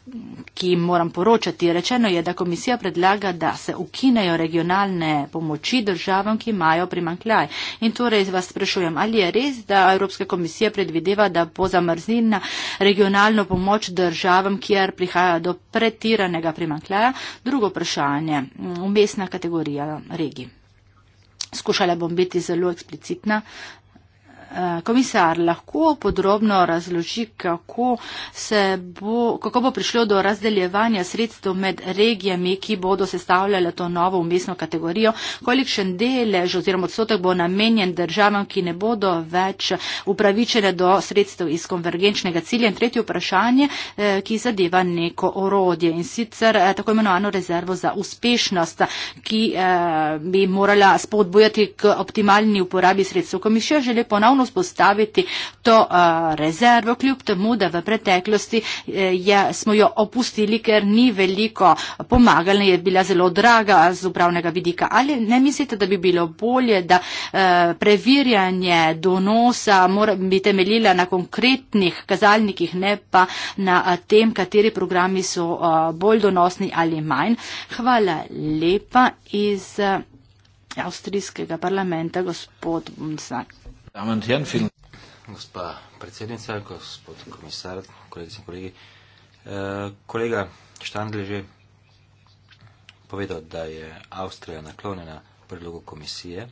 ki jim moram poročati. Rečeno je, da komisija predlaga, da se ukinejo regionalne pomoči državam, ki imajo primankljaj. In torej vas sprašujem, ali je res, da Evropska komisija predvideva, da bo zamrznila regionalno pomoč državam, kjer prihaja do pretiranega primankljaja? Drugo vprašanje, umestna kategorija regij. Skušala bom biti zelo eksplicitna, Eh, komisar lahko podrobno razloži, kako, bo, kako bo prišlo do razdeljevanja sredstev med regijami, ki bodo sestavljale to novo umestno kategorijo, kolikšen delež oziroma odstotek bo namenjen državam, ki ne bodo več upravičene do sredstev iz konvergenčnega cilja. In tretje vprašanje, eh, ki zadeva neko orodje in sicer eh, tako imenovano rezervo za uspešnost, ki bi morala spodbojati k optimalni uporabi sredstev. Komisija želi ponovno vzpostaviti to uh, rezervo, kljub temu, da v preteklosti uh, je, smo jo opustili, ker ni veliko pomagala, je bila zelo draga z upravnega vidika. Ali ne mislite, da bi bilo bolje, da uh, preverjanje donosa mora biti temeljila na konkretnih kazalnikih, ne pa na uh, tem, kateri programi so uh, bolj donosni ali manj? Hvala lepa iz uh, avstrijskega parlamenta, gospod Bumsak dame in herren, vielen Dank. Gospa predsednica, gospod komisar, kolegice in kolegi. E, kolega Štandl je že povedal, da je Avstrija naklonjena predlogu komisije. E,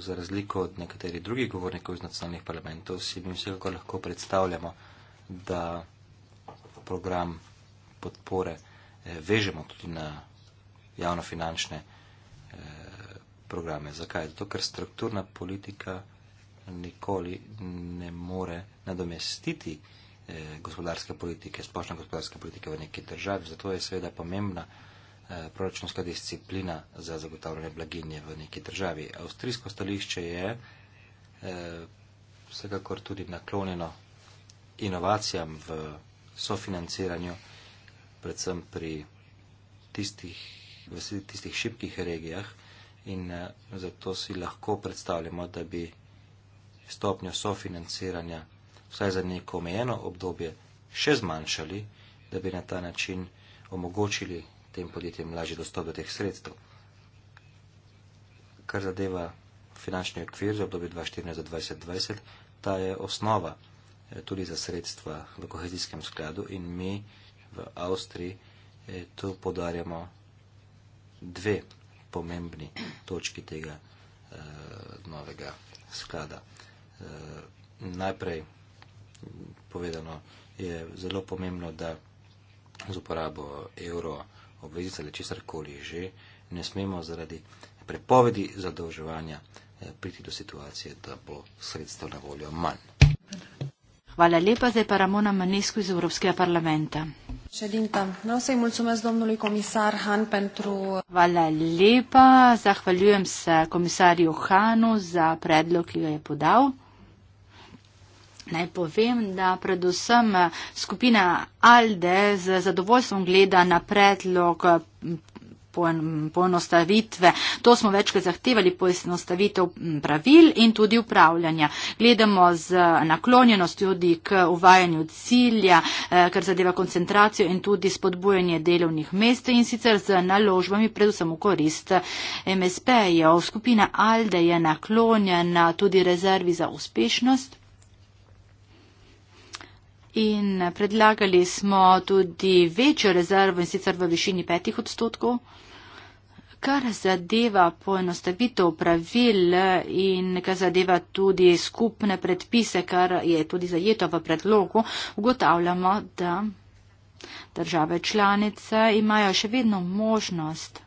za razliko od nekaterih drugih govornikov iz nacionalnih parlamentov si mi vsekakor lahko predstavljamo, da program podpore e, vežemo tudi na javnofinančne e, programe. Zakaj? Zato, ker strukturna politika nikoli ne more nadomestiti eh, gospodarske politike, splošne gospodarske politike v neki državi. Zato je seveda pomembna eh, proračunska disciplina za zagotavljanje blaginje v neki državi. Avstrijsko stališče je eh, vsekakor tudi naklonjeno inovacijam v sofinanciranju, predvsem pri tistih, v tistih šibkih regijah. In eh, zato si lahko predstavljamo, da bi stopnjo sofinanciranja vsaj za neko omejeno obdobje še zmanjšali, da bi na ta način omogočili tem podjetjem lažji dostop do teh sredstev. Kar zadeva finančni okvir za obdobje 2014-2020, ta je osnova eh, tudi za sredstva v kohezijskem skladu in mi v Avstriji eh, tu podarjamo dve pomembni točki tega eh, novega sklada najprej povedano je zelo pomembno, da z uporabo evro obveznice ali česar koli že ne smemo zaradi prepovedi zadolževanja eh, priti do situacije, da bo sredstev na voljo manj. Hvala lepa, zdaj pa Ramona Manesku iz Evropskega parlamenta. Še dinta. No, vsej mulcumes, domnul komisar Han Pentru. Hvala lepa, zahvaljujem se komisarju Hanu za predlog, ki ga je podal. Naj povem, da predvsem skupina Alde z zadovoljstvom gleda na predlog poenostavitve. To smo večkrat zahtevali, poenostavitev pravil in tudi upravljanja. Gledamo z naklonjenost tudi k uvajanju cilja, eh, kar zadeva koncentracijo in tudi spodbujanje delovnih mest in sicer z naložbami predvsem v korist eh, MSP-jev. Skupina Alde je naklonjena tudi rezervi za uspešnost. In predlagali smo tudi večjo rezervo in sicer v višini petih odstotkov. Kar zadeva poenostavitev pravil in kar zadeva tudi skupne predpise, kar je tudi zajeto v predlogu, ugotavljamo, da države članice imajo še vedno možnost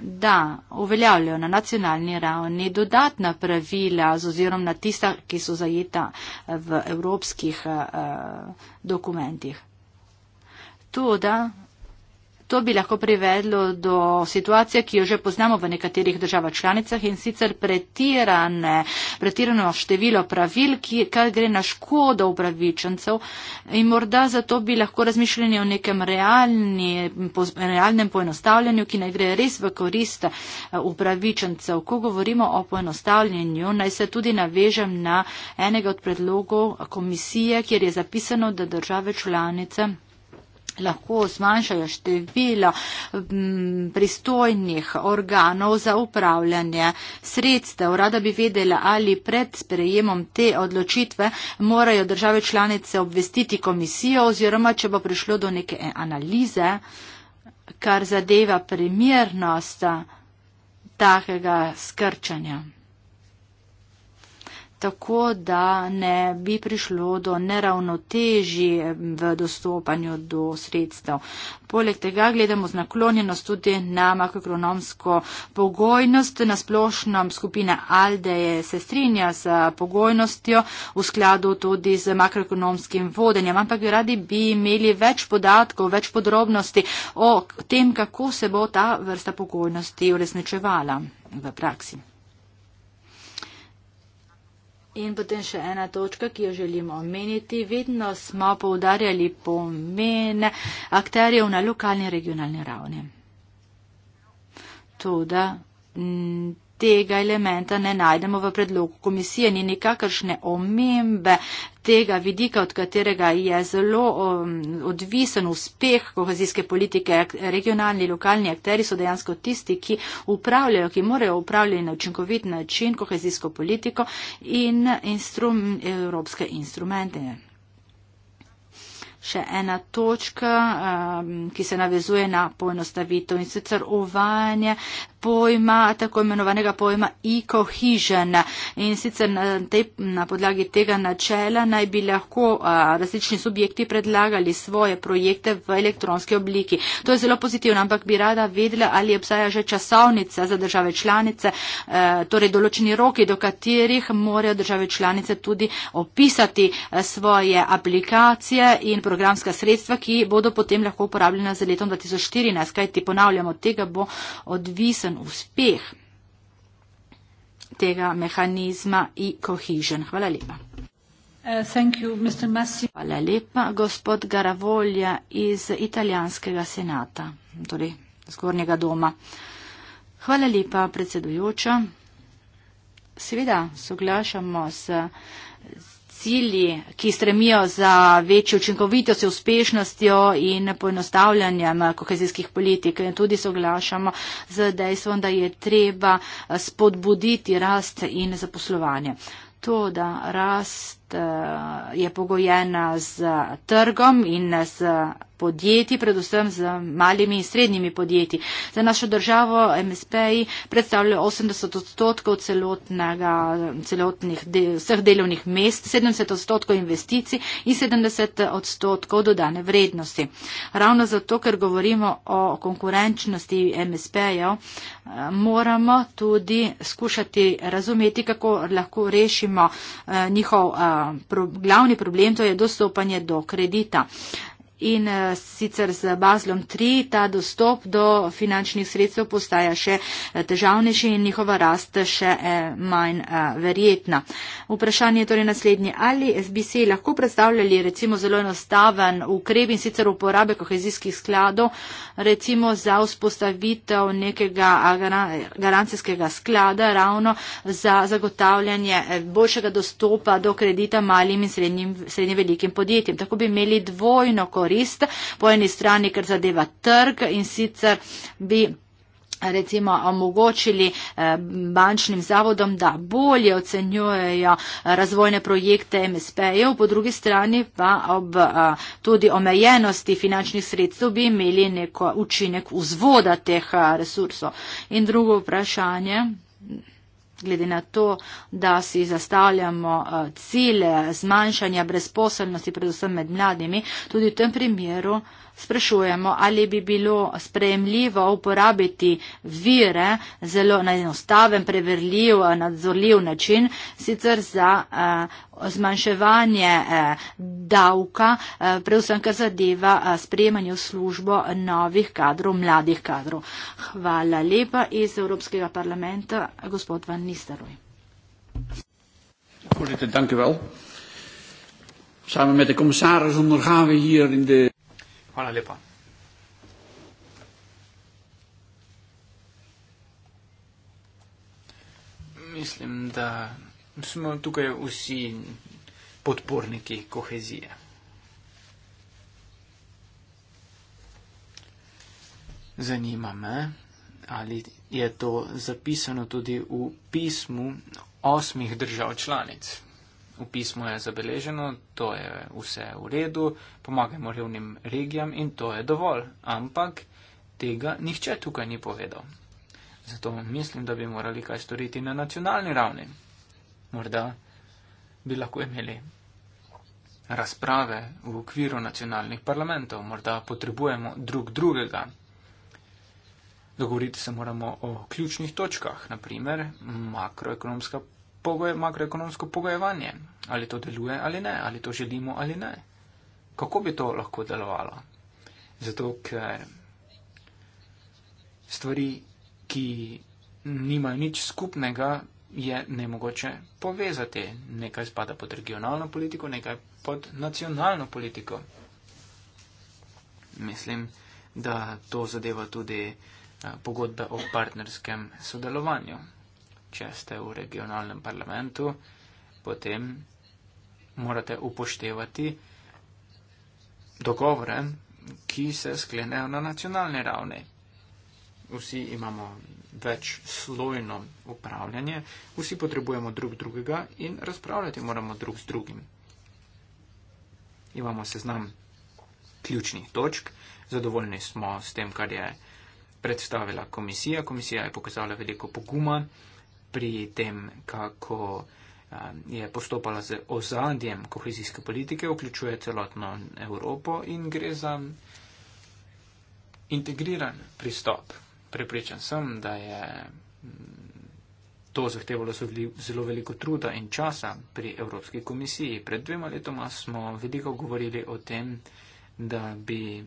da uveljavljajo na nacionalni ravni dodatna pravila z ozirom na tista, ki so zajeta eh, v evropskih uh, dokumentih. Tudi, da To bi lahko privedlo do situacije, ki jo že poznamo v nekaterih državah članicah in sicer pretirane, pretirano število pravil, ki, kar gre na škodo upravičencev in morda zato bi lahko razmišljali o nekem realni, po, realnem poenostavljanju, ki naj gre res v korist eh, upravičencev. Ko govorimo o poenostavljanju, naj se tudi navežem na enega od predlogov komisije, kjer je zapisano, da države članice lahko zmanjšajo število pristojnih organov za upravljanje sredstev. Rada bi vedela, ali pred sprejemom te odločitve morajo države članice obvestiti komisijo oziroma, če bo prišlo do neke analize, kar zadeva primernost takega skrčanja tako da ne bi prišlo do neravnoteži v dostopanju do sredstev. Poleg tega gledamo z naklonjenost tudi na makroekonomsko pogojnost. Na splošnem skupine Alde je se strinja z pogojnostjo v skladu tudi z makroekonomskim vodenjem, ampak radi bi imeli več podatkov, več podrobnosti o tem, kako se bo ta vrsta pogojnosti uresničevala v praksi. In potem še ena točka, ki jo želim omeniti. Vedno smo poudarjali pomen akterjev na lokalni in regionalni ravni. To, da. Mm, tega elementa ne najdemo v predlogu komisije, ni nikakršne omembe tega vidika, od katerega je zelo um, odvisen uspeh kohezijske politike. Regionalni, lokalni akteri so dejansko tisti, ki upravljajo, ki morajo upravljati na učinkovit način kohezijsko politiko in instrum, evropske instrumente. Še ena točka, um, ki se navezuje na poenostavitev in sicer uvajanje pojma, tako imenovanega pojma ecohesion. In sicer na, te, na podlagi tega načela naj bi lahko a, različni subjekti predlagali svoje projekte v elektronski obliki. To je zelo pozitivno, ampak bi rada vedela, ali obstaja že časovnica za države članice, a, torej določeni roki, do katerih morajo države članice tudi opisati svoje aplikacije in programska sredstva, ki bodo potem lahko uporabljena za letom 2014. Kaj ti ponavljamo, tega bo odvisno ključen uspeh tega mehanizma i cohesion. Hvala lepa. Uh, thank you, Mr. Massi. Hvala lepa, gospod Garavolja iz italijanskega senata, torej zgornjega doma. Hvala lepa, predsedujoča. Seveda soglašamo s uh, cilji, ki stremijo za večjo učinkovitost, uspešnostjo in poenostavljanjem kohezijskih politik. In tudi soglašamo z dejstvom, da je treba eh, spodbuditi rast in zaposlovanje. To, da rast eh, je pogojena z trgom in z podjetij, predvsem z malimi in srednjimi podjetji. Za našo državo MSP-ji predstavljajo 80 odstotkov celotnih de, vseh delovnih mest, 70 odstotkov investicij in 70 odstotkov dodane vrednosti. Ravno zato, ker govorimo o konkurenčnosti MSP-jev, moramo tudi skušati razumeti, kako lahko rešimo eh, njihov eh, glavni problem, to je dostopanje do kredita in eh, sicer z Baslom 3 ta dostop do finančnih sredstev postaja še eh, težavnejši in njihova rast še eh, manj verjetna. Vprašanje je torej naslednje. Ali bi se lahko predstavljali recimo zelo enostaven ukrep in sicer uporabe kohezijskih skladov recimo za vzpostavitev nekega garancijskega sklada ravno za zagotavljanje boljšega dostopa do kredita malim in srednjim, srednjim velikim podjetjem. Tako bi imeli dvojno korist korist, po eni strani, ker zadeva trg in sicer bi recimo omogočili eh, bančnim zavodom, da bolje ocenjujejo razvojne projekte MSP-jev, po drugi strani pa ob eh, tudi omejenosti finančnih sredstev bi imeli nek učinek vzvoda teh eh, resursov. In drugo vprašanje glede na to, da si zastavljamo eh, cilje zmanjšanja brezposobnosti, predvsem med mladimi, tudi v tem primeru sprašujemo, ali bi bilo sprejemljivo uporabiti vire zelo na enostaven, preverljiv, nadzorljiv način, sicer za uh, zmanjševanje uh, davka, uh, predvsem kar zadeva uh, sprejemanje v službo novih kadrov, mladih kadrov. Hvala lepa iz Evropskega parlamenta, gospod Van Nistaroj. Voorzitter, dank u wel. Samen met de commissaris ondergaan we hier in de Hvala lepa. Mislim, da smo tukaj vsi podporniki kohezije. Zanima me, ali je to zapisano tudi v pismu osmih držav članic v pismu je zabeleženo, to je vse v redu, pomagajmo revnim regijam in to je dovolj. Ampak tega nihče tukaj ni povedal. Zato mislim, da bi morali kaj storiti na nacionalni ravni. Morda bi lahko imeli razprave v okviru nacionalnih parlamentov, morda potrebujemo drug drugega. Dogovoriti se moramo o ključnih točkah, naprimer makroekonomska pogoje, makroekonomsko pogojevanje. Ali to deluje ali ne, ali to želimo ali ne. Kako bi to lahko delovalo? Zato, ker stvari, ki nimajo nič skupnega, je nemogoče povezati. Nekaj spada pod regionalno politiko, nekaj pod nacionalno politiko. Mislim, da to zadeva tudi eh, pogodbe o partnerskem sodelovanju če ste v regionalnem parlamentu, potem morate upoštevati dogovore, ki se sklenejo na nacionalni ravni. Vsi imamo več slojno upravljanje, vsi potrebujemo drug drugega in razpravljati moramo drug z drugim. Imamo seznam ključnih točk, zadovoljni smo s tem, kar je predstavila komisija. Komisija je pokazala veliko poguma pri tem, kako eh, je postopala z ozadjem kohezijske politike, vključuje celotno Evropo in gre za integriran pristop. Prepričan sem, da je mm, to zahtevalo zelo veliko truda in časa pri Evropski komisiji. Pred dvema letoma smo veliko govorili o tem, da bi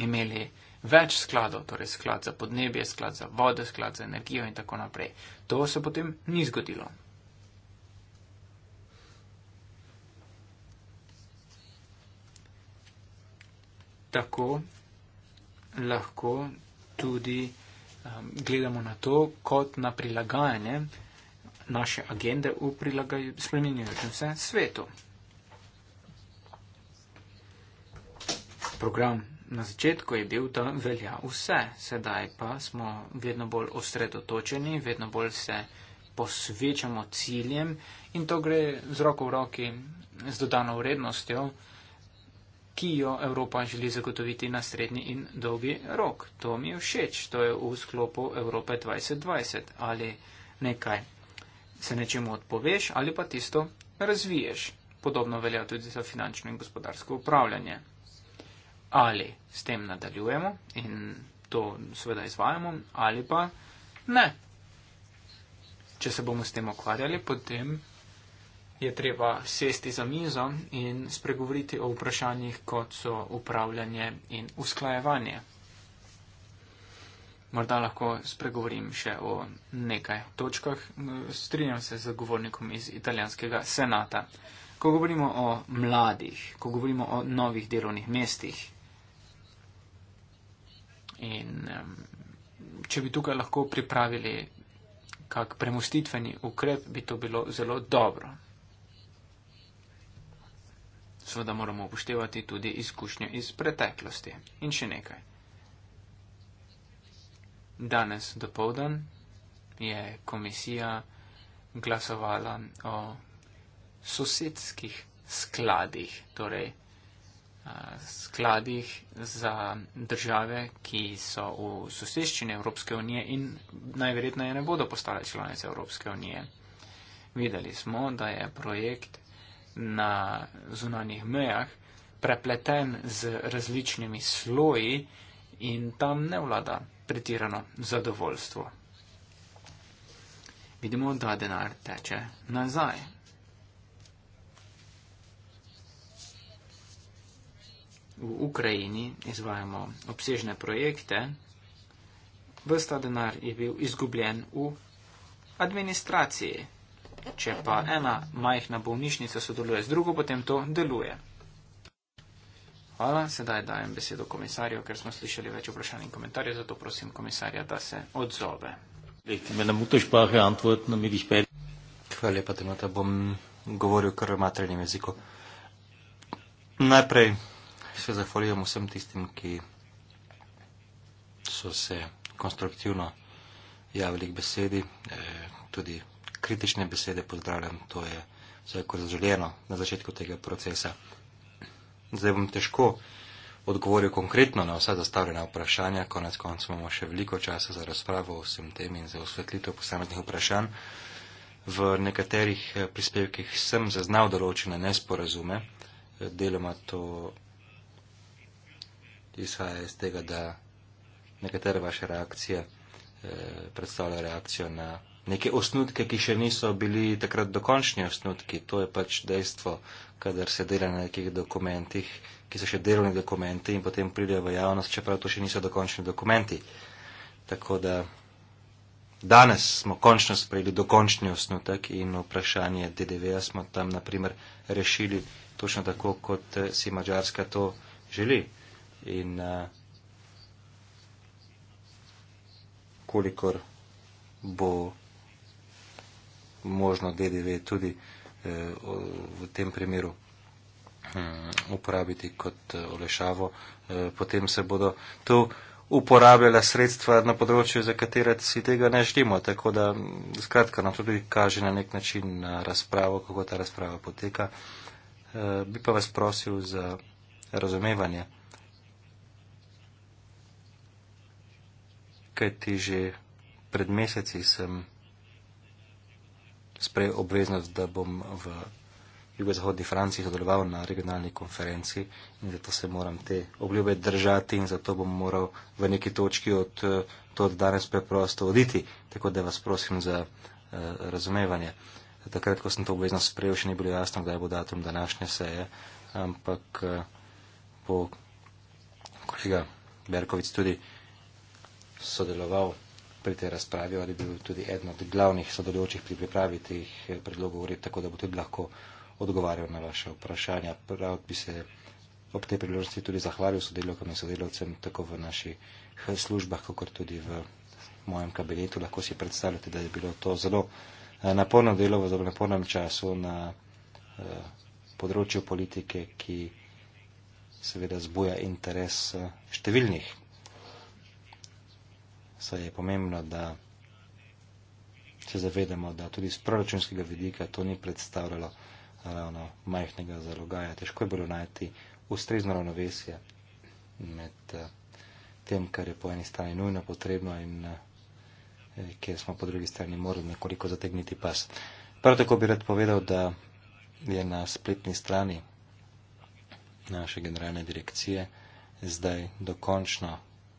imeli več skladov, torej sklad za podnebje, sklad za vode, sklad za energijo in tako naprej. To se potem ni zgodilo. Tako lahko tudi um, gledamo na to, kot na prilagajanje naše agende v spremenjujočem se svetu. Program Na začetku je bil, da velja vse, sedaj pa smo vedno bolj osredotočeni, vedno bolj se posvečamo ciljem in to gre z roko v roki z dodano vrednostjo, ki jo Evropa želi zagotoviti na srednji in dolgi rok. To mi je všeč, to je v sklopu Evrope 2020 ali nekaj. Se nečemu odpoveš ali pa tisto razviješ. Podobno velja tudi za finančno in gospodarsko upravljanje ali s tem nadaljujemo in to seveda izvajamo, ali pa ne. Če se bomo s tem ukvarjali, potem je treba sesti za mizo in spregovoriti o vprašanjih, kot so upravljanje in usklajevanje. Morda lahko spregovorim še o nekaj točkah. Strinjam se z govornikom iz italijanskega senata. Ko govorimo o mladih, ko govorimo o novih delovnih mestih, in um, če bi tukaj lahko pripravili kak premustitveni ukrep, bi to bilo zelo dobro. Seveda moramo upoštevati tudi izkušnje iz preteklosti. In še nekaj. Danes do povdan je komisija glasovala o sosedskih skladih, torej Eh, skladih za države, ki so v soseščini Evropske unije in najverjetneje ne bodo postale članice Evropske unije. Videli smo, da je projekt na zunanjih mejah prepleten z različnimi sloji in tam ne vlada pretirano zadovoljstvo. Vidimo, da denar teče nazaj. v Ukrajini izvajamo obsežne projekte, vsta denar je bil izgubljen v administraciji. Če pa ena majhna bolnišnica sodeluje z drugo, potem to deluje. Hvala, sedaj dajem besedo komisarju, ker smo slišali več vprašanj in komentarjev, zato prosim komisarja, da se odzove. Hvala lepa, da bom govoril kar v materinem jeziku. Najprej se zahvaljujem vsem tistim, ki so se konstruktivno javili k besedi, e, tudi kritične besede pozdravljam, to je vsekakor zaželjeno na začetku tega procesa. Zdaj bom težko odgovoril konkretno na vsa zastavljena vprašanja, konec koncev imamo še veliko časa za razpravo o vsem tem in za osvetlitev posameznih vprašanj. V nekaterih prispevkih sem zaznal določene nesporazume, deloma to izhaja iz tega, da nekatera vaša reakcija eh, predstavlja reakcijo na neke osnutke, ki še niso bili takrat dokončni osnutki. To je pač dejstvo, kadar se dela na nekih dokumentih, ki so še delovni dokumenti in potem pridejo v javnost, čeprav to še niso dokončni dokumenti. Tako da danes smo končno sprejeli dokončni osnutek in vprašanje DDV-ja smo tam, na primer, rešili točno tako, kot eh, si Mačarska to želi in uh, kolikor bo možno DDV tudi uh, v tem primeru um, uporabiti kot uh, eh, olešavo, uh, potem se bodo tu uporabljala sredstva na področju, za katere si tega ne želimo. Tako da, hm, skratka, nam tudi kaže na nek način na razpravo, kako ta razprava poteka. Uh, bi pa vas prosil za razumevanje. kajti že pred meseci sem sprejel obveznost, da bom v jugozahodni Franciji sodeloval na regionalni konferenci in zato se moram te obljube držati in zato bom moral v neki točki od eh, to danes preprosto oditi, tako da vas prosim za eh, razumevanje. Takrat, ko sem to obveznost sprejel, še ni bilo jasno, kdaj bo datum današnje seje, ampak eh, po kolega Berkovic tudi sodeloval pri tej razpravi, ali bil tudi eden od glavnih sodelujočih pri pripravi teh eh, predlogov ured, tako da bo tudi lahko odgovarjal na vaše vprašanja. Prav bi se ob tej priložnosti tudi zahvalil sodelovkam in sodelovcem tako v naših eh, službah, kakor tudi v mojem kabinetu. Lahko si predstavljate, da je bilo to zelo eh, naporno delo v zelo napornem času na področju politike, ki seveda zbuja interes številnih saj je pomembno, da se zavedamo, da tudi z proračunskega vidika to ni predstavljalo eh, ravno majhnega zalogaja. Težko je bilo najti ustrezno ravnovesje med eh, tem, kar je po eni strani nujno potrebno in eh, kjer smo po drugi strani morali nekoliko zategniti pas. Prav tako bi rad povedal, da je na spletni strani naše generalne direkcije zdaj dokončno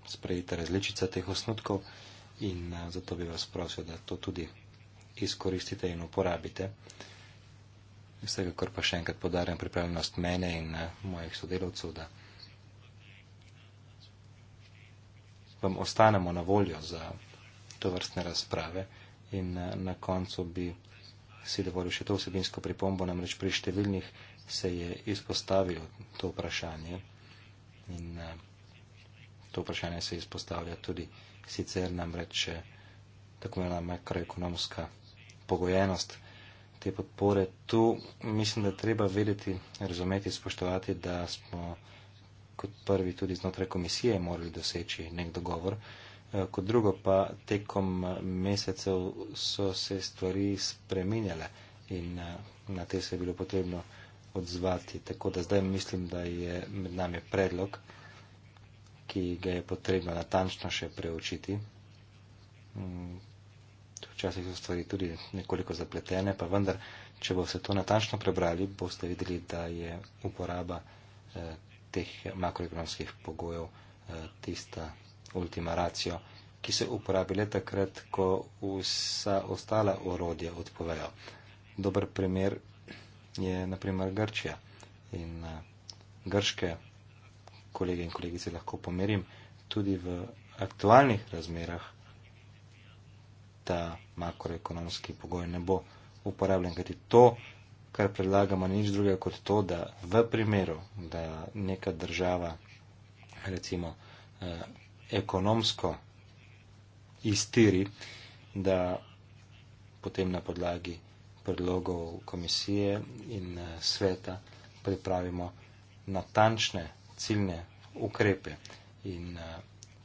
sprejete različice teh osnutkov in eh, zato bi vas prosil, da to tudi izkoristite in uporabite. Vsega, kar pa še enkrat podarjam pripravljenost mene in eh, mojih sodelovcev, da vam ostanemo na voljo za to vrstne razprave in eh, na koncu bi si dovolil še to vsebinsko pripombo, namreč pri številnih se je izpostavilo to vprašanje. In, uh, to vprašanje se izpostavlja tudi sicer namreč eh, tako imena makroekonomska pogojenost te podpore. Tu mislim, da treba vedeti, razumeti, spoštovati, da smo kot prvi tudi znotraj komisije morali doseči nek dogovor. Eh, kot drugo pa tekom eh, mesecev so se stvari spreminjale in na te se je bilo potrebno odzvati. Tako da zdaj mislim, da je med nami predlog ki ga je potrebno natančno še preučiti. Mm, včasih so stvari tudi nekoliko zapletene, pa vendar, če boste to natančno prebrali, boste videli, da je uporaba eh, teh makroekonomskih pogojev eh, tista ultima racijo, ki se uporabi le takrat, ko vsa ostala orodja odpovejo. Dober primer je naprimer Grčija in eh, grške kolege in kolegice lahko pomerim, tudi v aktualnih razmerah ta makroekonomski pogoj ne bo uporabljen, kajti to, kar predlagamo, nič drugega kot to, da v primeru, da neka država, recimo, eh, ekonomsko iztiri, da potem na podlagi predlogov komisije in eh, sveta pripravimo natančne ciljne ukrepe. In eh,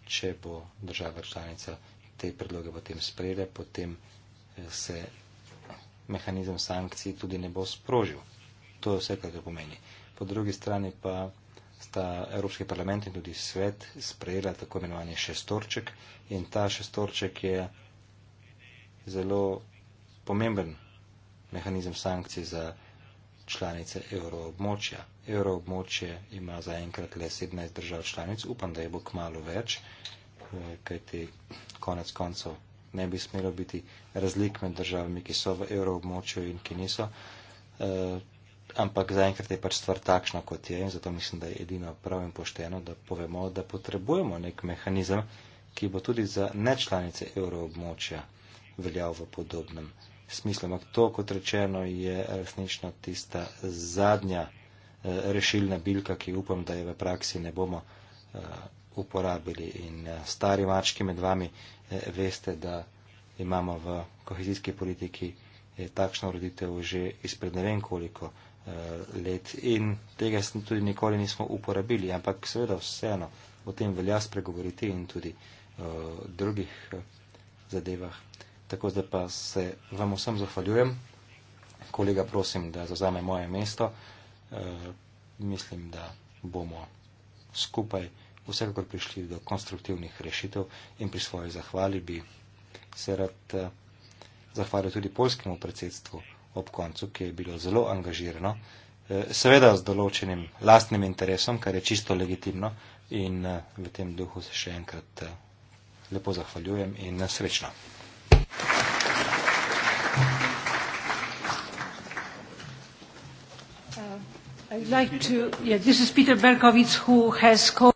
če bo država članica te predloge potem sprejela, potem eh, se mehanizem sankcij tudi ne bo sprožil. To je vse, kar to pomeni. Po drugi strani pa sta Evropski parlament in tudi svet sprejela tako imenovani šestorček in ta šestorček je zelo pomemben mehanizem sankcij za članice evroobmočja. Evroobmočje ima zaenkrat le 17 držav članic, upam, da je bo kmalo več, kajti konec koncev ne bi smelo biti razlik med državami, ki so v evroobmočju in ki niso. E, ampak zaenkrat je pač stvar takšna, kot je in zato mislim, da je edino prav in pošteno, da povemo, da potrebujemo nek mehanizem, ki bo tudi za nečlanice evroobmočja veljal v podobnem smislom. To, kot rečeno, je resnično tista zadnja eh, rešilna bilka, ki upam, da je v praksi ne bomo eh, uporabili. In eh, stari mački med vami veste, da imamo v kohezijski politiki takšno roditev že izpred ne vem koliko let in tega tudi nikoli nismo uporabili, ampak seveda vseeno o tem velja spregovoriti in tudi o drugih zadevah. Tako zdaj pa se vam vsem zahvaljujem. Kolega prosim, da zazame moje mesto. E, mislim, da bomo skupaj vsekakor prišli do konstruktivnih rešitev in pri svoji zahvali bi se rad e, zahvalil tudi polskemu predsedstvu ob koncu, ki je bilo zelo angažirano, e, seveda z določenim lastnim interesom, kar je čisto legitimno in e, v tem duhu se še enkrat e, lepo zahvaljujem in srečno. Uh, I'd like to yeah, this is Peter Berkovic who has co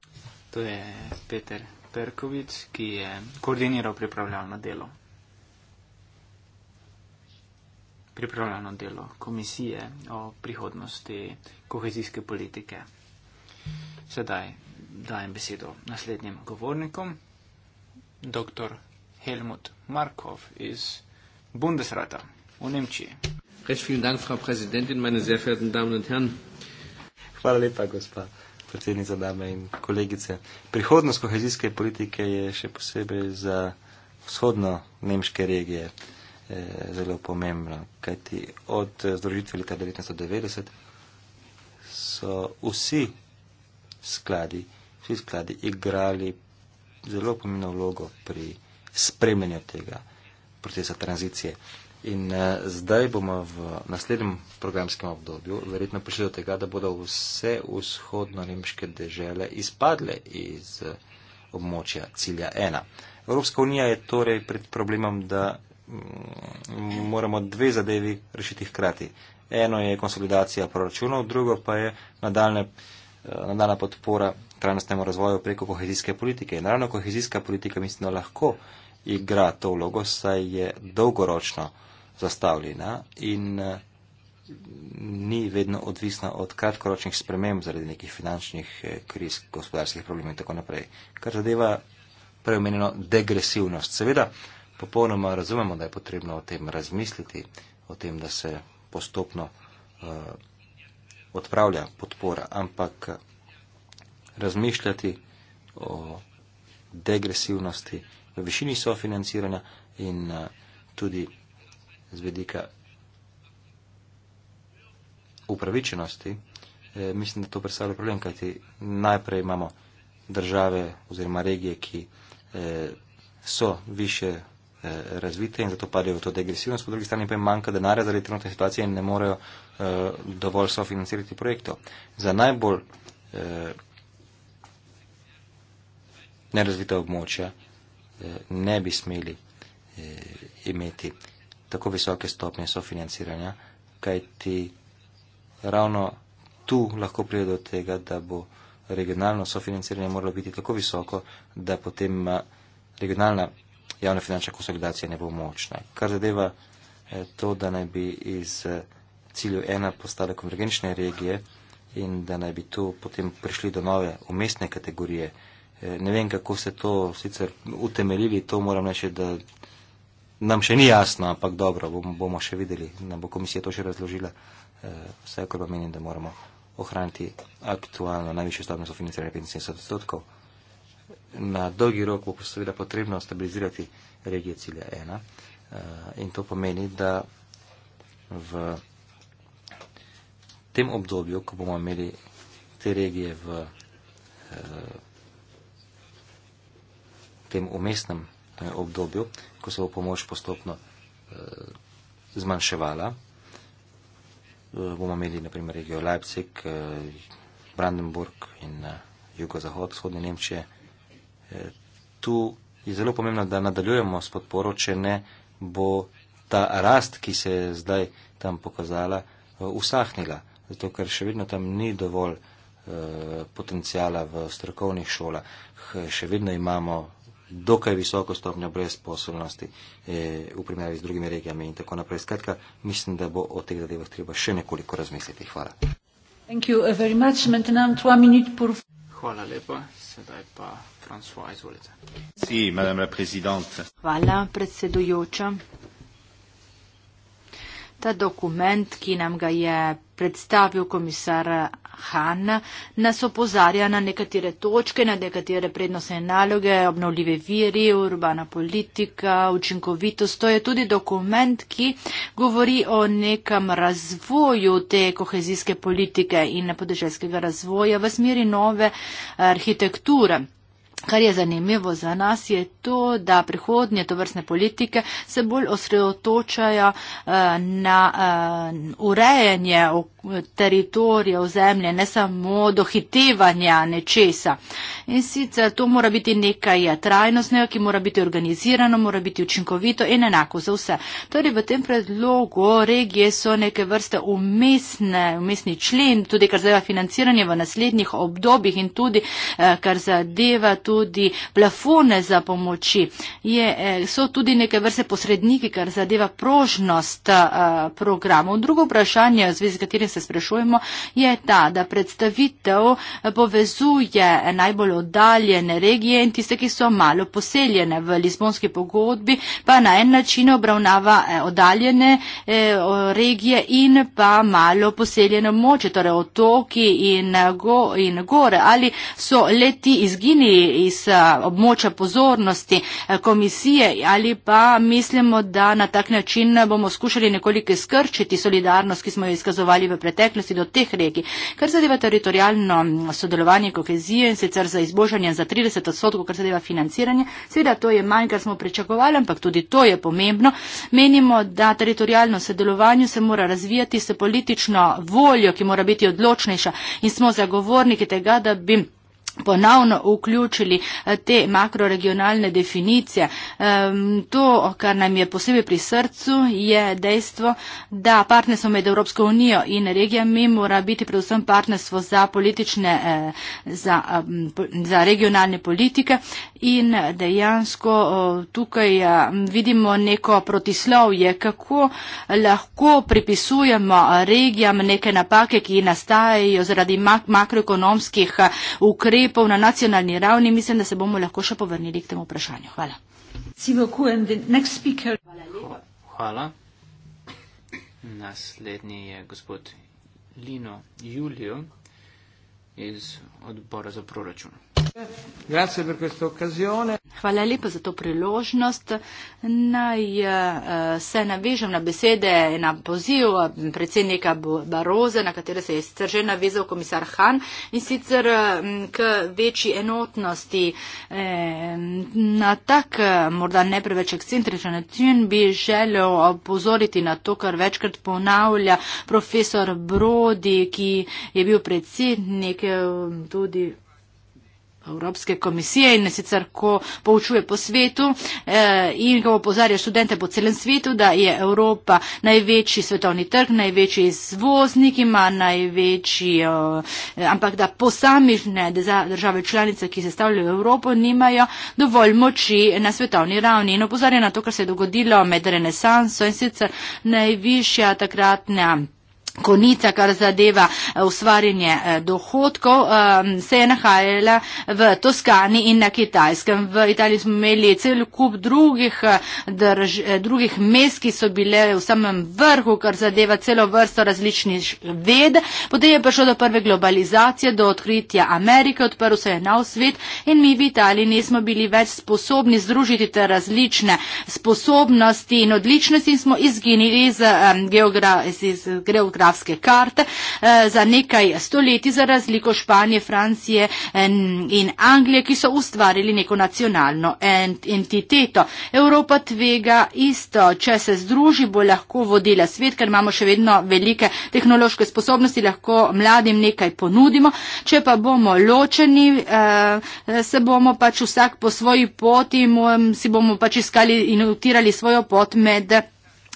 to je Peter Berkovic, ki je koordiniral pripravljalno delo. Pripravljalno delo komisije o prihodnosti kohezijske politike. Sedaj dajem besedo naslednjim govornikom, dr. Helmut Markov iz Bundesrata v Nemčiji. Hvala lepa, gospa predsednica, dame in kolegice. Prihodnost kohezijske politike je še posebej za vzhodno nemške regije eh, zelo pomembna, kajti od eh, združitve leta 1990 so vsi skladi, vsi skladi igrali zelo pomembno vlogo pri spremljanju tega procesa tranzicije. In uh, zdaj bomo v naslednjem programskem obdobju verjetno prišli do tega, da bodo vse vzhodno-nemške dežele izpadle iz uh, območja cilja 1. Evropska unija je torej pred problemom, da um, moramo dve zadevi rešiti hkrati. Eno je konsolidacija proračunov, drugo pa je nadaljne, uh, eh, nadaljna podpora trajnostnemu razvoju preko kohezijske politike. In ravno kohezijska politika mislim, da lahko uh, igra to vlogo, saj je dolgoročno zastavljena in eh, ni vedno odvisna od kratkoročnih sprememb zaradi nekih finančnih eh, kriz, gospodarskih problemov in tako naprej. Kar zadeva preomenjeno degresivnost. Seveda, popolnoma razumemo, da je potrebno o tem razmisliti, o tem, da se postopno uh, odpravlja podpora, ampak razmišljati o degresivnosti v višini sofinanciranja in eh, tudi z vedika upravičenosti. Eh, mislim, da to predstavlja problem, kajti najprej imamo države oziroma regije, ki eh, so više razvite in zato padejo v to degresivnost, po drugi strani pa jim manjka denarja zaradi trenutne situacije in ne morejo dovolj sofinancirati projektov. Za najbolj nerazvita območja Eh, ne bi smeli eh, imeti tako visoke stopnje sofinanciranja, kajti ravno tu lahko pride do tega, da bo regionalno sofinanciranje moralo biti tako visoko, da potem eh, regionalna javna finančna konsolidacija ne bo močna. Kar zadeva to, da naj bi iz cilju ena postale konvergenčne regije in da naj bi tu potem prišli do nove umestne kategorije, Eh, ne vem, kako ste to sicer utemeljili, to moram reči, da nam še ni jasno, ampak dobro, bomo, bomo še videli. Nam bo komisija to še razložila. Eh, vsekakor pa menim, da moramo ohraniti aktualno najvišjo stopnjo sofinanciranja 75 odstotkov. Na dolgi rok bo seveda potrebno stabilizirati regije cilja 1 eh, in to pomeni, da v tem obdobju, ko bomo imeli te regije v tem umestnem obdobju, ko se bo pomoč postopno eh, zmanjševala. Eh, bomo imeli naprimer regijo Leipzig, eh, Brandenburg in eh, jugozahod, vzhodne Nemčije. Eh, tu je zelo pomembno, da nadaljujemo s podporo, če ne bo ta rast, ki se je zdaj tam pokazala, eh, usahnila. Zato, ker še vedno tam ni dovolj eh, potencijala v strokovnih šolah. Še vedno imamo dokaj visoko stopnjo brezposobnosti eh, v primerjavi z drugimi regijami in tako naprej. Skratka, mislim, da bo o teh zadevah treba še nekoliko razmisliti. Hvala. Eh, Hvala lepa. Sedaj pa François, izvolite. Hvala, predsedujoča ta dokument, ki nam ga je predstavil komisar Han, nas opozarja na nekatere točke, na nekatere prednostne naloge, obnovljive viri, urbana politika, učinkovitost. To je tudi dokument, ki govori o nekem razvoju te kohezijske politike in podeželjskega razvoja v smeri nove arhitekture. Kar je zanimivo za nas je to, da prihodnje to vrstne politike se bolj osredotočajo eh, na eh, urejanje teritorija, ozemlje, ne samo dohitevanja nečesa. In sicer to mora biti nekaj eh, trajnostnega, ki mora biti organizirano, mora biti učinkovito in enako za vse. Torej v tem predlogu regije so neke vrste umestne, umestni člen, tudi kar zadeva financiranje v naslednjih obdobjih in tudi kar zadeva tudi tudi plafone za pomoči. Je, eh, so tudi neke vrste posredniki, kar zadeva prožnost eh, programov. Drugo vprašanje, z katerim se sprašujemo, je ta, da predstavitev eh, povezuje najbolj oddaljene regije in tiste, ki so malo poseljene v Lizbonski pogodbi, pa na en način obravnava oddaljene regije in pa malo poseljene moče, torej otoki in, go, in gore. Ali so leti izginili iz eh, območja pozornosti eh, komisije ali pa mislimo, da na tak način eh, bomo skušali nekoliko skrčiti solidarnost, ki smo jo izkazovali v preteklosti do teh regij. Kar zadeva teritorijalno sodelovanje kohezije in sicer za izboljšanje za 30 odstotkov, kar zadeva financiranje, seveda to je manj, kar smo pričakovali, ampak tudi to je pomembno. Menimo, da teritorijalno sodelovanje se mora razvijati s politično voljo, ki mora biti odločnejša in smo zagovorniki tega, da bi ponovno vključili eh, te makroregionalne definicije. To, kar nam je posebej pri srcu, je dejstvo, da partnerstvo med Evropsko unijo in regijami mora biti predvsem partnerstvo za, politične, eh, za, za regionalne politike in dejansko tukaj vidimo neko protislovje, kako lahko pripisujemo regijam neke napake, ki nastajajo zaradi makroekonomskih eh, ukrepov, ukrepov na nacionalni ravni, mislim, da se bomo lahko še povrnili k temu vprašanju. Hvala. Hvala. Naslednji je gospod Lino Julio iz odbora za proračun. Grazie per questa occasione. Hvala lepa za to priložnost. Naj eh, se navežem na besede in na poziv eh, predsednika Baroza, na katere se je strže navezal komisar Han in sicer mm, k večji enotnosti eh, na tak morda ne preveč ekscentričen način bi želel opozoriti na to, kar večkrat ponavlja profesor Brodi, ki je bil predsednik tudi. Evropske komisije in sicer, ko poučuje po svetu eh, in ko opozarja študente po celem svetu, da je Evropa največji svetovni trg, največji izvoznik, ima največji, eh, ampak da posamižne države članice, ki sestavljajo Evropo, nimajo dovolj moči na svetovni ravni. In opozarja na to, kar se je dogodilo med renesanso in sicer najvišja takratna konica, kar zadeva eh, ustvarjanje eh, dohodkov, ehm, se je nahajala v Toskani in na Kitajskem. V Italiji smo imeli cel kup drugih, eh, drž, drugih mest, ki so bile v samem vrhu, kar zadeva celo vrsto različnih ved. Potem je prišlo do prve globalizacije, do odkritja Amerike, odprl se je nov svet in mi v Italiji nismo bili več sposobni združiti te različne sposobnosti in odličnosti in smo izginili iz um, geografije geografske karte eh, za nekaj stoletij za razliko Španije, Francije in Anglije, ki so ustvarili neko nacionalno entiteto. Evropa tvega isto, če se združi, bo lahko vodila svet, ker imamo še vedno velike tehnološke sposobnosti, lahko mladim nekaj ponudimo. Če pa bomo ločeni, eh, se bomo pač vsak po svoji poti, si bomo pač iskali in utirali svojo pot med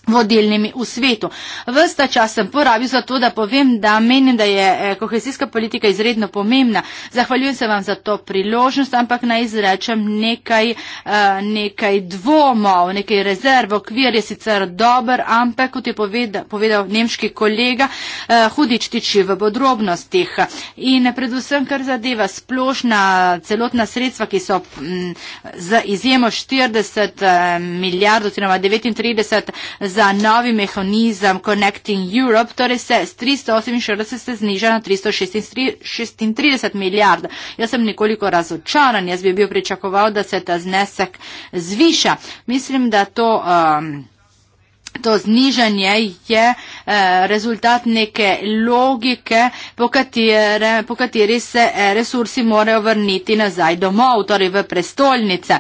vodilnimi v svetu. Vsta čas sem porabil za to, da povem, da menim, da je eh, kohezijska politika izredno pomembna. Zahvaljujem se vam za to priložnost, ampak naj izrečem nekaj, eh, nekaj dvomov, nekaj rezerv. Okvir je sicer dober, ampak kot je povedal, povedal nemški kolega, eh, hudič tiči v podrobnostih. In predvsem, kar zadeva splošna celotna sredstva, ki so m, mm, z izjemo 40 milijard oziroma 39 za novi mehanizem Connecting Europe, torej se z 348 se zniža na 336 milijard. Jaz sem nekoliko razočaran, jaz bi bil pričakoval, da se ta znesek zviša. Mislim, da to. Um, To znižanje je eh, rezultat neke logike, po kateri, po kateri se eh, resursi morajo vrniti nazaj domov, torej v prestolnice.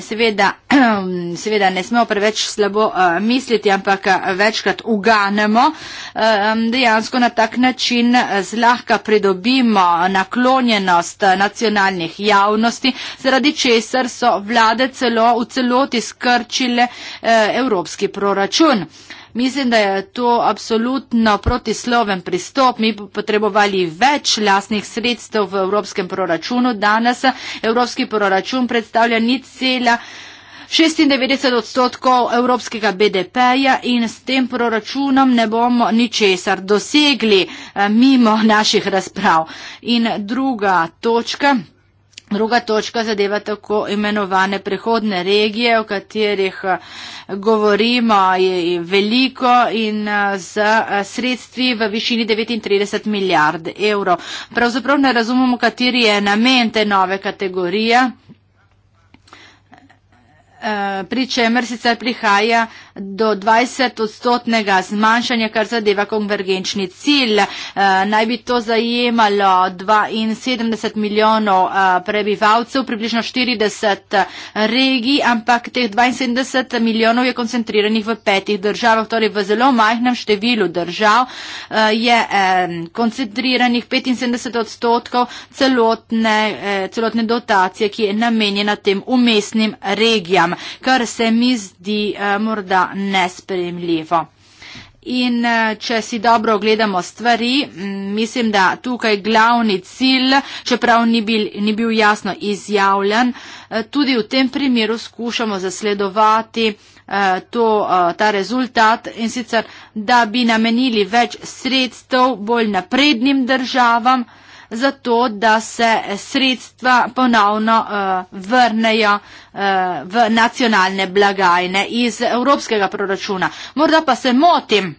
Seveda, seveda ne smemo preveč slabo eh, misliti, ampak večkrat uganemo. Dejansko na tak način zlahka pridobimo naklonjenost nacionalnih javnosti, zaradi česar so vlade celo v celoti skrčile evropski proračun račun. Mislim, da je to absolutno protisloven pristop. Mi bi potrebovali več lasnih sredstev v evropskem proračunu. Danes evropski proračun predstavlja nič cela. 96 odstotkov evropskega BDP-ja in s tem proračunom ne bomo ničesar dosegli eh, mimo naših razprav. In druga točka. Druga točka zadeva tako imenovane prehodne regije, o katerih eh, govorimo je veliko in eh, z eh, sredstvi v višini 39 milijard evrov. Pravzaprav ne razumemo, kateri je namen te nove kategorije, pri čemer sicer prihaja do 20 odstotnega zmanjšanja, kar zadeva konvergenčni cilj. Eh, naj bi to zajemalo 72 milijonov eh, prebivalcev, približno 40 eh, regij, ampak teh 72 milijonov je koncentriranih v petih državah, torej v zelo majhnem številu držav je koncentriranih 75 odstotkov celotne, celotne dotacije, ki je namenjena tem umestnim regijam, kar se mi zdi morda nespremljivo. In eh, če si dobro ogledamo stvari, mislim, da tukaj glavni cilj, čeprav ni bil, ni bil jasno izjavljen, eh, tudi v tem primeru skušamo zasledovati eh, to, ta rezultat in sicer, da bi namenili več sredstev bolj naprednim državam, zato, da se sredstva ponovno uh, vrnejo uh, v nacionalne blagajne iz evropskega proračuna. Morda pa se motim.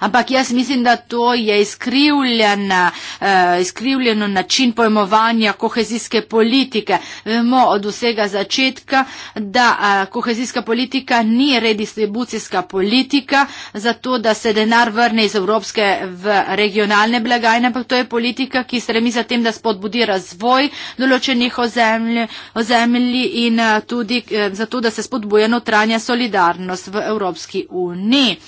Ampak jaz mislim, da to je izkrivljen, uh, eh, izkrivljeno način pojmovanja kohezijske politike. Vemo od vsega začetka, da uh, kohezijska politika ni redistribucijska politika, zato da se denar vrne iz Evropske v regionalne blagajne, ampak to je politika, ki stremi za tem, da spodbudi razvoj določenih ozemlji, ozemlji in uh, tudi uh, zato, da se spodbuja notranja solidarnost v Evropski uniji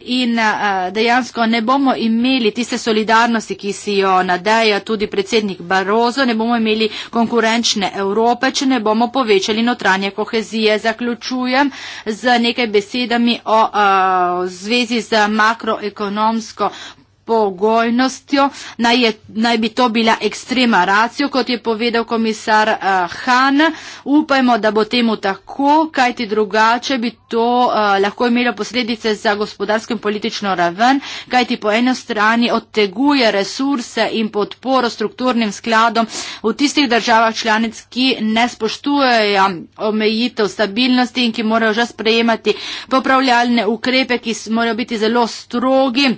in eh, dejansko ne bomo imeli tiste solidarnosti, ki si jo nadeja tudi predsednik Barozo, ne bomo imeli konkurenčne Evrope, če ne bomo povečali notranje kohezije. Zaključujem z nekaj besedami o, o eh, zvezi z makroekonomsko pogojnostjo, naj, je, naj bi to bila ekstrema racijo, kot je povedal komisar uh, Han. Upajmo, da bo temu tako, kajti drugače bi to uh, lahko imelo posledice za gospodarsko in politično raven, kajti po eni strani odteguje resurse in podporo strukturnim skladom v tistih državah članic, ki ne spoštujejo omejitev stabilnosti in ki morajo že sprejemati popravljalne ukrepe, ki morajo biti zelo strogi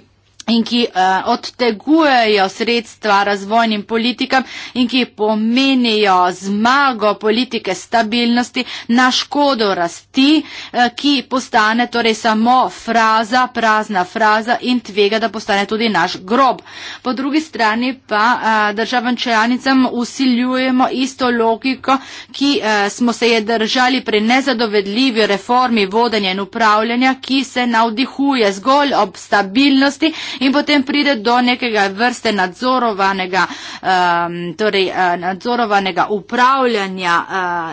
in ki uh, odtegujejo sredstva razvojnim politikam in ki pomenijo zmago politike stabilnosti na škodo rasti, uh, ki postane torej samo fraza, prazna fraza in tvega, da postane tudi naš grob. Po drugi strani pa uh, državam čajanicam usiljujemo isto logiko, ki uh, smo se je držali pri nezadovedljivi reformi vodenja in upravljanja, ki se navdihuje zgolj ob stabilnosti in potem pride do nekega vrste nadzorovanega, um, torej, uh, nadzorovanega upravljanja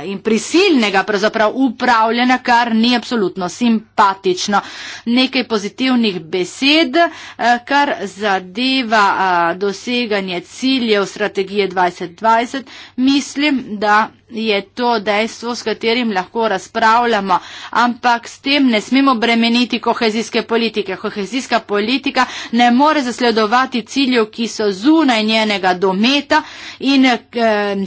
uh, in prisilnega pravzaprav upravljanja, kar ni absolutno simpatično. Nekaj pozitivnih besed, uh, kar zadeva uh, doseganje ciljev strategije 2020, mislim, da je to dejstvo, s katerim lahko razpravljamo, ampak s tem ne smemo bremeniti kohezijske politike. Kohezijska politika ne more zasledovati ciljev, ki so zunaj njenega dometa in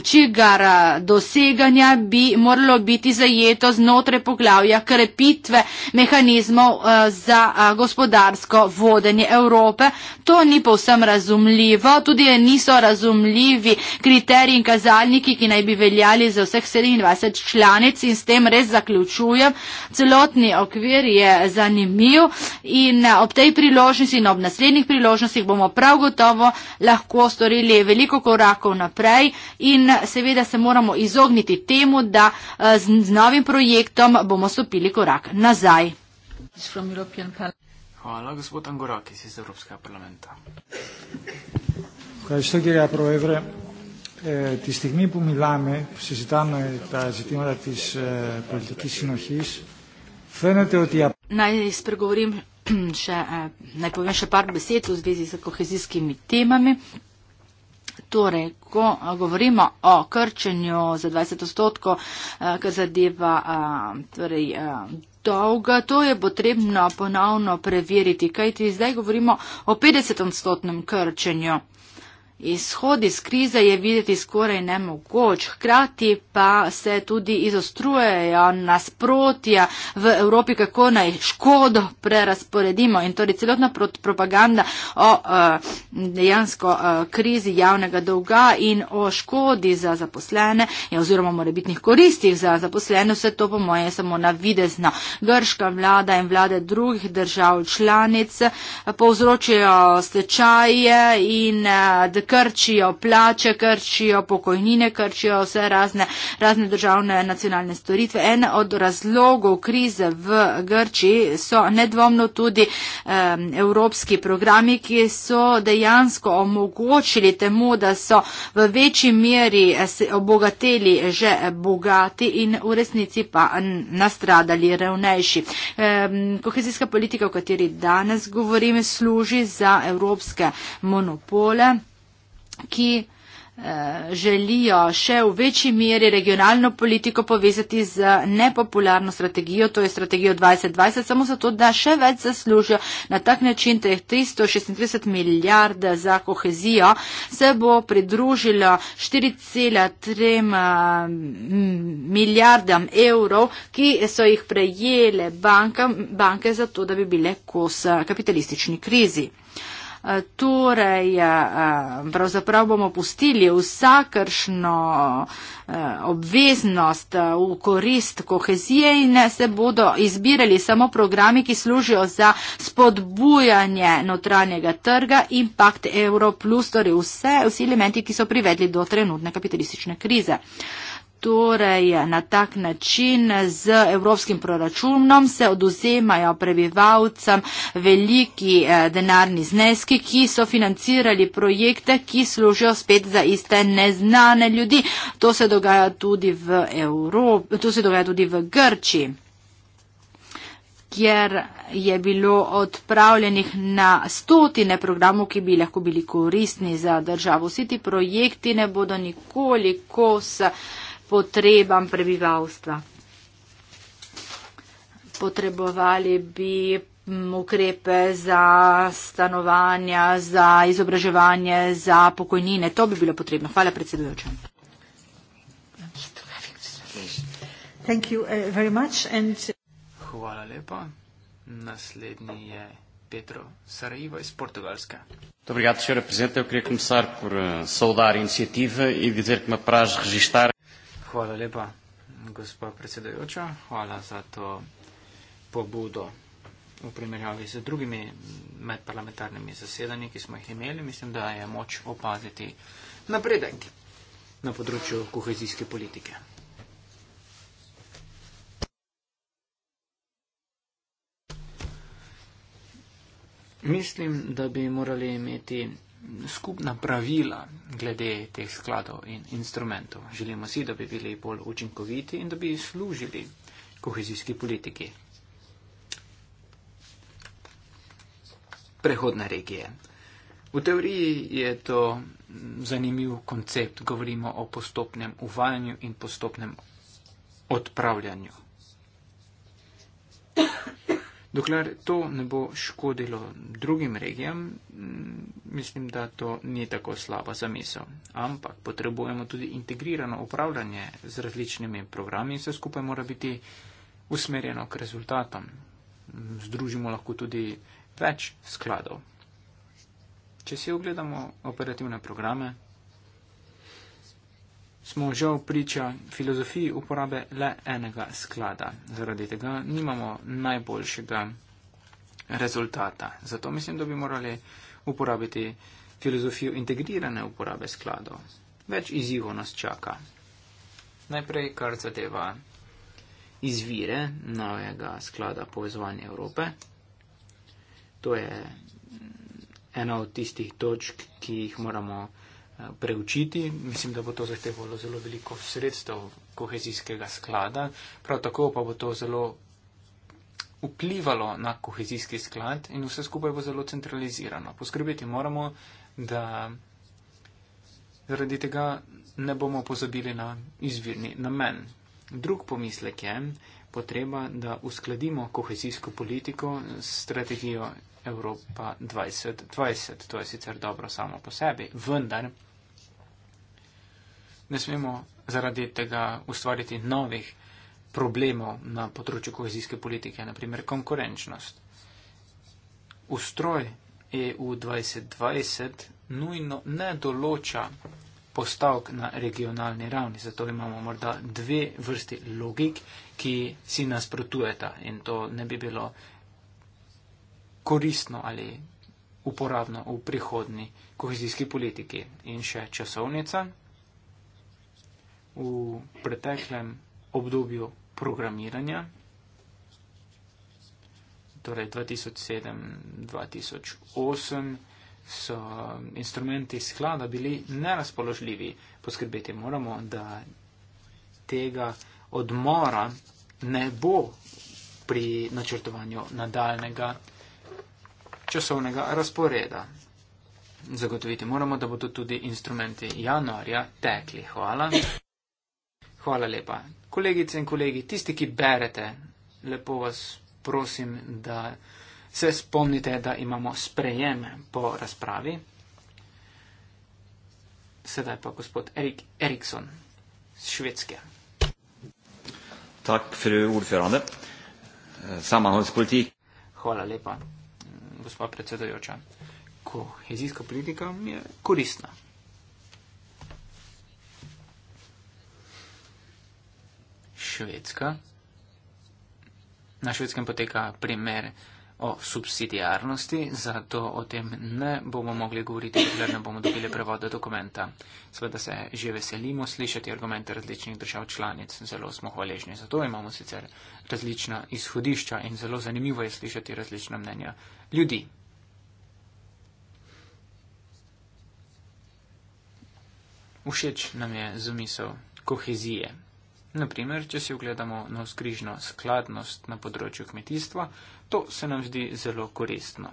čigar doseganja bi moralo biti zajeto znotraj poglavja krepitve mehanizmov za gospodarsko vodenje Evrope. To ni povsem razumljivo, tudi niso razumljivi kriteriji in kazalniki, ki naj bi veljali iz vseh 27 članic in s tem res zaključujem. Celotni okvir je zanimiv in ob tej priložnosti in ob naslednjih priložnostih bomo prav gotovo lahko storili veliko korakov naprej in seveda se moramo izogniti temu, da z, z novim projektom bomo stopili korak nazaj. Hvala, gospod Angorakis iz Evropskega parlamenta τη στιγμή που μιλάμε, που συζητάμε τα ζητήματα της ε, πολιτικής συνοχής, φαίνεται ότι... Να εισπεργωρήμ σε, να υποβέμ σε πάρ μπεσίτ ο σβίζει σε κοχεζίσκημι τίμαμι. Torej, ko govorimo o krčenju za 20 odstotkov, e, kar zadeva torej, e, dolga, to je potrebno ponovno preveriti, kajti zdaj govorimo o 50 odstotnem krčenju. Izhod iz krize je videti skoraj nemogoč, hkrati pa se tudi izostrujejo nasprotja v Evropi, kako naj škodo prerasporedimo in torej celotna propaganda o eh, dejansko eh, krizi javnega dolga in o škodi za zaposlene oziroma morebitnih koristih za zaposlene, vse to po moje je samo navidezno. Grška vlada in vlade drugih držav članic eh, povzročijo stečaje in krčijo, plače krčijo, pokojnine krčijo, vse razne, razne državne nacionalne storitve. En od razlogov krize v Grčiji so nedvomno tudi um, evropski programi, ki so dejansko omogočili temu, da so v večji meri eh, obogateli že bogati in v resnici pa nastradali revnejši. Um, kohezijska politika, o kateri danes govorim, služi za evropske monopole ki eh, želijo še v večji meri regionalno politiko povezati z nepopularno strategijo, to je strategijo 2020, samo zato, da še več zaslužijo na tak način, da je 336 milijard za kohezijo, se bo pridružilo 4,3 eh, milijardam evrov, ki so jih prejele banka, banke za to, da bi bile kos eh, kapitalistični krizi. Eh, torej, eh, pravzaprav bomo pustili vsakršno eh, obveznost v korist kohezije in ne se bodo izbirali samo programi, ki služijo za spodbujanje notranjega trga in pakt Euro plus, torej vse, vsi elementi, ki so privedli do trenutne kapitalistične krize. Torej, na tak način z evropskim proračunom se oduzemajo prebivalcem veliki eh, denarni zneski, ki so financirali projekte, ki služijo spet za iste neznane ljudi. To se dogaja tudi v, Evropi, to se dogaja tudi v Grči kjer je bilo odpravljenih na stotine programov, ki bi lahko bili koristni za državo. Vsi ti projekti ne bodo nikoli kos potrebam prebivalstva. Potrebovali bi ukrepe za stanovanja, za izobraževanje, za pokojnine. To bi bilo potrebno. Hvala predsedujoča. Uh, uh, Hvala lepa. Naslednji je Petro Sarajevo iz Portugalske. Obrigado, senhora Presidente. Eu queria começar por uh, saudar a iniciativa e dizer que me apraz registrar. Hvala lepa, gospa predsedajoča. Hvala za to pobudo v primerjavi z drugimi medparlamentarnimi zasedanji, ki smo jih imeli. Mislim, da je moč opaziti napredek na področju kohezijske politike. Mislim, da bi morali imeti skupna pravila glede teh skladov in instrumentov. Želimo si, da bi bili bolj učinkoviti in da bi služili kohezijski politiki. Prehodne regije. V teoriji je to zanimiv koncept. Govorimo o postopnem uvajanju in postopnem odpravljanju. Dokler to ne bo škodilo drugim regijam, mm, mislim, da to ni tako slaba zamisel. Ampak potrebujemo tudi integrirano upravljanje z različnimi programi in vse skupaj mora biti usmerjeno k rezultatom. Združimo lahko tudi več skladov. Če si ogledamo operativne programe, smo žal priča filozofiji uporabe le enega sklada. Zaradi tega nimamo najboljšega rezultata. Zato mislim, da bi morali uporabiti filozofijo integrirane uporabe skladov. Več izzivov nas čaka. Najprej, kar zadeva izvire novega sklada povezovanja Evrope. To je ena od tistih točk, ki jih moramo preučiti. Mislim, da bo to zahtevalo zelo veliko sredstev kohezijskega sklada, prav tako pa bo to zelo vplivalo na kohezijski sklad in vse skupaj bo zelo centralizirano. Poskrbeti moramo, da zaradi tega ne bomo pozabili na izvirni namen. Drug pomislek je potreba, da uskladimo kohezijsko politiko s strategijo Evropa 2020. To je sicer dobro samo po sebi, vendar ne smemo zaradi tega ustvariti novih problemov na področju kohezijske politike, naprimer konkurenčnost. Ustroj EU 2020 nujno ne določa postavk na regionalni ravni, zato imamo morda dve vrsti logik, ki si nasprotujeta in to ne bi bilo koristno ali uporabno v prihodni kohezijski politiki. In še časovnica v preteklem obdobju programiranja, torej 2007-2008, so instrumenti sklada bili nerazpoložljivi. Poskrbeti moramo, da tega odmora ne bo pri načrtovanju nadaljnega časovnega razporeda. Zagotoviti moramo, da bodo tudi instrumenti januarja tekli. Hvala. Hvala lepa. Kolegice in kolegi, tisti, ki berete, lepo vas prosim, da se spomnite, da imamo sprejem po razpravi. Sedaj pa gospod Erik Eriksson iz Švedske. Tak, Hvala lepa, gospod predsedujoča. Kohezijska politika mi je koristna. Švedska. Na švedskem poteka primer o subsidijarnosti, zato o tem ne bomo mogli govoriti, dokler ne bomo dobili prevoda dokumenta. Sveda se že veselimo slišati argumente različnih držav članic, zelo smo hvaležni za to, imamo sicer različna izhodišča in zelo zanimivo je slišati različna mnenja ljudi. Všeč nam je zamisel kohezije. Naprimer, če si ogledamo navzkrižno skladnost na področju kmetijstva, to se nam zdi zelo koristno.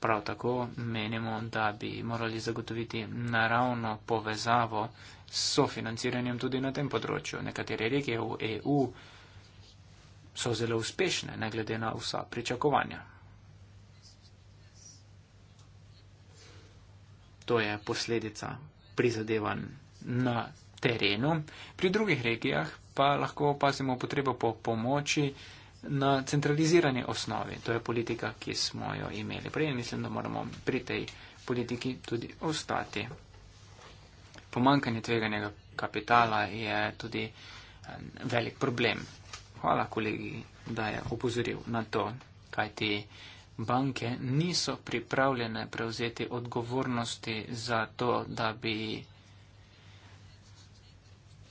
Prav tako menimo, da bi morali zagotoviti naravno povezavo s sofinanciranjem tudi na tem področju. Nekatere regije v EU so zelo uspešne, ne glede na vsa pričakovanja. To je posledica prizadevanj na terenu, pri drugih regijah pa lahko opazimo potrebo po pomoči na centralizirani osnovi. To je politika, ki smo jo imeli prej in mislim, da moramo pri tej politiki tudi ostati. Pomankanje tveganega kapitala je tudi velik problem. Hvala kolegi, da je opozoril na to, kajti banke niso pripravljene prevzeti odgovornosti za to, da bi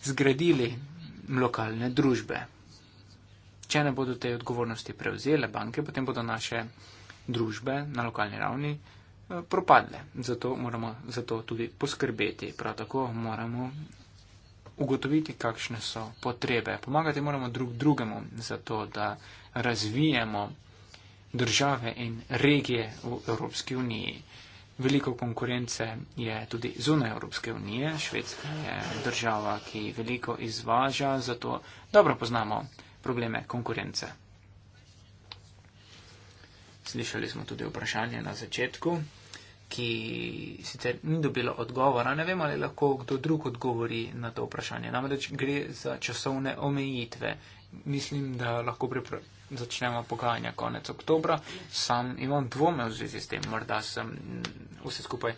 zgradili lokalne družbe. Če ne bodo te odgovornosti prevzele banke, potem bodo naše družbe na lokalni ravni eh, propadle. Zato moramo za to tudi poskrbeti. Prav tako moramo ugotoviti, kakšne so potrebe. Pomagati moramo drug drugemu za to, da razvijemo države in regije v Evropski uniji. Veliko konkurence je tudi zunaj Evropske unije. Švedska je država, ki veliko izvaža, zato dobro poznamo probleme konkurence. Slišali smo tudi vprašanje na začetku, ki sicer ni dobilo odgovora. Ne vemo, ali lahko kdo drug odgovori na to vprašanje. Namreč gre za časovne omejitve. Mislim, da lahko preprosto začnemo pogajanja konec oktobra. Sam imam dvome v zvezi s tem, morda sem mm, vse skupaj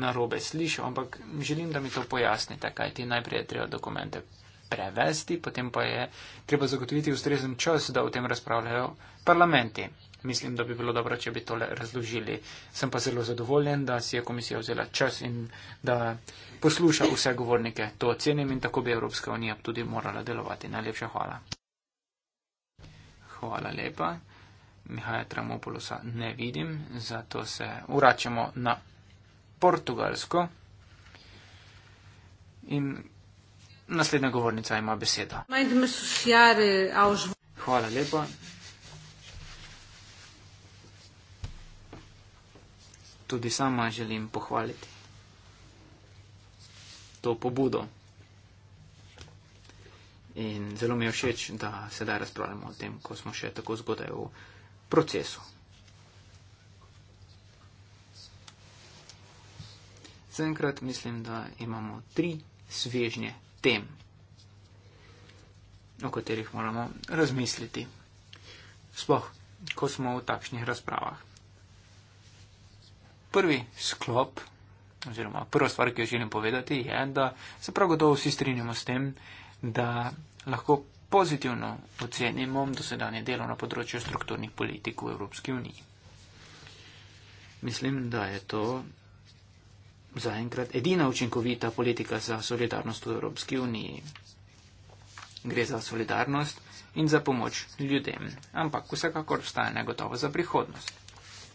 narobe slišal, ampak želim, da mi to pojasnite, kaj ti najprej je treba dokumente prevesti, potem pa je treba zagotoviti ustrezen čas, da o tem razpravljajo parlamenti. Mislim, da bi bilo dobro, če bi tole razložili. Sem pa zelo zadovoljen, da si je komisija vzela čas in da posluša vse govornike. To ocenim in tako bi Evropska unija tudi morala delovati. Najlepša hvala. Hvala lepa. Mihaja Tramopolosa ne vidim, zato se vračamo na Portugalsko. In naslednja govornica ima besedo. Eh, Hvala lepa. Tudi sama želim pohvaliti to pobudo. In zelo mi je všeč, da sedaj razpravljamo o tem, ko smo še tako zgodaj v procesu. Zaenkrat mislim, da imamo tri svežnje tem, o katerih moramo razmisliti. Sploh, ko smo v takšnih razpravah. Prvi sklop, oziroma prva stvar, ki jo želim povedati, je, da se prav gotovo vsi strinjamo s tem, da lahko pozitivno ocenimo dosedanje delo na področju strukturnih politik v Evropski uniji. Mislim, da je to zaenkrat edina učinkovita politika za solidarnost v Evropski uniji. Gre za solidarnost in za pomoč ljudem, ampak vsekakor obstaja negotovo za prihodnost.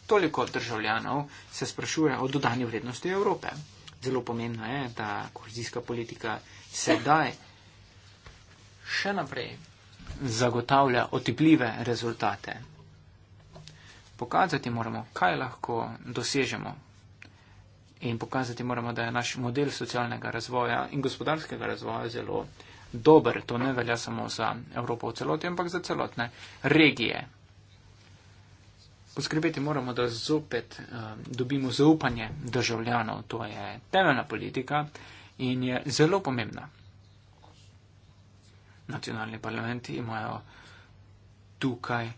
Toliko državljanov se sprašuje o dodani vrednosti Evrope. Zelo pomembno je, da kohezijska politika sedaj še naprej zagotavlja otipljive rezultate. Pokazati moramo, kaj lahko dosežemo. In pokazati moramo, da je naš model socialnega razvoja in gospodarskega razvoja zelo dober. To ne velja samo za Evropo v celoti, ampak za celotne regije. Poskrbeti moramo, da zopet um, dobimo zaupanje državljanov. To je temeljna politika in je zelo pomembna nacionalni parlamenti imajo tukaj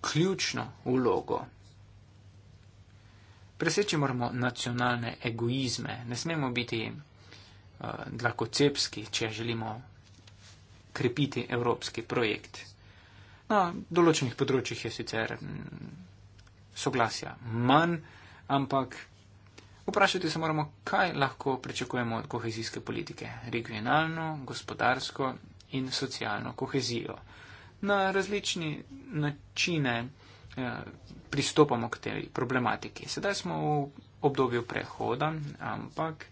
ključno vlogo. Preseči moramo nacionalne egoizme, ne smemo biti uh, dlakocepski, če želimo krepiti evropski projekt. Na določenih področjih je sicer mm, soglasja manj, ampak vprašati se moramo, kaj lahko pričakujemo od kohezijske politike, regionalno, gospodarsko in socialno kohezijo. Na različni načine eh, pristopamo k tej problematiki. Sedaj smo v obdobju prehoda, ampak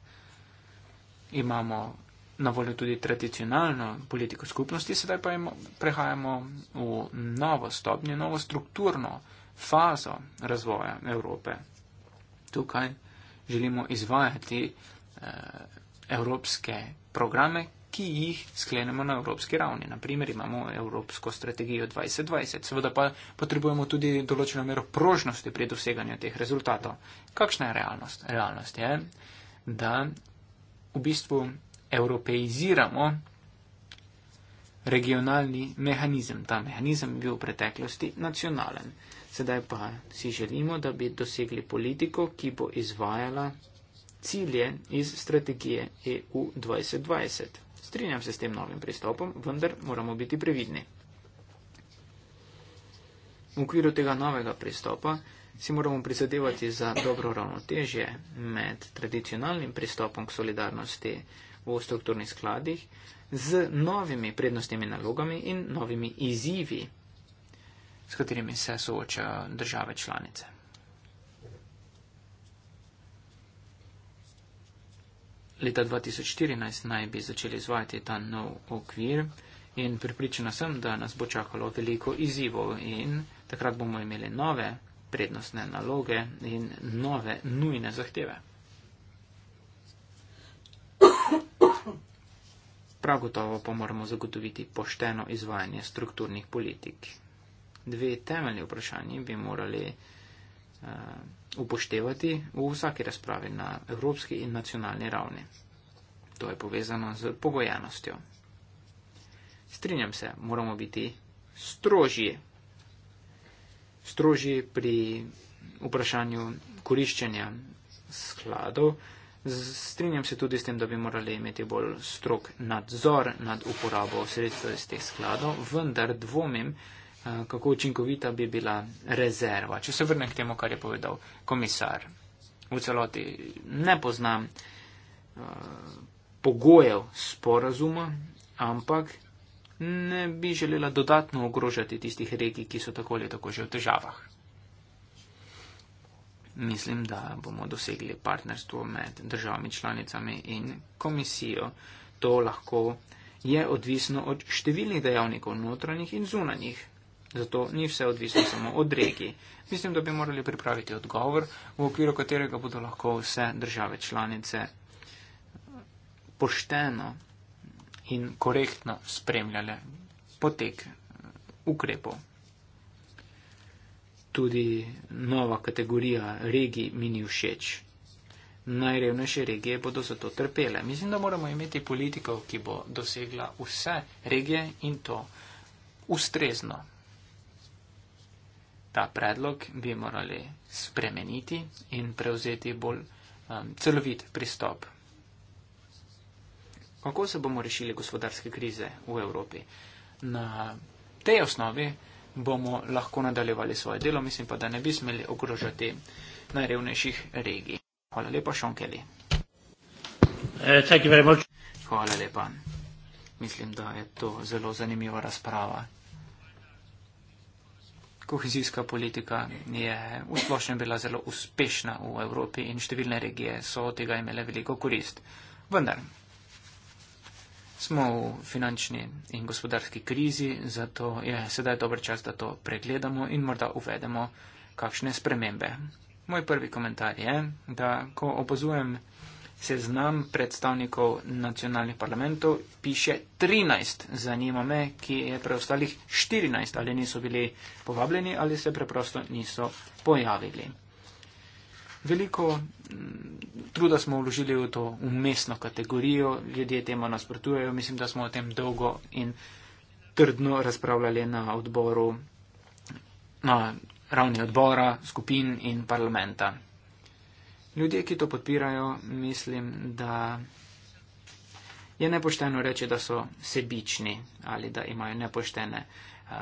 imamo na voljo tudi tradicionalno politiko skupnosti, sedaj pa prehajamo v novo stopnjo, novo strukturno fazo razvoja Evrope. Tukaj želimo izvajati eh, evropske programe, ki jih sklenemo na evropski ravni. Naprimer imamo Evropsko strategijo 2020. Seveda pa potrebujemo tudi določeno mero prožnosti pri doseganju teh rezultatov. Kakšna je realnost? Realnost je, da v bistvu evropeiziramo regionalni mehanizem. Ta mehanizem je bil v preteklosti nacionalen. Sedaj pa si želimo, da bi dosegli politiko, ki bo izvajala cilje iz strategije EU 2020. Strinjam se s tem novim pristopom, vendar moramo biti previdni. V okviru tega novega pristopa si moramo prizadevati za dobro ravnotežje med tradicionalnim pristopom k solidarnosti v strukturnih skladih z novimi prednostnimi nalogami in novimi izzivi, s katerimi se soočajo države članice. leta 2014 naj bi začeli izvajati ta nov okvir in pripričana sem, da nas bo čakalo veliko izzivov in takrat bomo imeli nove prednostne naloge in nove nujne zahteve. Prav gotovo pa moramo zagotoviti pošteno izvajanje strukturnih politik. Dve temeljni vprašanji bi morali. Uh, upoštevati v vsaki razpravi na evropski in nacionalni ravni. To je povezano z pogojenostjo. Strinjam se, moramo biti strožji. Strožji pri vprašanju koriščenja skladov. Strinjam se tudi s tem, da bi morali imeti bolj strok nadzor nad uporabo sredstev iz teh skladov, vendar dvomim, Eh, kako učinkovita bi bila rezerva. Če se vrnem k temu, kar je povedal komisar, v celoti ne poznam eh, pogojev sporazuma, ampak ne bi želela dodatno ogrožati tistih regij, ki so tako ali tako že v težavah. Mislim, da bomo dosegli partnerstvo med državami članicami in komisijo. To lahko je odvisno od številnih dejavnikov notranjih in zunanjih. Zato ni vse odvisno samo od regij. Mislim, da bi morali pripraviti odgovor, v okviru katerega bodo lahko vse države članice eh, pošteno in korektno spremljale potek eh, ukrepov. Tudi nova kategorija regij mi ni všeč. Najrevnejše regije bodo zato trpele. Mislim, da moramo imeti politiko, ki bo dosegla vse regije in to ustrezno ta predlog bi morali spremeniti in prevzeti bolj um, celovit pristop. Kako se bomo rešili gospodarske krize v Evropi? Na tej osnovi bomo lahko nadaljevali svoje delo, mislim pa, da ne bi smeli ogrožati najrevnejših regij. Hvala lepa, Šonkeli. Eh, Hvala lepa. Mislim, da je to zelo zanimiva razprava kohezijska politika je v splošnem bila zelo uspešna v Evropi in številne regije so od tega imele veliko korist. Vendar smo v finančni in gospodarski krizi, zato je sedaj dober čas, da to pregledamo in morda uvedemo kakšne spremembe. Moj prvi komentar je, da ko opazujem seznam predstavnikov nacionalnih parlamentov piše 13. Zanima me, ki je preostalih 14, ali niso bili povabljeni ali se preprosto niso pojavili. Veliko mm, truda smo vložili v to umestno kategorijo, ljudje temu nasprotujejo, mislim, da smo o tem dolgo in trdno razpravljali na odboru, na ravni odbora, skupin in parlamenta ljudje, ki to podpirajo, mislim, da je nepošteno reči, da so sebični ali da imajo nepoštene uh,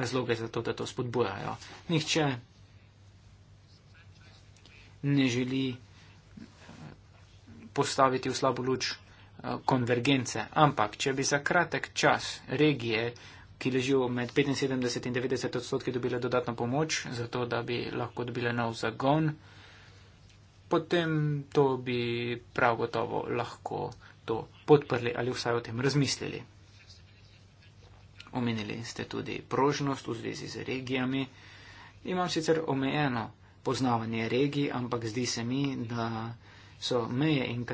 razloge za to, da to spodbujajo. Nihče ne želi eh, postaviti v slabo luč eh, konvergence. Ampak, če bi za kratek čas regije, ki ležijo med 75 in 90 odstotki, dobile dodatno pomoč, zato da bi lahko dobile nov zagon, uh, potem to bi prav gotovo lahko to podprli ali vsaj o tem razmislili. Omenili ste tudi prožnost v zvezi z regijami. Imam sicer omejeno poznavanje regij, ampak zdi se mi, da so meje in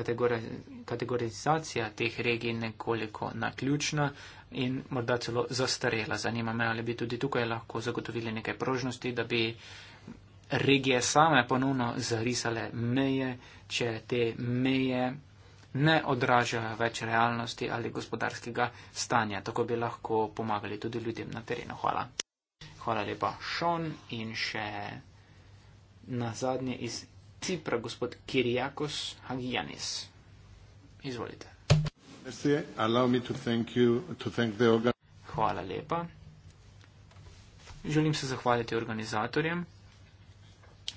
kategorizacija teh regij nekoliko naključna in morda celo zastarela. Zanima me, ali bi tudi tukaj lahko zagotovili nekaj prožnosti, da bi regije same ponovno zarisale meje, če te meje ne odražajo več realnosti ali gospodarskega stanja. Tako bi lahko pomagali tudi ljudem na terenu. Hvala. Hvala lepa, Šon. In še na zadnje iz Cipra, gospod Kirijakos Hagijanis. Izvolite. Hvala lepa. Želim se zahvaliti organizatorjem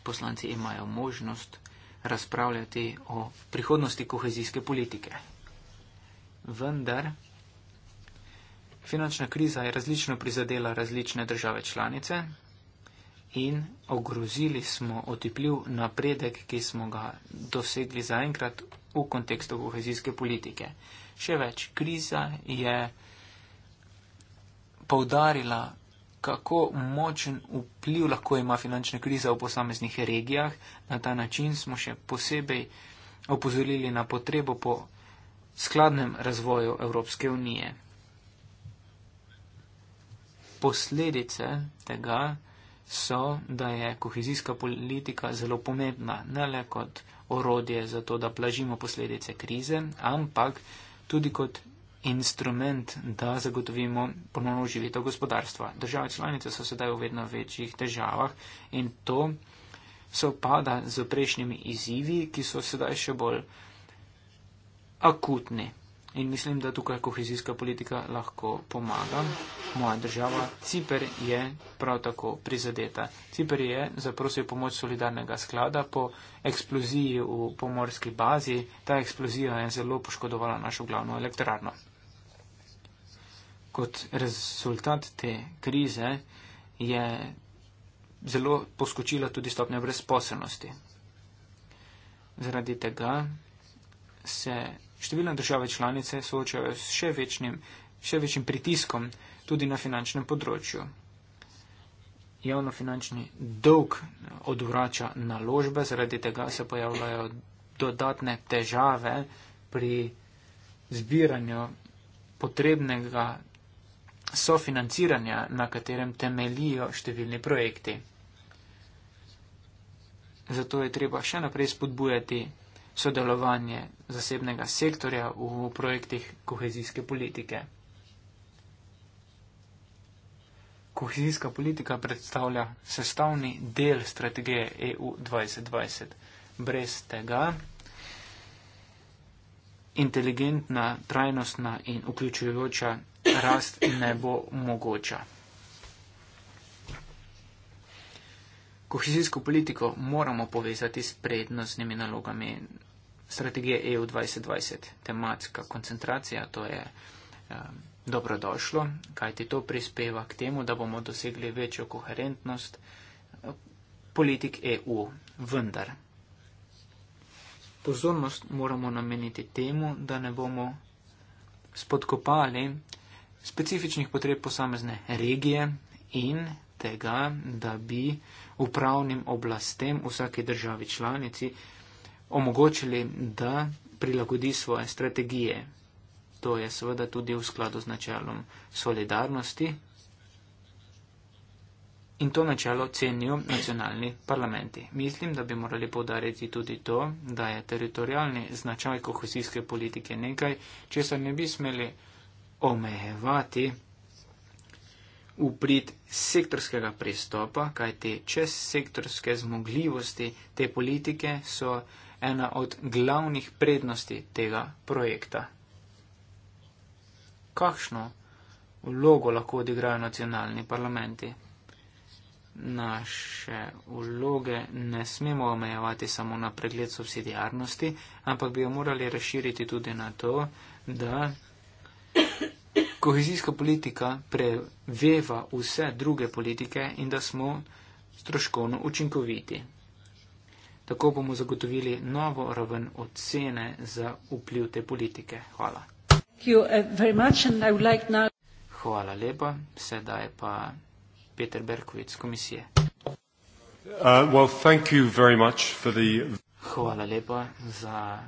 poslanci imajo možnost razpravljati o prihodnosti kohezijske politike. Vendar finančna kriza je različno prizadela različne države članice in ogrozili smo otipljiv napredek, ki smo ga dosegli zaenkrat v kontekstu kohezijske politike. Še več, kriza je poudarila kako močen vpliv lahko ima finančna kriza v posameznih regijah. Na ta način smo še posebej opozorili na potrebo po skladnem razvoju Evropske unije. Posledice tega so, da je kohezijska politika zelo pomembna, ne le kot orodje za to, da plažimo posledice krize, ampak tudi kot instrument, da zagotovimo ponovno živitev gospodarstva. Države članice so sedaj v vedno večjih težavah in to se opada z prejšnjimi izzivi, ki so sedaj še bolj akutni. In mislim, da tukaj kohezijska politika lahko pomaga. Moja država Cipr je prav tako prizadeta. Cipr je zaprosil pomoč solidarnega sklada po eksploziji v pomorski bazi. Ta eksplozija je zelo poškodovala našo glavno elektrarno kot rezultat te krize je zelo poskočila tudi stopnja brezposelnosti. Zaradi tega se številne države članice soočajo s še, večnim, še večjim pritiskom tudi na finančnem področju. Javnofinančni dolg odvrača naložbe, zaradi tega se pojavljajo dodatne težave pri zbiranju potrebnega sofinanciranja, na katerem temelijo številni projekti. Zato je treba še naprej spodbujati sodelovanje zasebnega sektorja v projektih kohezijske politike. Kohezijska politika predstavlja sestavni del strategije EU 2020. Brez tega inteligentna, trajnostna in vključujoča rast ne bo mogoča. Kohezijsko politiko moramo povezati s prednostnimi nalogami strategije EU 2020. Tematska koncentracija, to je um, dobrodošlo, kajti to prispeva k temu, da bomo dosegli večjo koherentnost politik EU. Vendar pozornost moramo nameniti temu, da ne bomo spodkopali specifičnih potreb posamezne regije in tega, da bi upravnim oblastem vsake državi članici omogočili, da prilagodi svoje strategije. To je seveda tudi v skladu z načelom solidarnosti in to načelo cenijo nacionalni parlamenti. Mislim, da bi morali povdariti tudi to, da je teritorijalni značaj kohesijske politike nekaj, česar ne bi smeli omejevati v prid sektorskega pristopa, kajti čez sektorske zmogljivosti te politike so ena od glavnih prednosti tega projekta. Kakšno vlogo lahko odigrajo nacionalni parlamenti? Naše vloge ne smemo omejevati samo na pregled subsidijarnosti, ampak bi jo morali razširiti tudi na to, da kohezijska politika preveva vse druge politike in da smo stroškovno učinkoviti. Tako bomo zagotovili novo raven ocene za vpliv te politike. Hvala. Eh, Hvala lepa. Sedaj pa Peter Berkovic z komisije. Uh, well, the... Hvala lepa za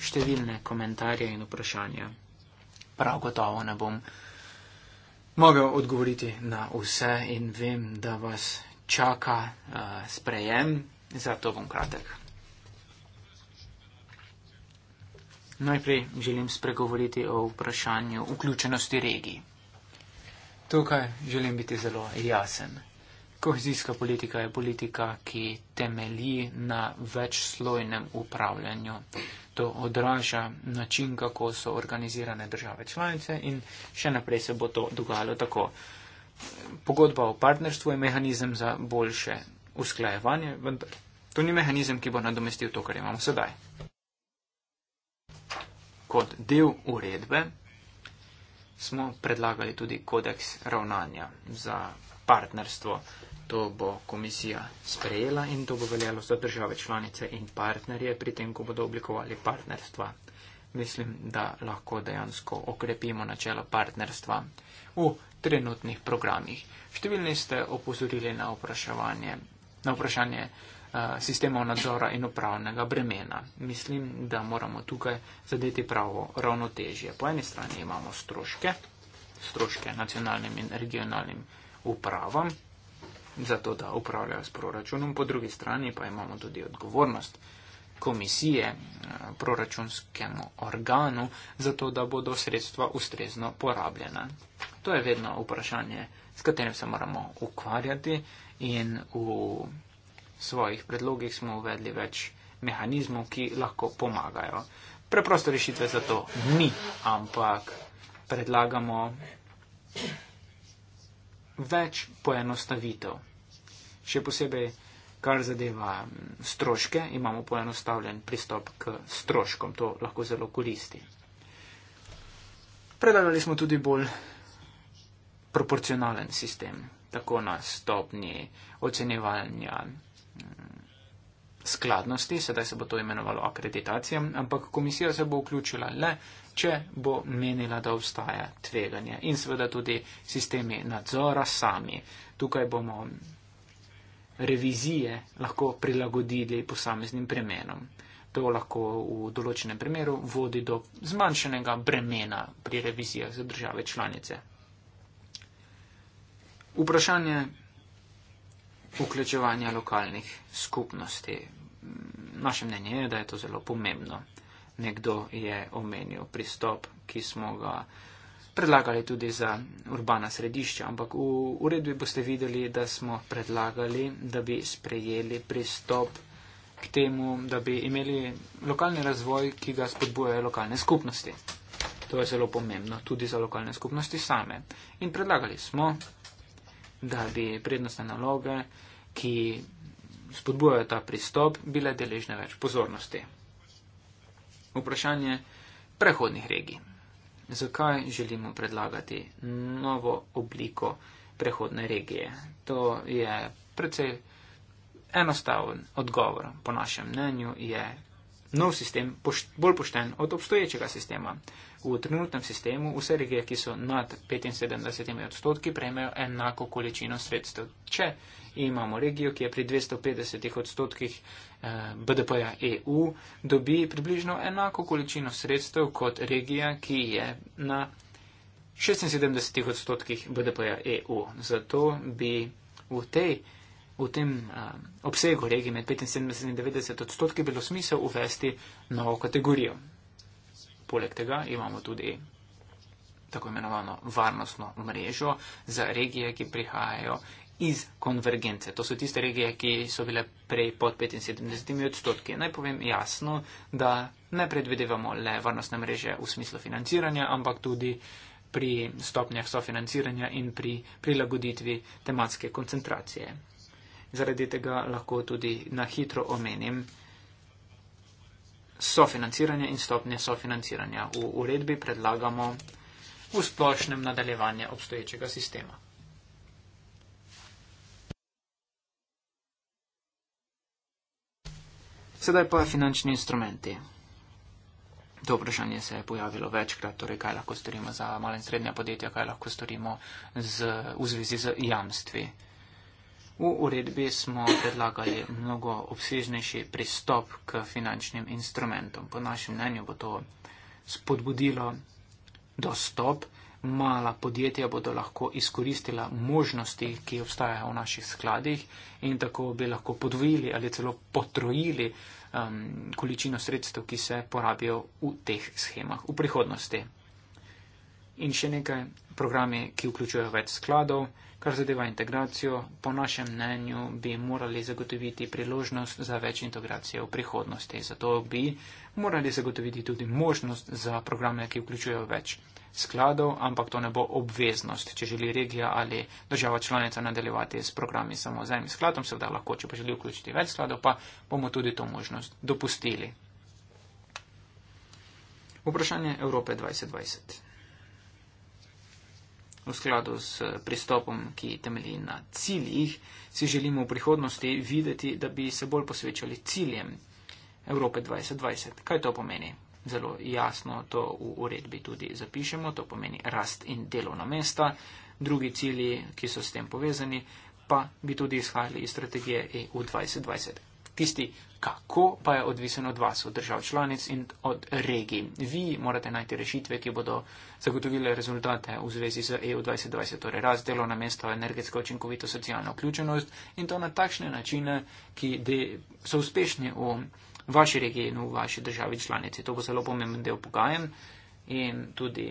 številne komentarje in vprašanja prav gotovo ne bom mogel odgovoriti na vse in vem, da vas čaka uh, sprejem, zato bom kratek. Najprej želim spregovoriti o vprašanju vključenosti regij. Tukaj želim biti zelo jasen. Kohezijska politika je politika, ki temelji na večslojnem upravljanju. To odraža način, kako so organizirane države članice in še naprej se bo to dogajalo tako. Pogodba o partnerstvu je mehanizem za boljše usklajevanje, vendar to ni mehanizem, ki bo nadomestil to, kar imamo sedaj. Kot del uredbe smo predlagali tudi kodeks ravnanja za partnerstvo to bo komisija sprejela in to bo veljalo za države članice in partnerje pri tem, ko bodo oblikovali partnerstva. Mislim, da lahko dejansko okrepimo načelo partnerstva v trenutnih programih. Številni ste opozorili na vprašanje, na vprašanje uh, sistemov nadzora in upravnega bremena. Mislim, da moramo tukaj zadeti pravo ravnotežje. Po eni strani imamo stroške, stroške nacionalnim in regionalnim upravam zato da upravljajo s proračunom, po drugi strani pa imamo tudi odgovornost komisije, eh, proračunskemu organu, zato da bodo sredstva ustrezno porabljena. To je vedno vprašanje, s katerim se moramo ukvarjati in v svojih predlogih smo uvedli več mehanizmov, ki lahko pomagajo. Preproste rešitve za to ni, ampak predlagamo več poenostavitev. Še posebej, kar zadeva mm, stroške, imamo poenostavljen pristop k stroškom. To lahko zelo koristi. Predlagali smo tudi bolj proporcionalen sistem, tako na stopni ocenjevanja mm, skladnosti, sedaj se bo to imenovalo akreditacijam, ampak komisija se bo vključila le če bo menila, da obstaja tveganje. In seveda tudi sistemi nadzora sami. Tukaj bomo revizije lahko prilagodili posameznim premenom. To lahko v določenem primeru vodi do zmanjšanega bremena pri revizijah za države članice. Vprašanje vključevanja lokalnih skupnosti. Naše mnenje je, da je to zelo pomembno nekdo je omenil pristop, ki smo ga predlagali tudi za urbana središča, ampak v uredbi boste videli, da smo predlagali, da bi sprejeli pristop k temu, da bi imeli lokalni razvoj, ki ga spodbujajo lokalne skupnosti. To je zelo pomembno tudi za lokalne skupnosti same. In predlagali smo, da bi prednostne naloge, ki spodbujajo ta pristop, bile deležne več pozornosti vprašanje prehodnih regij. Zakaj želimo predlagati novo obliko prehodne regije? To je precej enostaven odgovor, po našem mnenju, je nov sistem pošt, bolj pošten od obstoječega sistema. V trenutnem sistemu vse regije, ki so nad 75 odstotki, prejmejo enako količino sredstev. Če in imamo regijo, ki je pri 250 odstotkih eh, BDP-ja EU, dobi približno enako količino sredstev kot regija, ki je na 76 odstotkih BDP-ja EU. Zato bi v, tej, v tem eh, obsegu regije med 75 in 90 odstotki bilo smisel uvesti novo kategorijo. Poleg tega imamo tudi tako imenovano varnostno mrežo za regije, ki prihajajo iz konvergence. To so tiste regije, ki so bile prej pod 75 odstotki. Naj povem jasno, da ne predvidevamo le varnostne mreže v smislu financiranja, ampak tudi pri stopnjah sofinanciranja in pri prilagoditvi tematske koncentracije. Zaradi tega lahko tudi na hitro omenim sofinanciranje in stopnje sofinanciranja. V uredbi predlagamo v splošnem nadaljevanje obstoječega sistema. Sedaj pa finančni instrumenti. To vprašanje se je pojavilo večkrat, torej kaj lahko storimo za male in srednja podjetja, kaj lahko storimo z, v zvezi z jamstvi. V uredbi smo predlagali mnogo obsežnejši pristop k finančnim instrumentom. Po našem mnenju bo to spodbudilo dostop mala podjetja bodo lahko izkoristila možnosti, ki obstajajo v naših skladih in tako bi lahko podvojili ali celo potrojili um, količino sredstev, ki se porabijo v teh schemah v prihodnosti. In še nekaj programi, ki vključujejo več skladov, kar zadeva integracijo, po našem mnenju bi morali zagotoviti priložnost za več integracije v prihodnosti. Zato bi morali zagotoviti tudi možnost za programe, ki vključujejo več skladov, ampak to ne bo obveznost. Če želi regija ali država članica nadaljevati s programi samo z enim skladom, seveda lahko, če pa želi vključiti več skladov, pa bomo tudi to možnost dopustili. Vprašanje Evrope 2020. V skladu s pristopom, ki temelji na ciljih, si želimo v prihodnosti videti, da bi se bolj posvečali ciljem Evrope 2020. Kaj to pomeni? zelo jasno to v uredbi tudi zapišemo, to pomeni rast in delovna mesta. Drugi cilji, ki so s tem povezani, pa bi tudi izhajali iz strategije EU 2020. Tisti, kako pa je odvisen od vas, od držav članic in od regij. Vi morate najti rešitve, ki bodo zagotovile rezultate v zvezi z EU 2020, torej rast delovna mesta, energetsko učinkovito socijalno vključenost in to na takšne načine, ki so uspešni v. Um, v vaši regiji in no, v vaši državi članici. To bo zelo pomemben del pogajanj in tudi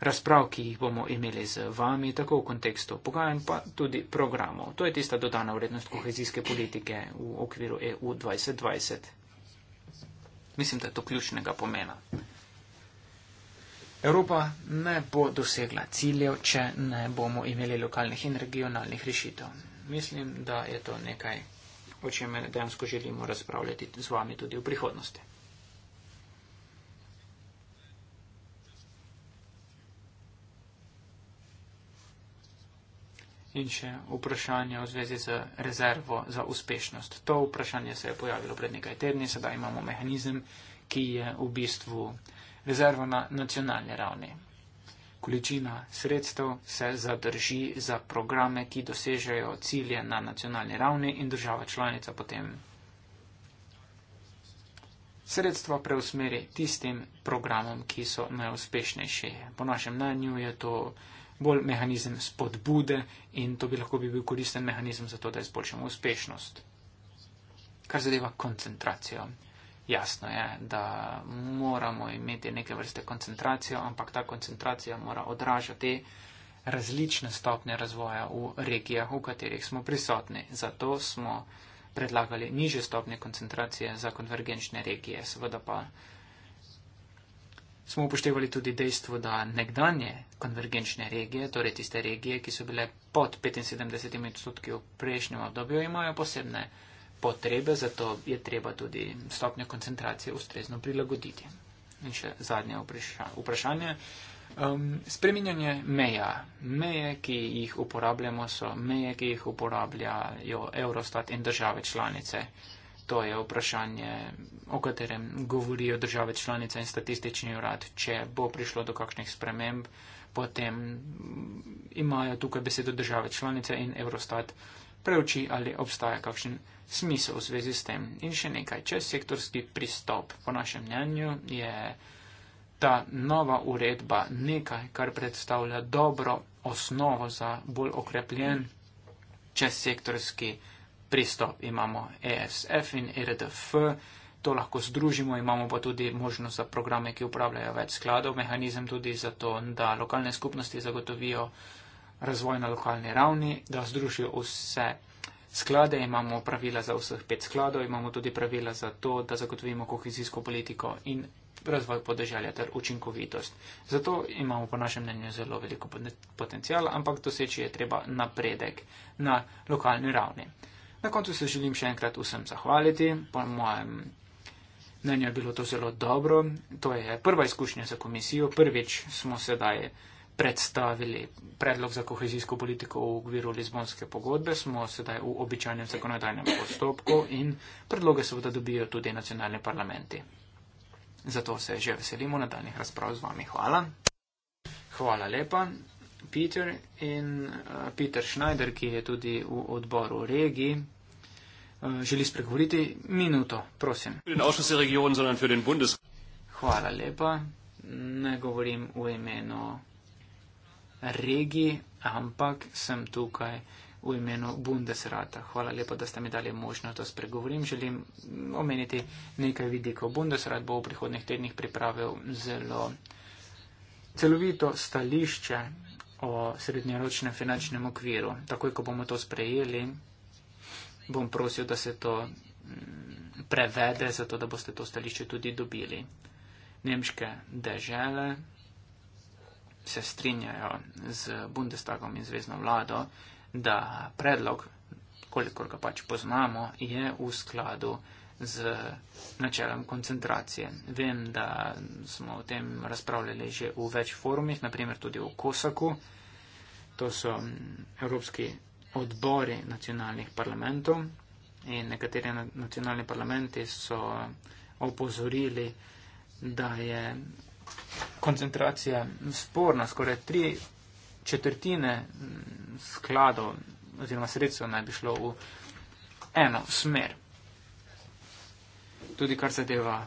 razprav, ki jih bomo imeli z vami, tako v kontekstu pogajanj, pa tudi programov. To je tista dodana vrednost kohezijske politike v okviru EU 2020. Mislim, da je to ključnega pomena. Evropa ne bo dosegla ciljev, če ne bomo imeli lokalnih in regionalnih rešitev. Mislim, da je to nekaj, o čem dejansko želimo razpravljati z vami tudi v prihodnosti. In še vprašanje v zvezi z rezervo za uspešnost. To vprašanje se je pojavilo pred nekaj tedni, sedaj imamo mehanizem, ki je v bistvu rezerva na nacionalni ravni količina sredstev se zadrži za programe, ki dosežejo cilje na nacionalni ravni in država članica potem sredstva preusmeri tistim programom, ki so najuspešnejši. Po našem mnenju je to bolj mehanizem spodbude in to bi lahko bi bil koristen mehanizem za to, da izboljšamo uspešnost. Kar zadeva koncentracijo jasno je, da moramo imeti neke vrste koncentracijo, ampak ta koncentracija mora odražati različne stopne razvoja v regijah, v katerih smo prisotni. Zato smo predlagali niže stopne koncentracije za konvergenčne regije. Seveda pa smo upoštevali tudi dejstvo, da nekdanje konvergenčne regije, torej tiste regije, ki so bile pod 75 odstotki v prejšnjem obdobju, imajo posebne potrebe, zato je treba tudi stopnjo koncentracije ustrezno prilagoditi. In še zadnje vpraša vprašanje. Um, spreminjanje meja. Meje, ki jih uporabljamo, so meje, ki jih uporabljajo Eurostat in države članice. To je vprašanje, o katerem govorijo države članice in statistični urad. Če bo prišlo do kakšnih sprememb, potem imajo tukaj besedo države članice in Eurostat preuči, ali obstaja kakšen smisel v zvezi s tem. In še nekaj, če sektorski pristop, po našem mnenju, je ta nova uredba nekaj, kar predstavlja dobro osnovo za bolj okrepljen čezsektorski pristop. Imamo ESF in e RDF, to lahko združimo, imamo pa tudi možnost za programe, ki upravljajo več skladov, mehanizem tudi za to, da lokalne skupnosti zagotovijo razvoj na lokalni ravni, da združijo vse sklade, imamo pravila za vseh pet skladov, imamo tudi pravila za to, da zagotovimo kohezijsko politiko in razvoj podeželja ter učinkovitost. Zato imamo po našem mnenju zelo veliko potencijala, ampak doseči je treba napredek na lokalni ravni. Na koncu se želim še enkrat vsem zahvaliti. Po mojem mnenju je bilo to zelo dobro. To je prva izkušnja za komisijo. Prvič smo sedaj predstavili predlog za kohezijsko politiko v okviru Lizbonske pogodbe, smo sedaj v običajnem zakonodajnem postopku in predloge seveda dobijo tudi nacionalni parlamenti. Zato se že veselimo nadaljnih razprav z vami. Hvala. Hvala lepa. Peter in uh, Peter Schneider, ki je tudi v odboru regi, uh, eh, želi spregovoriti minuto, prosim. Hvala lepa. Ne govorim v imenu regiji, ampak sem tukaj v imenu Bundesrata. Hvala lepa, da ste mi dali možnost, da spregovorim. Želim omeniti nekaj vidikov. Bundesrat bo v prihodnih tednih pripravil zelo celovito stališče o srednjeročnem finančnem okviru. Takoj, ko bomo to sprejeli, bom prosil, da se to mm, prevede, zato da boste to stališče tudi dobili. Nemške dežele se strinjajo z Bundestagom in zvezdno vlado, da predlog, kolikor ga pač poznamo, je v skladu z načelem koncentracije. Vem, da smo o tem razpravljali že v več forumih, naprimer tudi v Kosaku. To so mm, evropski odbori nacionalnih parlamentov in nekateri nacionalni parlamenti so opozorili, da je koncentracija sporna, skoraj tri četrtine skladov oziroma sredstva naj bi šlo v eno smer. Tudi kar zadeva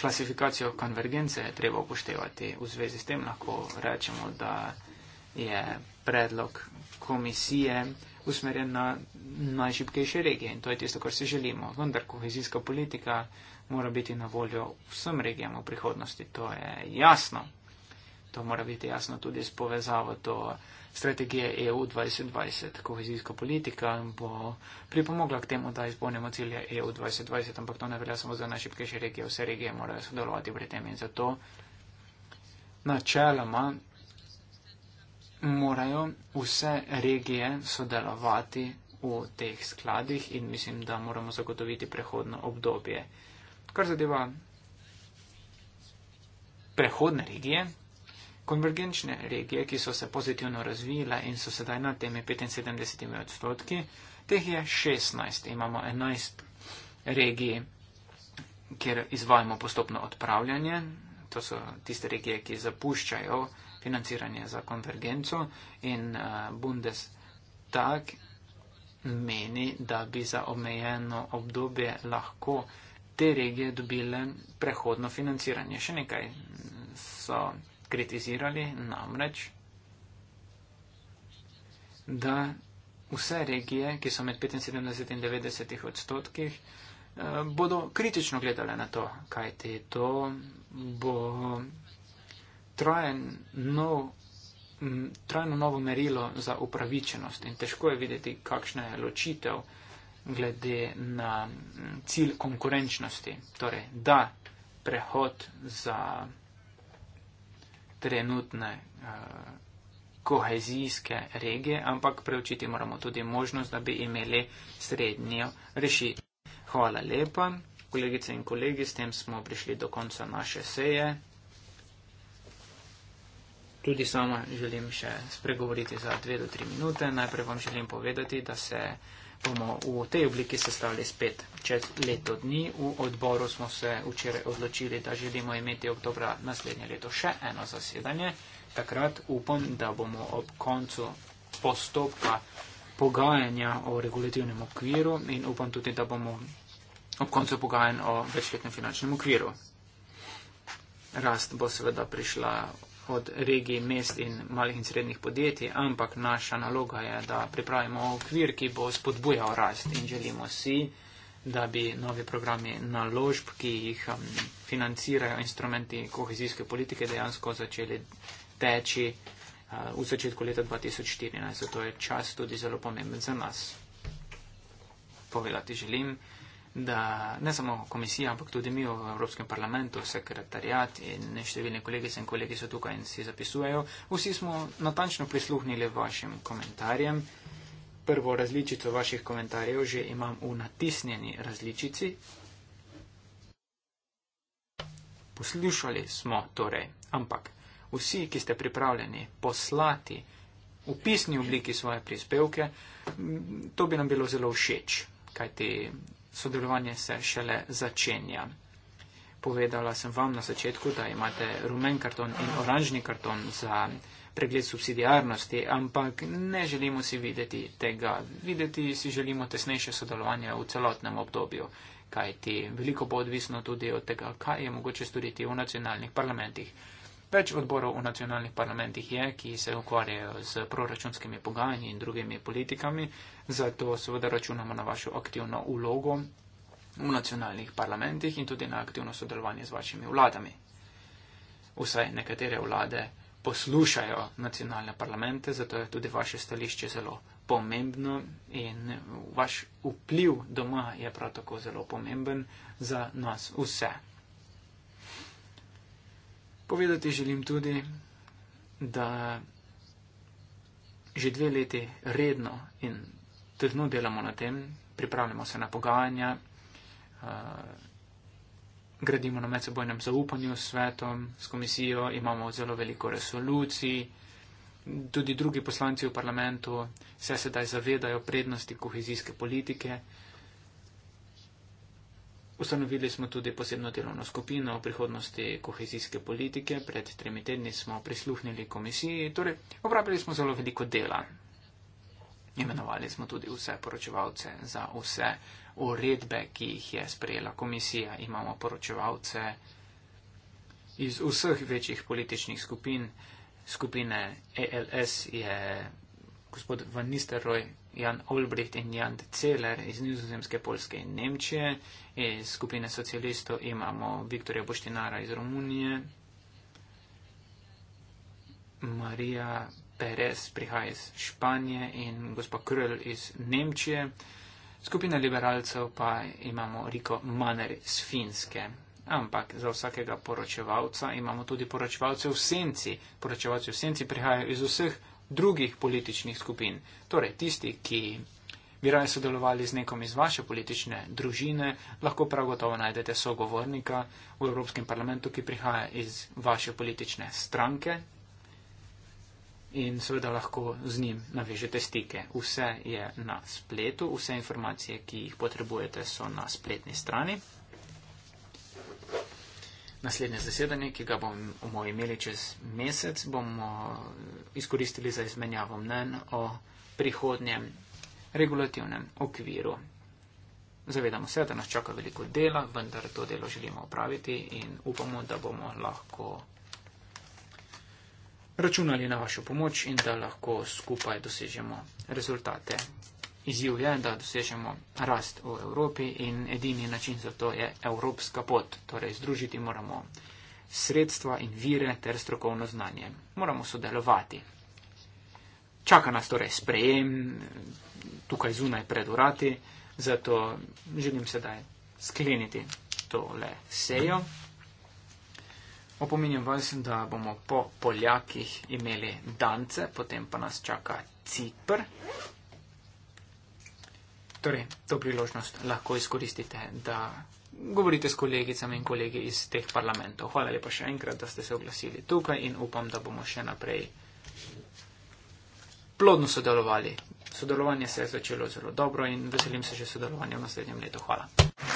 klasifikacijo konvergence, je treba upoštevati v zvezi s tem, lahko rečemo, da je predlog komisije usmerjen na najšipkejše regije in to je tisto, kar si želimo. Vendar kohezijska politika mora biti na voljo vsem regijam v prihodnosti. To je jasno. To mora biti jasno tudi s povezavo do strategije EU 2020. Kohezijska politika bo pripomogla k temu, da izpolnimo cilje EU 2020, ampak to ne velja samo za najšipkejše regije. Vse regije morajo sodelovati pri tem in zato načeloma morajo vse regije sodelovati v teh skladih in mislim, da moramo zagotoviti prehodno obdobje kar zadeva prehodne regije, konvergenčne regije, ki so se pozitivno razvijale in so sedaj na temi 75 odstotki, teh je 16. Imamo 11 regij, kjer izvajamo postopno odpravljanje. To so tiste regije, ki zapuščajo financiranje za konvergenco in eh, Bundestag meni, da bi za omejeno obdobje lahko te regije dobile prehodno financiranje. Še nekaj so kritizirali, namreč, da vse regije, ki so med 75 in 90 odstotkih, eh, bodo kritično gledale na to, kaj te to bo trojen nov trajno novo merilo za upravičenost in težko je videti, kakšna je ločitev uh, glede na cilj konkurenčnosti. Torej, da prehod za trenutne eh, kohezijske regije, ampak preučiti moramo tudi možnost, da bi imeli srednjo rešitev. Hvala lepa, kolegice in kolegi, s tem smo prišli do konca naše seje. Tudi sama želim še spregovoriti za dve do tri minute. Najprej vam želim povedati, da se bomo v tej obliki sestali spet čez leto dni. V odboru smo se včeraj odločili, da želimo imeti oktobra naslednje leto še eno zasedanje. Takrat upam, da bomo ob koncu postopka pogajanja o regulativnem okviru in upam tudi, da bomo ob koncu pogajanj o večletnem finančnem okviru. Rast bo seveda prišla od regij, mest in malih in srednjih podjetij, ampak naša naloga je, da pripravimo okvir, ki bo spodbujal rast in želimo si, da bi novi programi naložb, ki jih um, financirajo instrumenti kohezijske politike, dejansko začeli teči uh, v začetku leta 2014. Zato je čas tudi zelo pomemben za nas. Povedati želim da ne samo komisija, ampak tudi mi v Evropskem parlamentu, sekretarjat in neštevilni kolegi in kolegi so tukaj in si zapisujejo. Vsi smo natančno prisluhnili vašim komentarjem. Prvo različico vaših komentarjev že imam v natisnjeni različici. Poslušali smo torej, ampak vsi, ki ste pripravljeni poslati v pisni obliki svoje prispevke, to bi nam bilo zelo všeč, kajti sodelovanje se šele začenja. Povedala sem vam na začetku, da imate rumen karton in oranžni karton za pregled subsidijarnosti, ampak ne želimo si videti tega. Videti si želimo tesnejše sodelovanje v celotnem obdobju, kajti veliko bo odvisno tudi od tega, kaj je mogoče storiti v nacionalnih parlamentih. Več odborov v nacionalnih parlamentih je, ki se ukvarjajo z proračunskimi pogajanji in drugimi politikami, zato seveda računamo na vašo aktivno ulogo v nacionalnih parlamentih in tudi na aktivno sodelovanje z vašimi vladami. Vsaj nekatere vlade poslušajo nacionalne parlamente, zato je tudi vaše stališče zelo pomembno in vaš vpliv doma je prav tako zelo pomemben za nas vse. Povedati želim tudi, da že dve leti redno in trdno delamo na tem, pripravljamo se na pogajanja, eh, gradimo na medsebojnem zaupanju s svetom, s komisijo, imamo zelo veliko resolucij. Tudi drugi poslanci v parlamentu se sedaj zavedajo prednosti kohezijske politike, Ustanovili smo tudi posebno delovno skupino o prihodnosti kohezijske politike. Pred tremi tedni smo prisluhnili komisiji, torej opravili smo zelo veliko dela. Imenovali smo tudi vse poročevalce za vse uredbe, ki jih je sprejela komisija. Imamo poročevalce iz vseh večjih političnih skupin. Skupine ELS je gospod Van Nisterroj, Jan Olbricht in Jan Celer iz Nizozemske, Polske in Nemčije. Iz skupine socialistov imamo Viktorja Boštinara iz Romunije. Marija Perez prihaja iz Španije in gospod Krl iz Nemčije. Skupina liberalcev pa imamo Riko Maner iz Finske. Ampak za vsakega poročevalca imamo tudi poročevalce v senci. Poročevalce v senci prihajajo iz vseh drugih političnih skupin. Torej, tisti, ki bi raje sodelovali z nekom iz vaše politične družine, lahko prav gotovo najdete sogovornika v Evropskem parlamentu, ki prihaja iz vaše politične stranke in seveda lahko z njim navežete stike. Vse je na spletu, vse informacije, ki jih potrebujete, so na spletni strani naslednje zasedanje, ki ga bomo imeli čez mesec, bomo eh, izkoristili za izmenjavo mnen o prihodnjem regulativnem okviru. Zavedamo se, da nas čaka veliko dela, vendar to delo želimo opraviti in upamo, da bomo lahko računali na vašo pomoč in da lahko skupaj dosežemo rezultate, izjiv je, da dosežemo rast v Evropi in edini način za to je evropska pot. Torej, združiti moramo sredstva in vire ter strokovno znanje. Moramo sodelovati. Čaka nas torej sprejem tukaj zunaj pred urati, zato želim sedaj skleniti tole sejo. Opominjam vas, da bomo po Poljakih imeli Dance, potem pa nas čaka Cipr torej, to priložnost lahko izkoristite, da govorite s kolegicami in kolegi iz teh parlamentov. Hvala lepa še enkrat, da ste se oglasili tukaj in upam, da bomo še naprej plodno sodelovali. Sodelovanje se je začelo zelo dobro in veselim se že sodelovanja v naslednjem letu. Hvala.